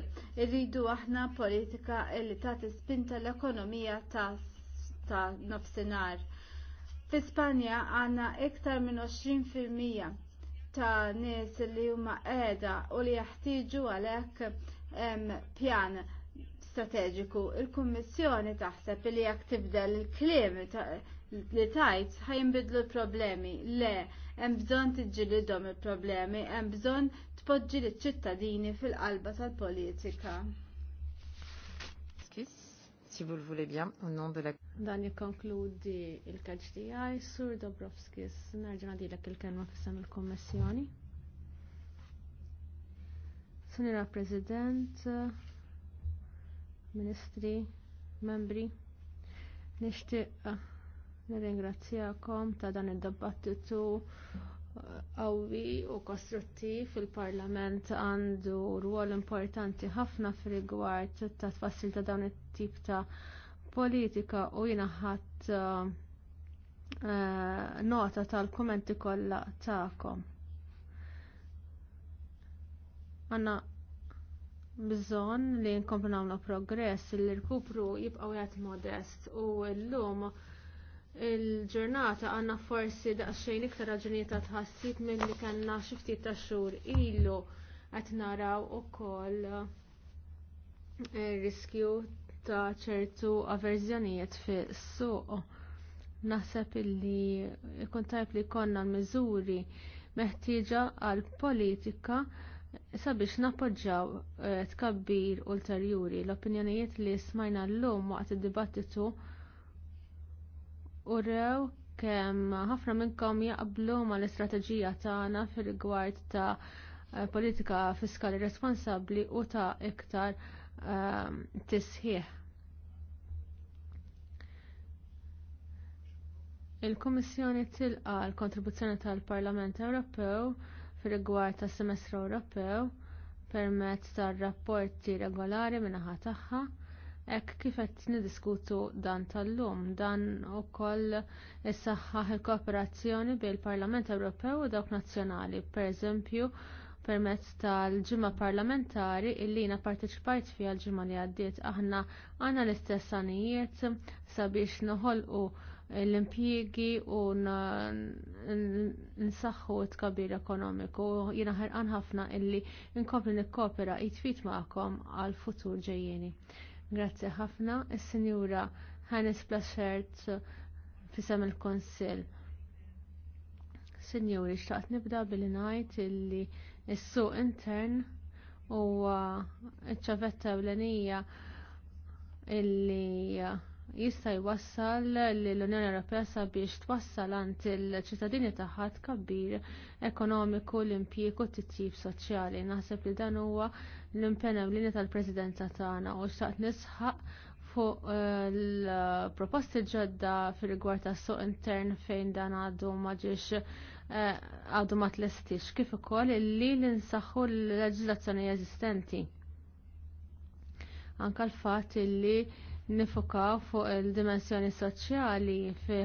Irridu aħna politika li tagħti spinta l-ekonomija ta' nofsinhar. Fi Spanja għandna iktar minn 20% fil-mija ta' nies li huma qiegħda u li jeħtieġu għalhekk pjan strateġiku. Il-Kummissjoni taħseb li jekk tibdel il-kliem li tajt ħajnbidlu l-problemi. Le, hemm bżonn tiġġilidhom il-problemi, hemm bżonn tpoġġi l-ċittadini fil-qalba tal-politika. Si vous le voulez bien, au nom de la... Dan jikonkludi il-kaġ għaj, Sur Dobrovskis, di dilek il-kelma fissam il-Kommissjoni. Sinira President, Ministri, membri, nixtieq ah, nirringrazzjakom ta' dan id-dibattitu eh, qawwi u kostruttiv fil-Parlament għandu rwol importanti ħafna fil rigward ta' tfassil ta' dawn it-tip ta' politika u jiena ħadd eh, nota tal-kommenti kollha tagħkom. Għanna bżon li nkomplu progress il-rkupru jibqgħu jagħti modest u llum il-ġurnata għandna forsi daqsxejn iktar raġunijiet ta' tħassib milli kellna xi ftit ta' xhur ilu qed naraw ukoll ir-riskju ta' ċertu averżjonijiet fis-suq. Naħseb illi jkun tajb li jkollna l-miżuri meħtieġa għal politika sabiex nappoġġjaw eh, tkabbir ulterjuri l-opinjonijiet li smajna llum waqt id-dibattitu u rew kemm ħafna minnkom jaqblu mal istrateġija tagħna fir-rigward ta' eh, politika fiskali responsabbli u ta' iktar eh, tisħiħ. Il-Kummissjoni tilqa l-kontribuzzjoni tal-Parlament Ewropew fil-rigward tas semestru Ewropew permezz tar-rapporti regolari min-naħa tagħha hekk kif qed niddiskutu dan tal-lum dan ukoll issaħħaħ il-kooperazzjoni bejn il-Parlament Ewropew u dawk nazzjonali, pereżempju permezz tal-ġimgħa parlamentari illi jiena parteċipajt fiha l-ġimgħa li għaddiet aħna għandna l-istess anijiet sabiex noħolqu l-impjiegi u nsaħħu t-kabir ekonomiku. Jina ħerqan ħafna illi nkompli nikkopera jitfit maqom għal futur ġejjeni. Grazzi ħafna, il-Sinjura Hannes Plaschert fisem il-Konsil. Sinjuri, xtaqt nibda billi najt illi s-suq intern u ċavetta l-enija illi jista' jwassal l-Unjoni Ewropea sabiex twassal għand il-ċittadini tagħha tkabbir ekonomiku l-impjieku t soċjali. Naħseb li dan huwa l-impenna l tal-Presidenza tagħna u xtaqt nisħaq fuq eh, l-proposti ġodda fir-rigward tas-suq intern fejn dan għadu ma ġiex eh, għadu ma tlestix kif ukoll illi l l-leġiżlazzjoni eżistenti. Anka l-fatt illi nifoka fuq il-dimensjoni soċjali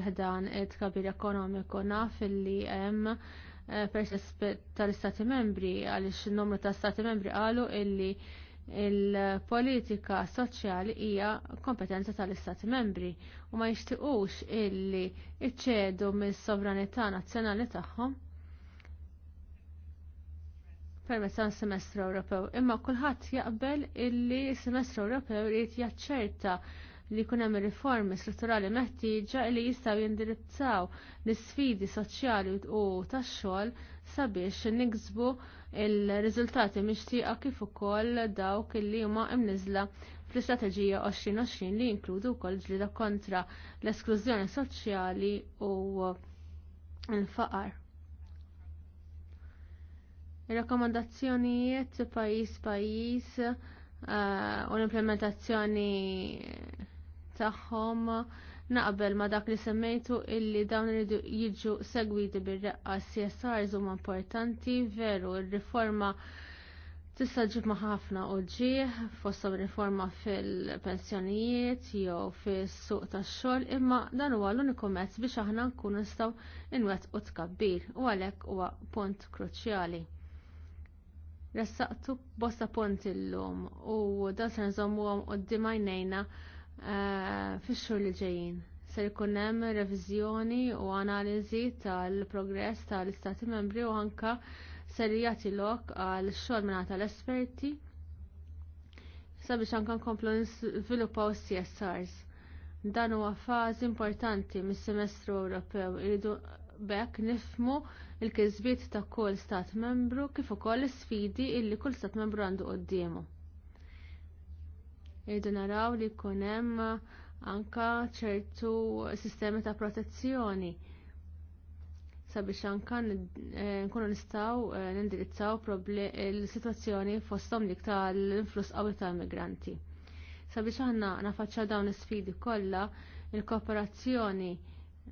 ħdan it-kabir ekonomiku naf li hemm eh, perċess tal-Istati membri għaliex in numru ta' Stati membri qalu illi il-politika soċjali hija kompetenza tal-Istati membri u ma jixtiequx illi iċċedu mis-sovranità nazzjonali tagħhom permezz għan semestru Ewropew. Imma kulħadd jaqbel illi semestru Ewropew jrid jaċċerta li jkun hemm riformi strutturali meħtieġa li jistgħu jindirizzaw l-isfidi soċjali u tax-xogħol sabiex niksbu il-riżultati mixtieqa kif ukoll dawk li huma mniżla fl-istrateġija 2020 li jinkludu wkoll ġlida kontra l-esklużjoni soċjali u l-faqar. Rakkomandazzjonijiet pajjiż pajjiż eh, u uh, l-implementazzjoni tagħhom naqbel ma dak li semmejtu illi dawn li jiġu segwiti bir-reqqa CSR huma importanti veru r-riforma tista' ġib ħafna oġġi fostom riforma fil-pensjonijiet jew fis-suq tax-xogħol imma dan huwa l-uniku mezz biex aħna nkunu nistgħu inwettqu tkabbir u għalhekk huwa punt kruċjali. Ressaqtu bosta ponti llum u dan se nżommu għom qoddim għajnejna eh, fix-xhur li ġejjin. Se jkun hemm reviżjoni u analiżi tal-progress tal-Istati Membri u anka ser jagħti lok għal xogħol minn tal-esperti sabiex anke nkomplu nżviluppaw CSRs. Dan huwa fażi importanti mis-semestru Ewropew iridu bekk nifmu il-kizbiet ta' kull stat membru kif ukoll l-sfidi illi kull stat membru għandu qudiemu. Irdu naraw li jkun hemm anka ċertu sistemi ta' protezzjoni sabiex anka eh, nkunu nistgħu eh, nindirizzaw l-sitwazzjoni fosthom dik tal-influss qawwi ta' immigranti. Sabiex aħna nafaċċa dawn is-sfidi kollha il-kooperazzjoni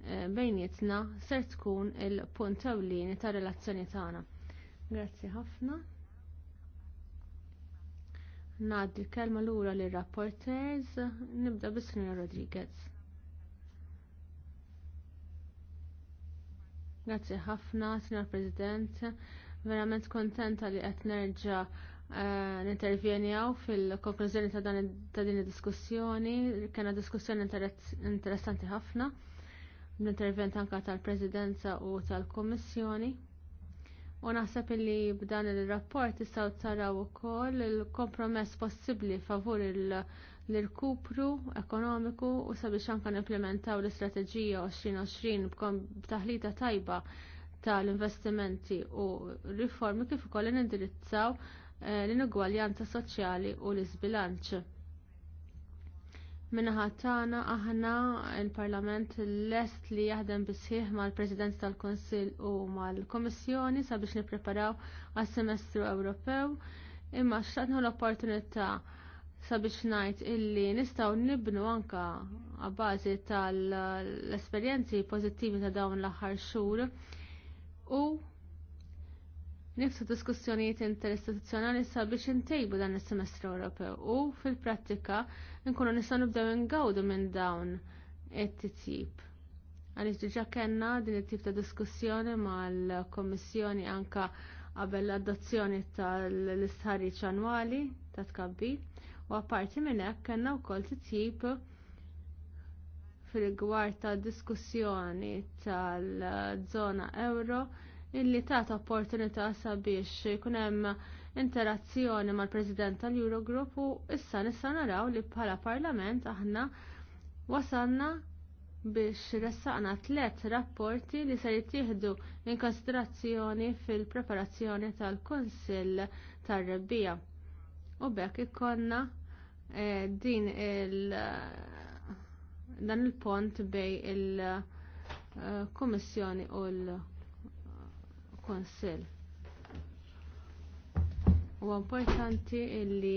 Eh, bejnietna ser tkun il-punt ewlieni tar relazzjoni tagħna. Grazzi ħafna. Ngħaddi l-kelma lura lir rapporters nibda bis Rodriguez. Grazzi ħafna, Signor President. Verament kontenta li qed nerġa' eh, nintervjenijaw fil-konklużjoni ta' din id-diskussjoni. Kena diskussjoni interessanti ħafna l-intervent anka tal-Presidenza u tal-Kommissjoni. U naħseb li b'dan il-rapport jistgħu taraw ukoll il-kompromess possibbli favur l-irkupru ekonomiku u sabiex anke nimplementaw l-istrateġija 2020 b'taħlita tajba tal-investimenti u riformi kif ukoll nindirizzaw eh, l-inugwaljanza soċjali u l-iżbilanċ. Minnaħat tagħna aħna il-Parlament lest li jaħdem bisħieħ mal-President tal-Konsil u mal-Komissjoni sabiex nippreparaw għas-Semestru Ewropew imma xatnu l-opportunità sabiex ngħid illi nistgħu nibnu anka għabazi tal-esperjenzi pożittivi ta' dawn l-aħħar xhur u nifsu diskussjonijiet interistituzzjonali sabiex intejbu dan is-Semestru Ewropew u fil-prattika nkunu nistgħu nibdew ingawdu minn dawn it-titjib. Għaliex diġà kellna din it-tip ta' diskussjoni mal kummissjoni anka qabel l-adozzjoni tal-istħarriċ annwali ta' tkabbi u apparti minn hekk kellna wkoll titjib fil-gwar ta' diskussjoni tal-żona euro illi ta' opportunità sabiex jkun hemm interazzjoni mal-President tal-Eurogroup u issa nista' naraw li bħala Parlament aħna wasalna biex ressaqna tliet rapporti li se jittieħdu in konsiderazzjoni fil-preparazzjoni tal-Kunsill tar-Rebbija. U bekk ikonna eh, din il dan il-pont bej il-Kummissjoni eh, u l-Kunsill. U importanti illi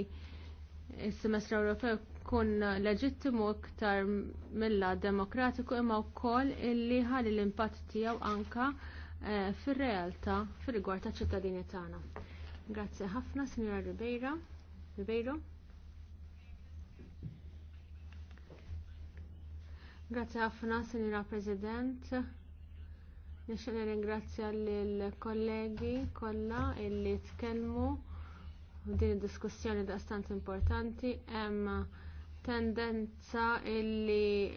il-semestru Ewropew kun leġittimu iktar milla demokratiku imma wkoll illi ħalli l-impatt tiegħu anka eh, fir-realtà fir-rigward taċ ċittadini tagħna. Grazzi ħafna, Sinjora Ribeira. Ribeiro. Grazzi ħafna, Signora President. Nixtieq nirringrazzja lill kollegi kollha illi tkellmu din id-diskussjoni bastant importanti hemm tendenza illi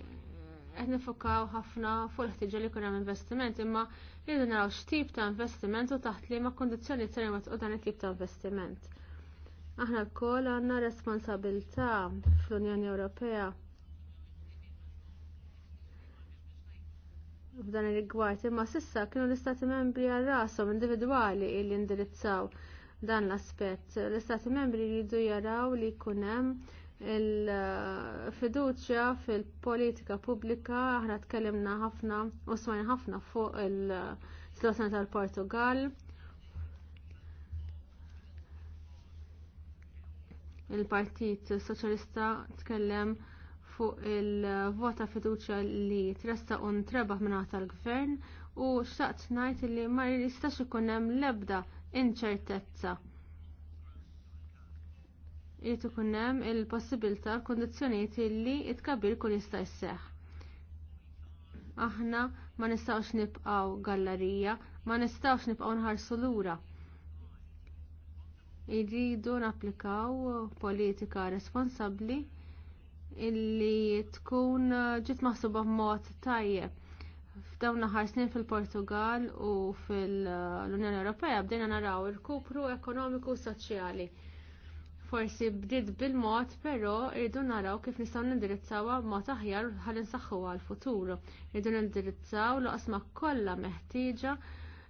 qed nifokaw ħafna fuq l-ħtiġa li jkun hemm investiment imma jridu naraw x'tip ta' investiment u taħt liema kondizzjoni ser ma dan it-tip ta' investiment. Aħna wkoll għandna responsabilità fl-Unjoni Ewropea f'dan ir-rigward imma sissa kienu l-istati membri għal rashom individwali li indirizzaw dan l-aspett. L-Istati membri jridu jaraw li jkun hemm il-fiduċja fil-politika pubblika aħna tkellimna ħafna u smajna ħafna fuq il-situazzjoni tal-Portugal. Il-Partit Soċjalista tkellem fuq il-vota fiduċja li tresta un trebaħ minna tal-gvern u xtaqt ngħid li ma jistax ikun hemm l-ebda inċertezza. Irid ikun hemm il-possibilità kundizzjonijiet li tkabbir kun jista' jseħħ. Aħna ma nistgħux nibqgħu gallerija, ma nistgħux nibqgħu nħarsu lura. Iridu napplikaw politika responsabbli illi tkun ġiet maħsuba b'mod tajjeb f'dawn naħar snin fil-Portugal u fil-Unjoni Ewropea bdejna naraw il-kupru ekonomiku u soċjali. Forsi bdiet bil-mod, però rridu naraw kif nistgħu nindirizzawha b'mod aħjar ħalli nsaħħuha għall-futuru. Rridu nindirizzaw l-qasma kollha meħtieġa,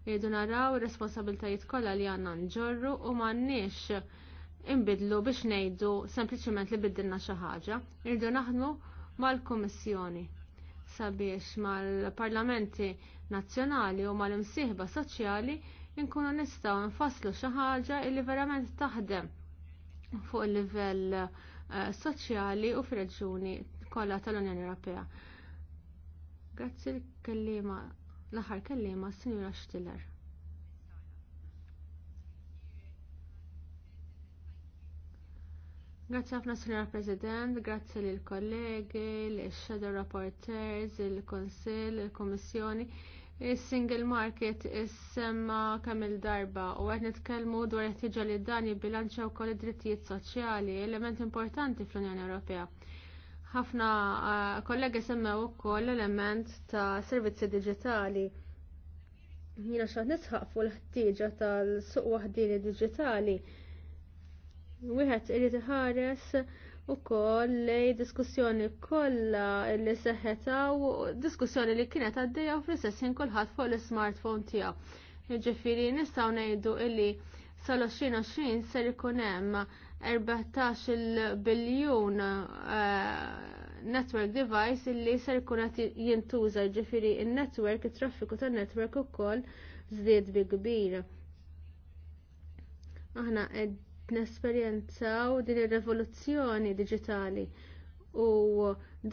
rridu naraw ir responsabbiltajiet kollha li għandna nġorru u m'għandniex inbidlu biex ngħidu sempliċement li biddilna xi ħaġa, irridu naħdmu mal-Kummissjoni sabiex mal-parlamenti nazzjonali u mal-imsieħba soċjali nkunu nistgħu nfasslu xi ħaġa li verament taħdem fuq il-livell eh, soċjali u fir-reġjuni kollha tal-Unjoni Ewropea. Grazzi l-kellima l-aħħar kellima, Sinjura Stiller. Grazzi ħafna Sinjor President, grazzi lill kollegi l-Shadow Rapporteurs, il-Konsil, il-Komissjoni. Is-Single Market is-semma kemm il-darba u qed nitkellmu dwar ħtiġa li dan jibbilanċja wkoll id-drittijiet soċjali, element importanti fl-Unjoni Ewropea. Ħafna kollegi semmew ukoll l-element ta' servizzi diġitali. Jiena xaħat nisħaq fuq l-ħtieġa tal-suq waħdini diġitali Wieħed irid iħares ukoll lej diskussjoni kollha li seħħetha u diskussjoni li kienet għaddejja u fl-istess ħin kulħadd fuq l-smartphone tiegħu. Jiġifieri nistgħu ngħidu illi sal-2020 ser ikun hemm 14 biljun eh, network device illi ser ikun qed jintuża ġifieri in-network it-traffiku tan-network ukoll żdied bi kbir. Aħna qed nesperjenzaw din ir-revoluzzjoni diġitali u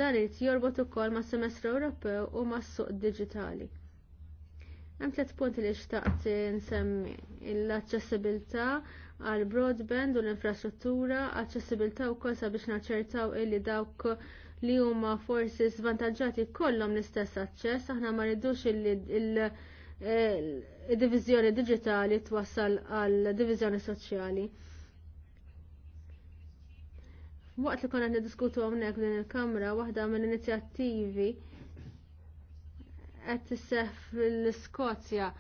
dan irid jorbot ukoll mas semestru Ewropew u mas-suq diġitali. Hemm tliet punti li xtaqt nsemmi l-aċċessibilità għal broadband u l-infrastruttura, aċċessibilità wkoll sabiex naċċertaw illi dawk li huma forsi svantaġġati kollhom l-istess aċċess, aħna ma rridux eh, il-diviżjoni digitali twassal għal diviżjoni soċjali. Waqt li konna niddiskutu hawnhekk din il-Kamra, waħda mill inizjattivi qed isseħħ l iskozja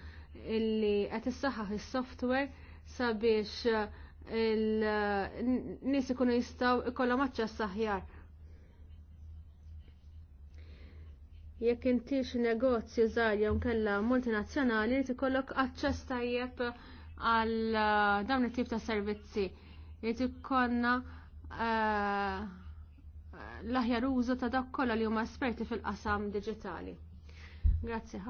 illi qed issaħħaħ is-software sabiex il-nies ikunu jistgħu ikollhom aċċess aħjar. Jekk intix negozju żgħar jew kellha multinazzjonali li tikollok aċċess tajjeb għal uh, dawn it-tip ta' servizzi. Jrid ikollna Eh, l-aħjar użu ta' dak kollha li huma esperti fil-qasam digitali. Grazie. ħafna.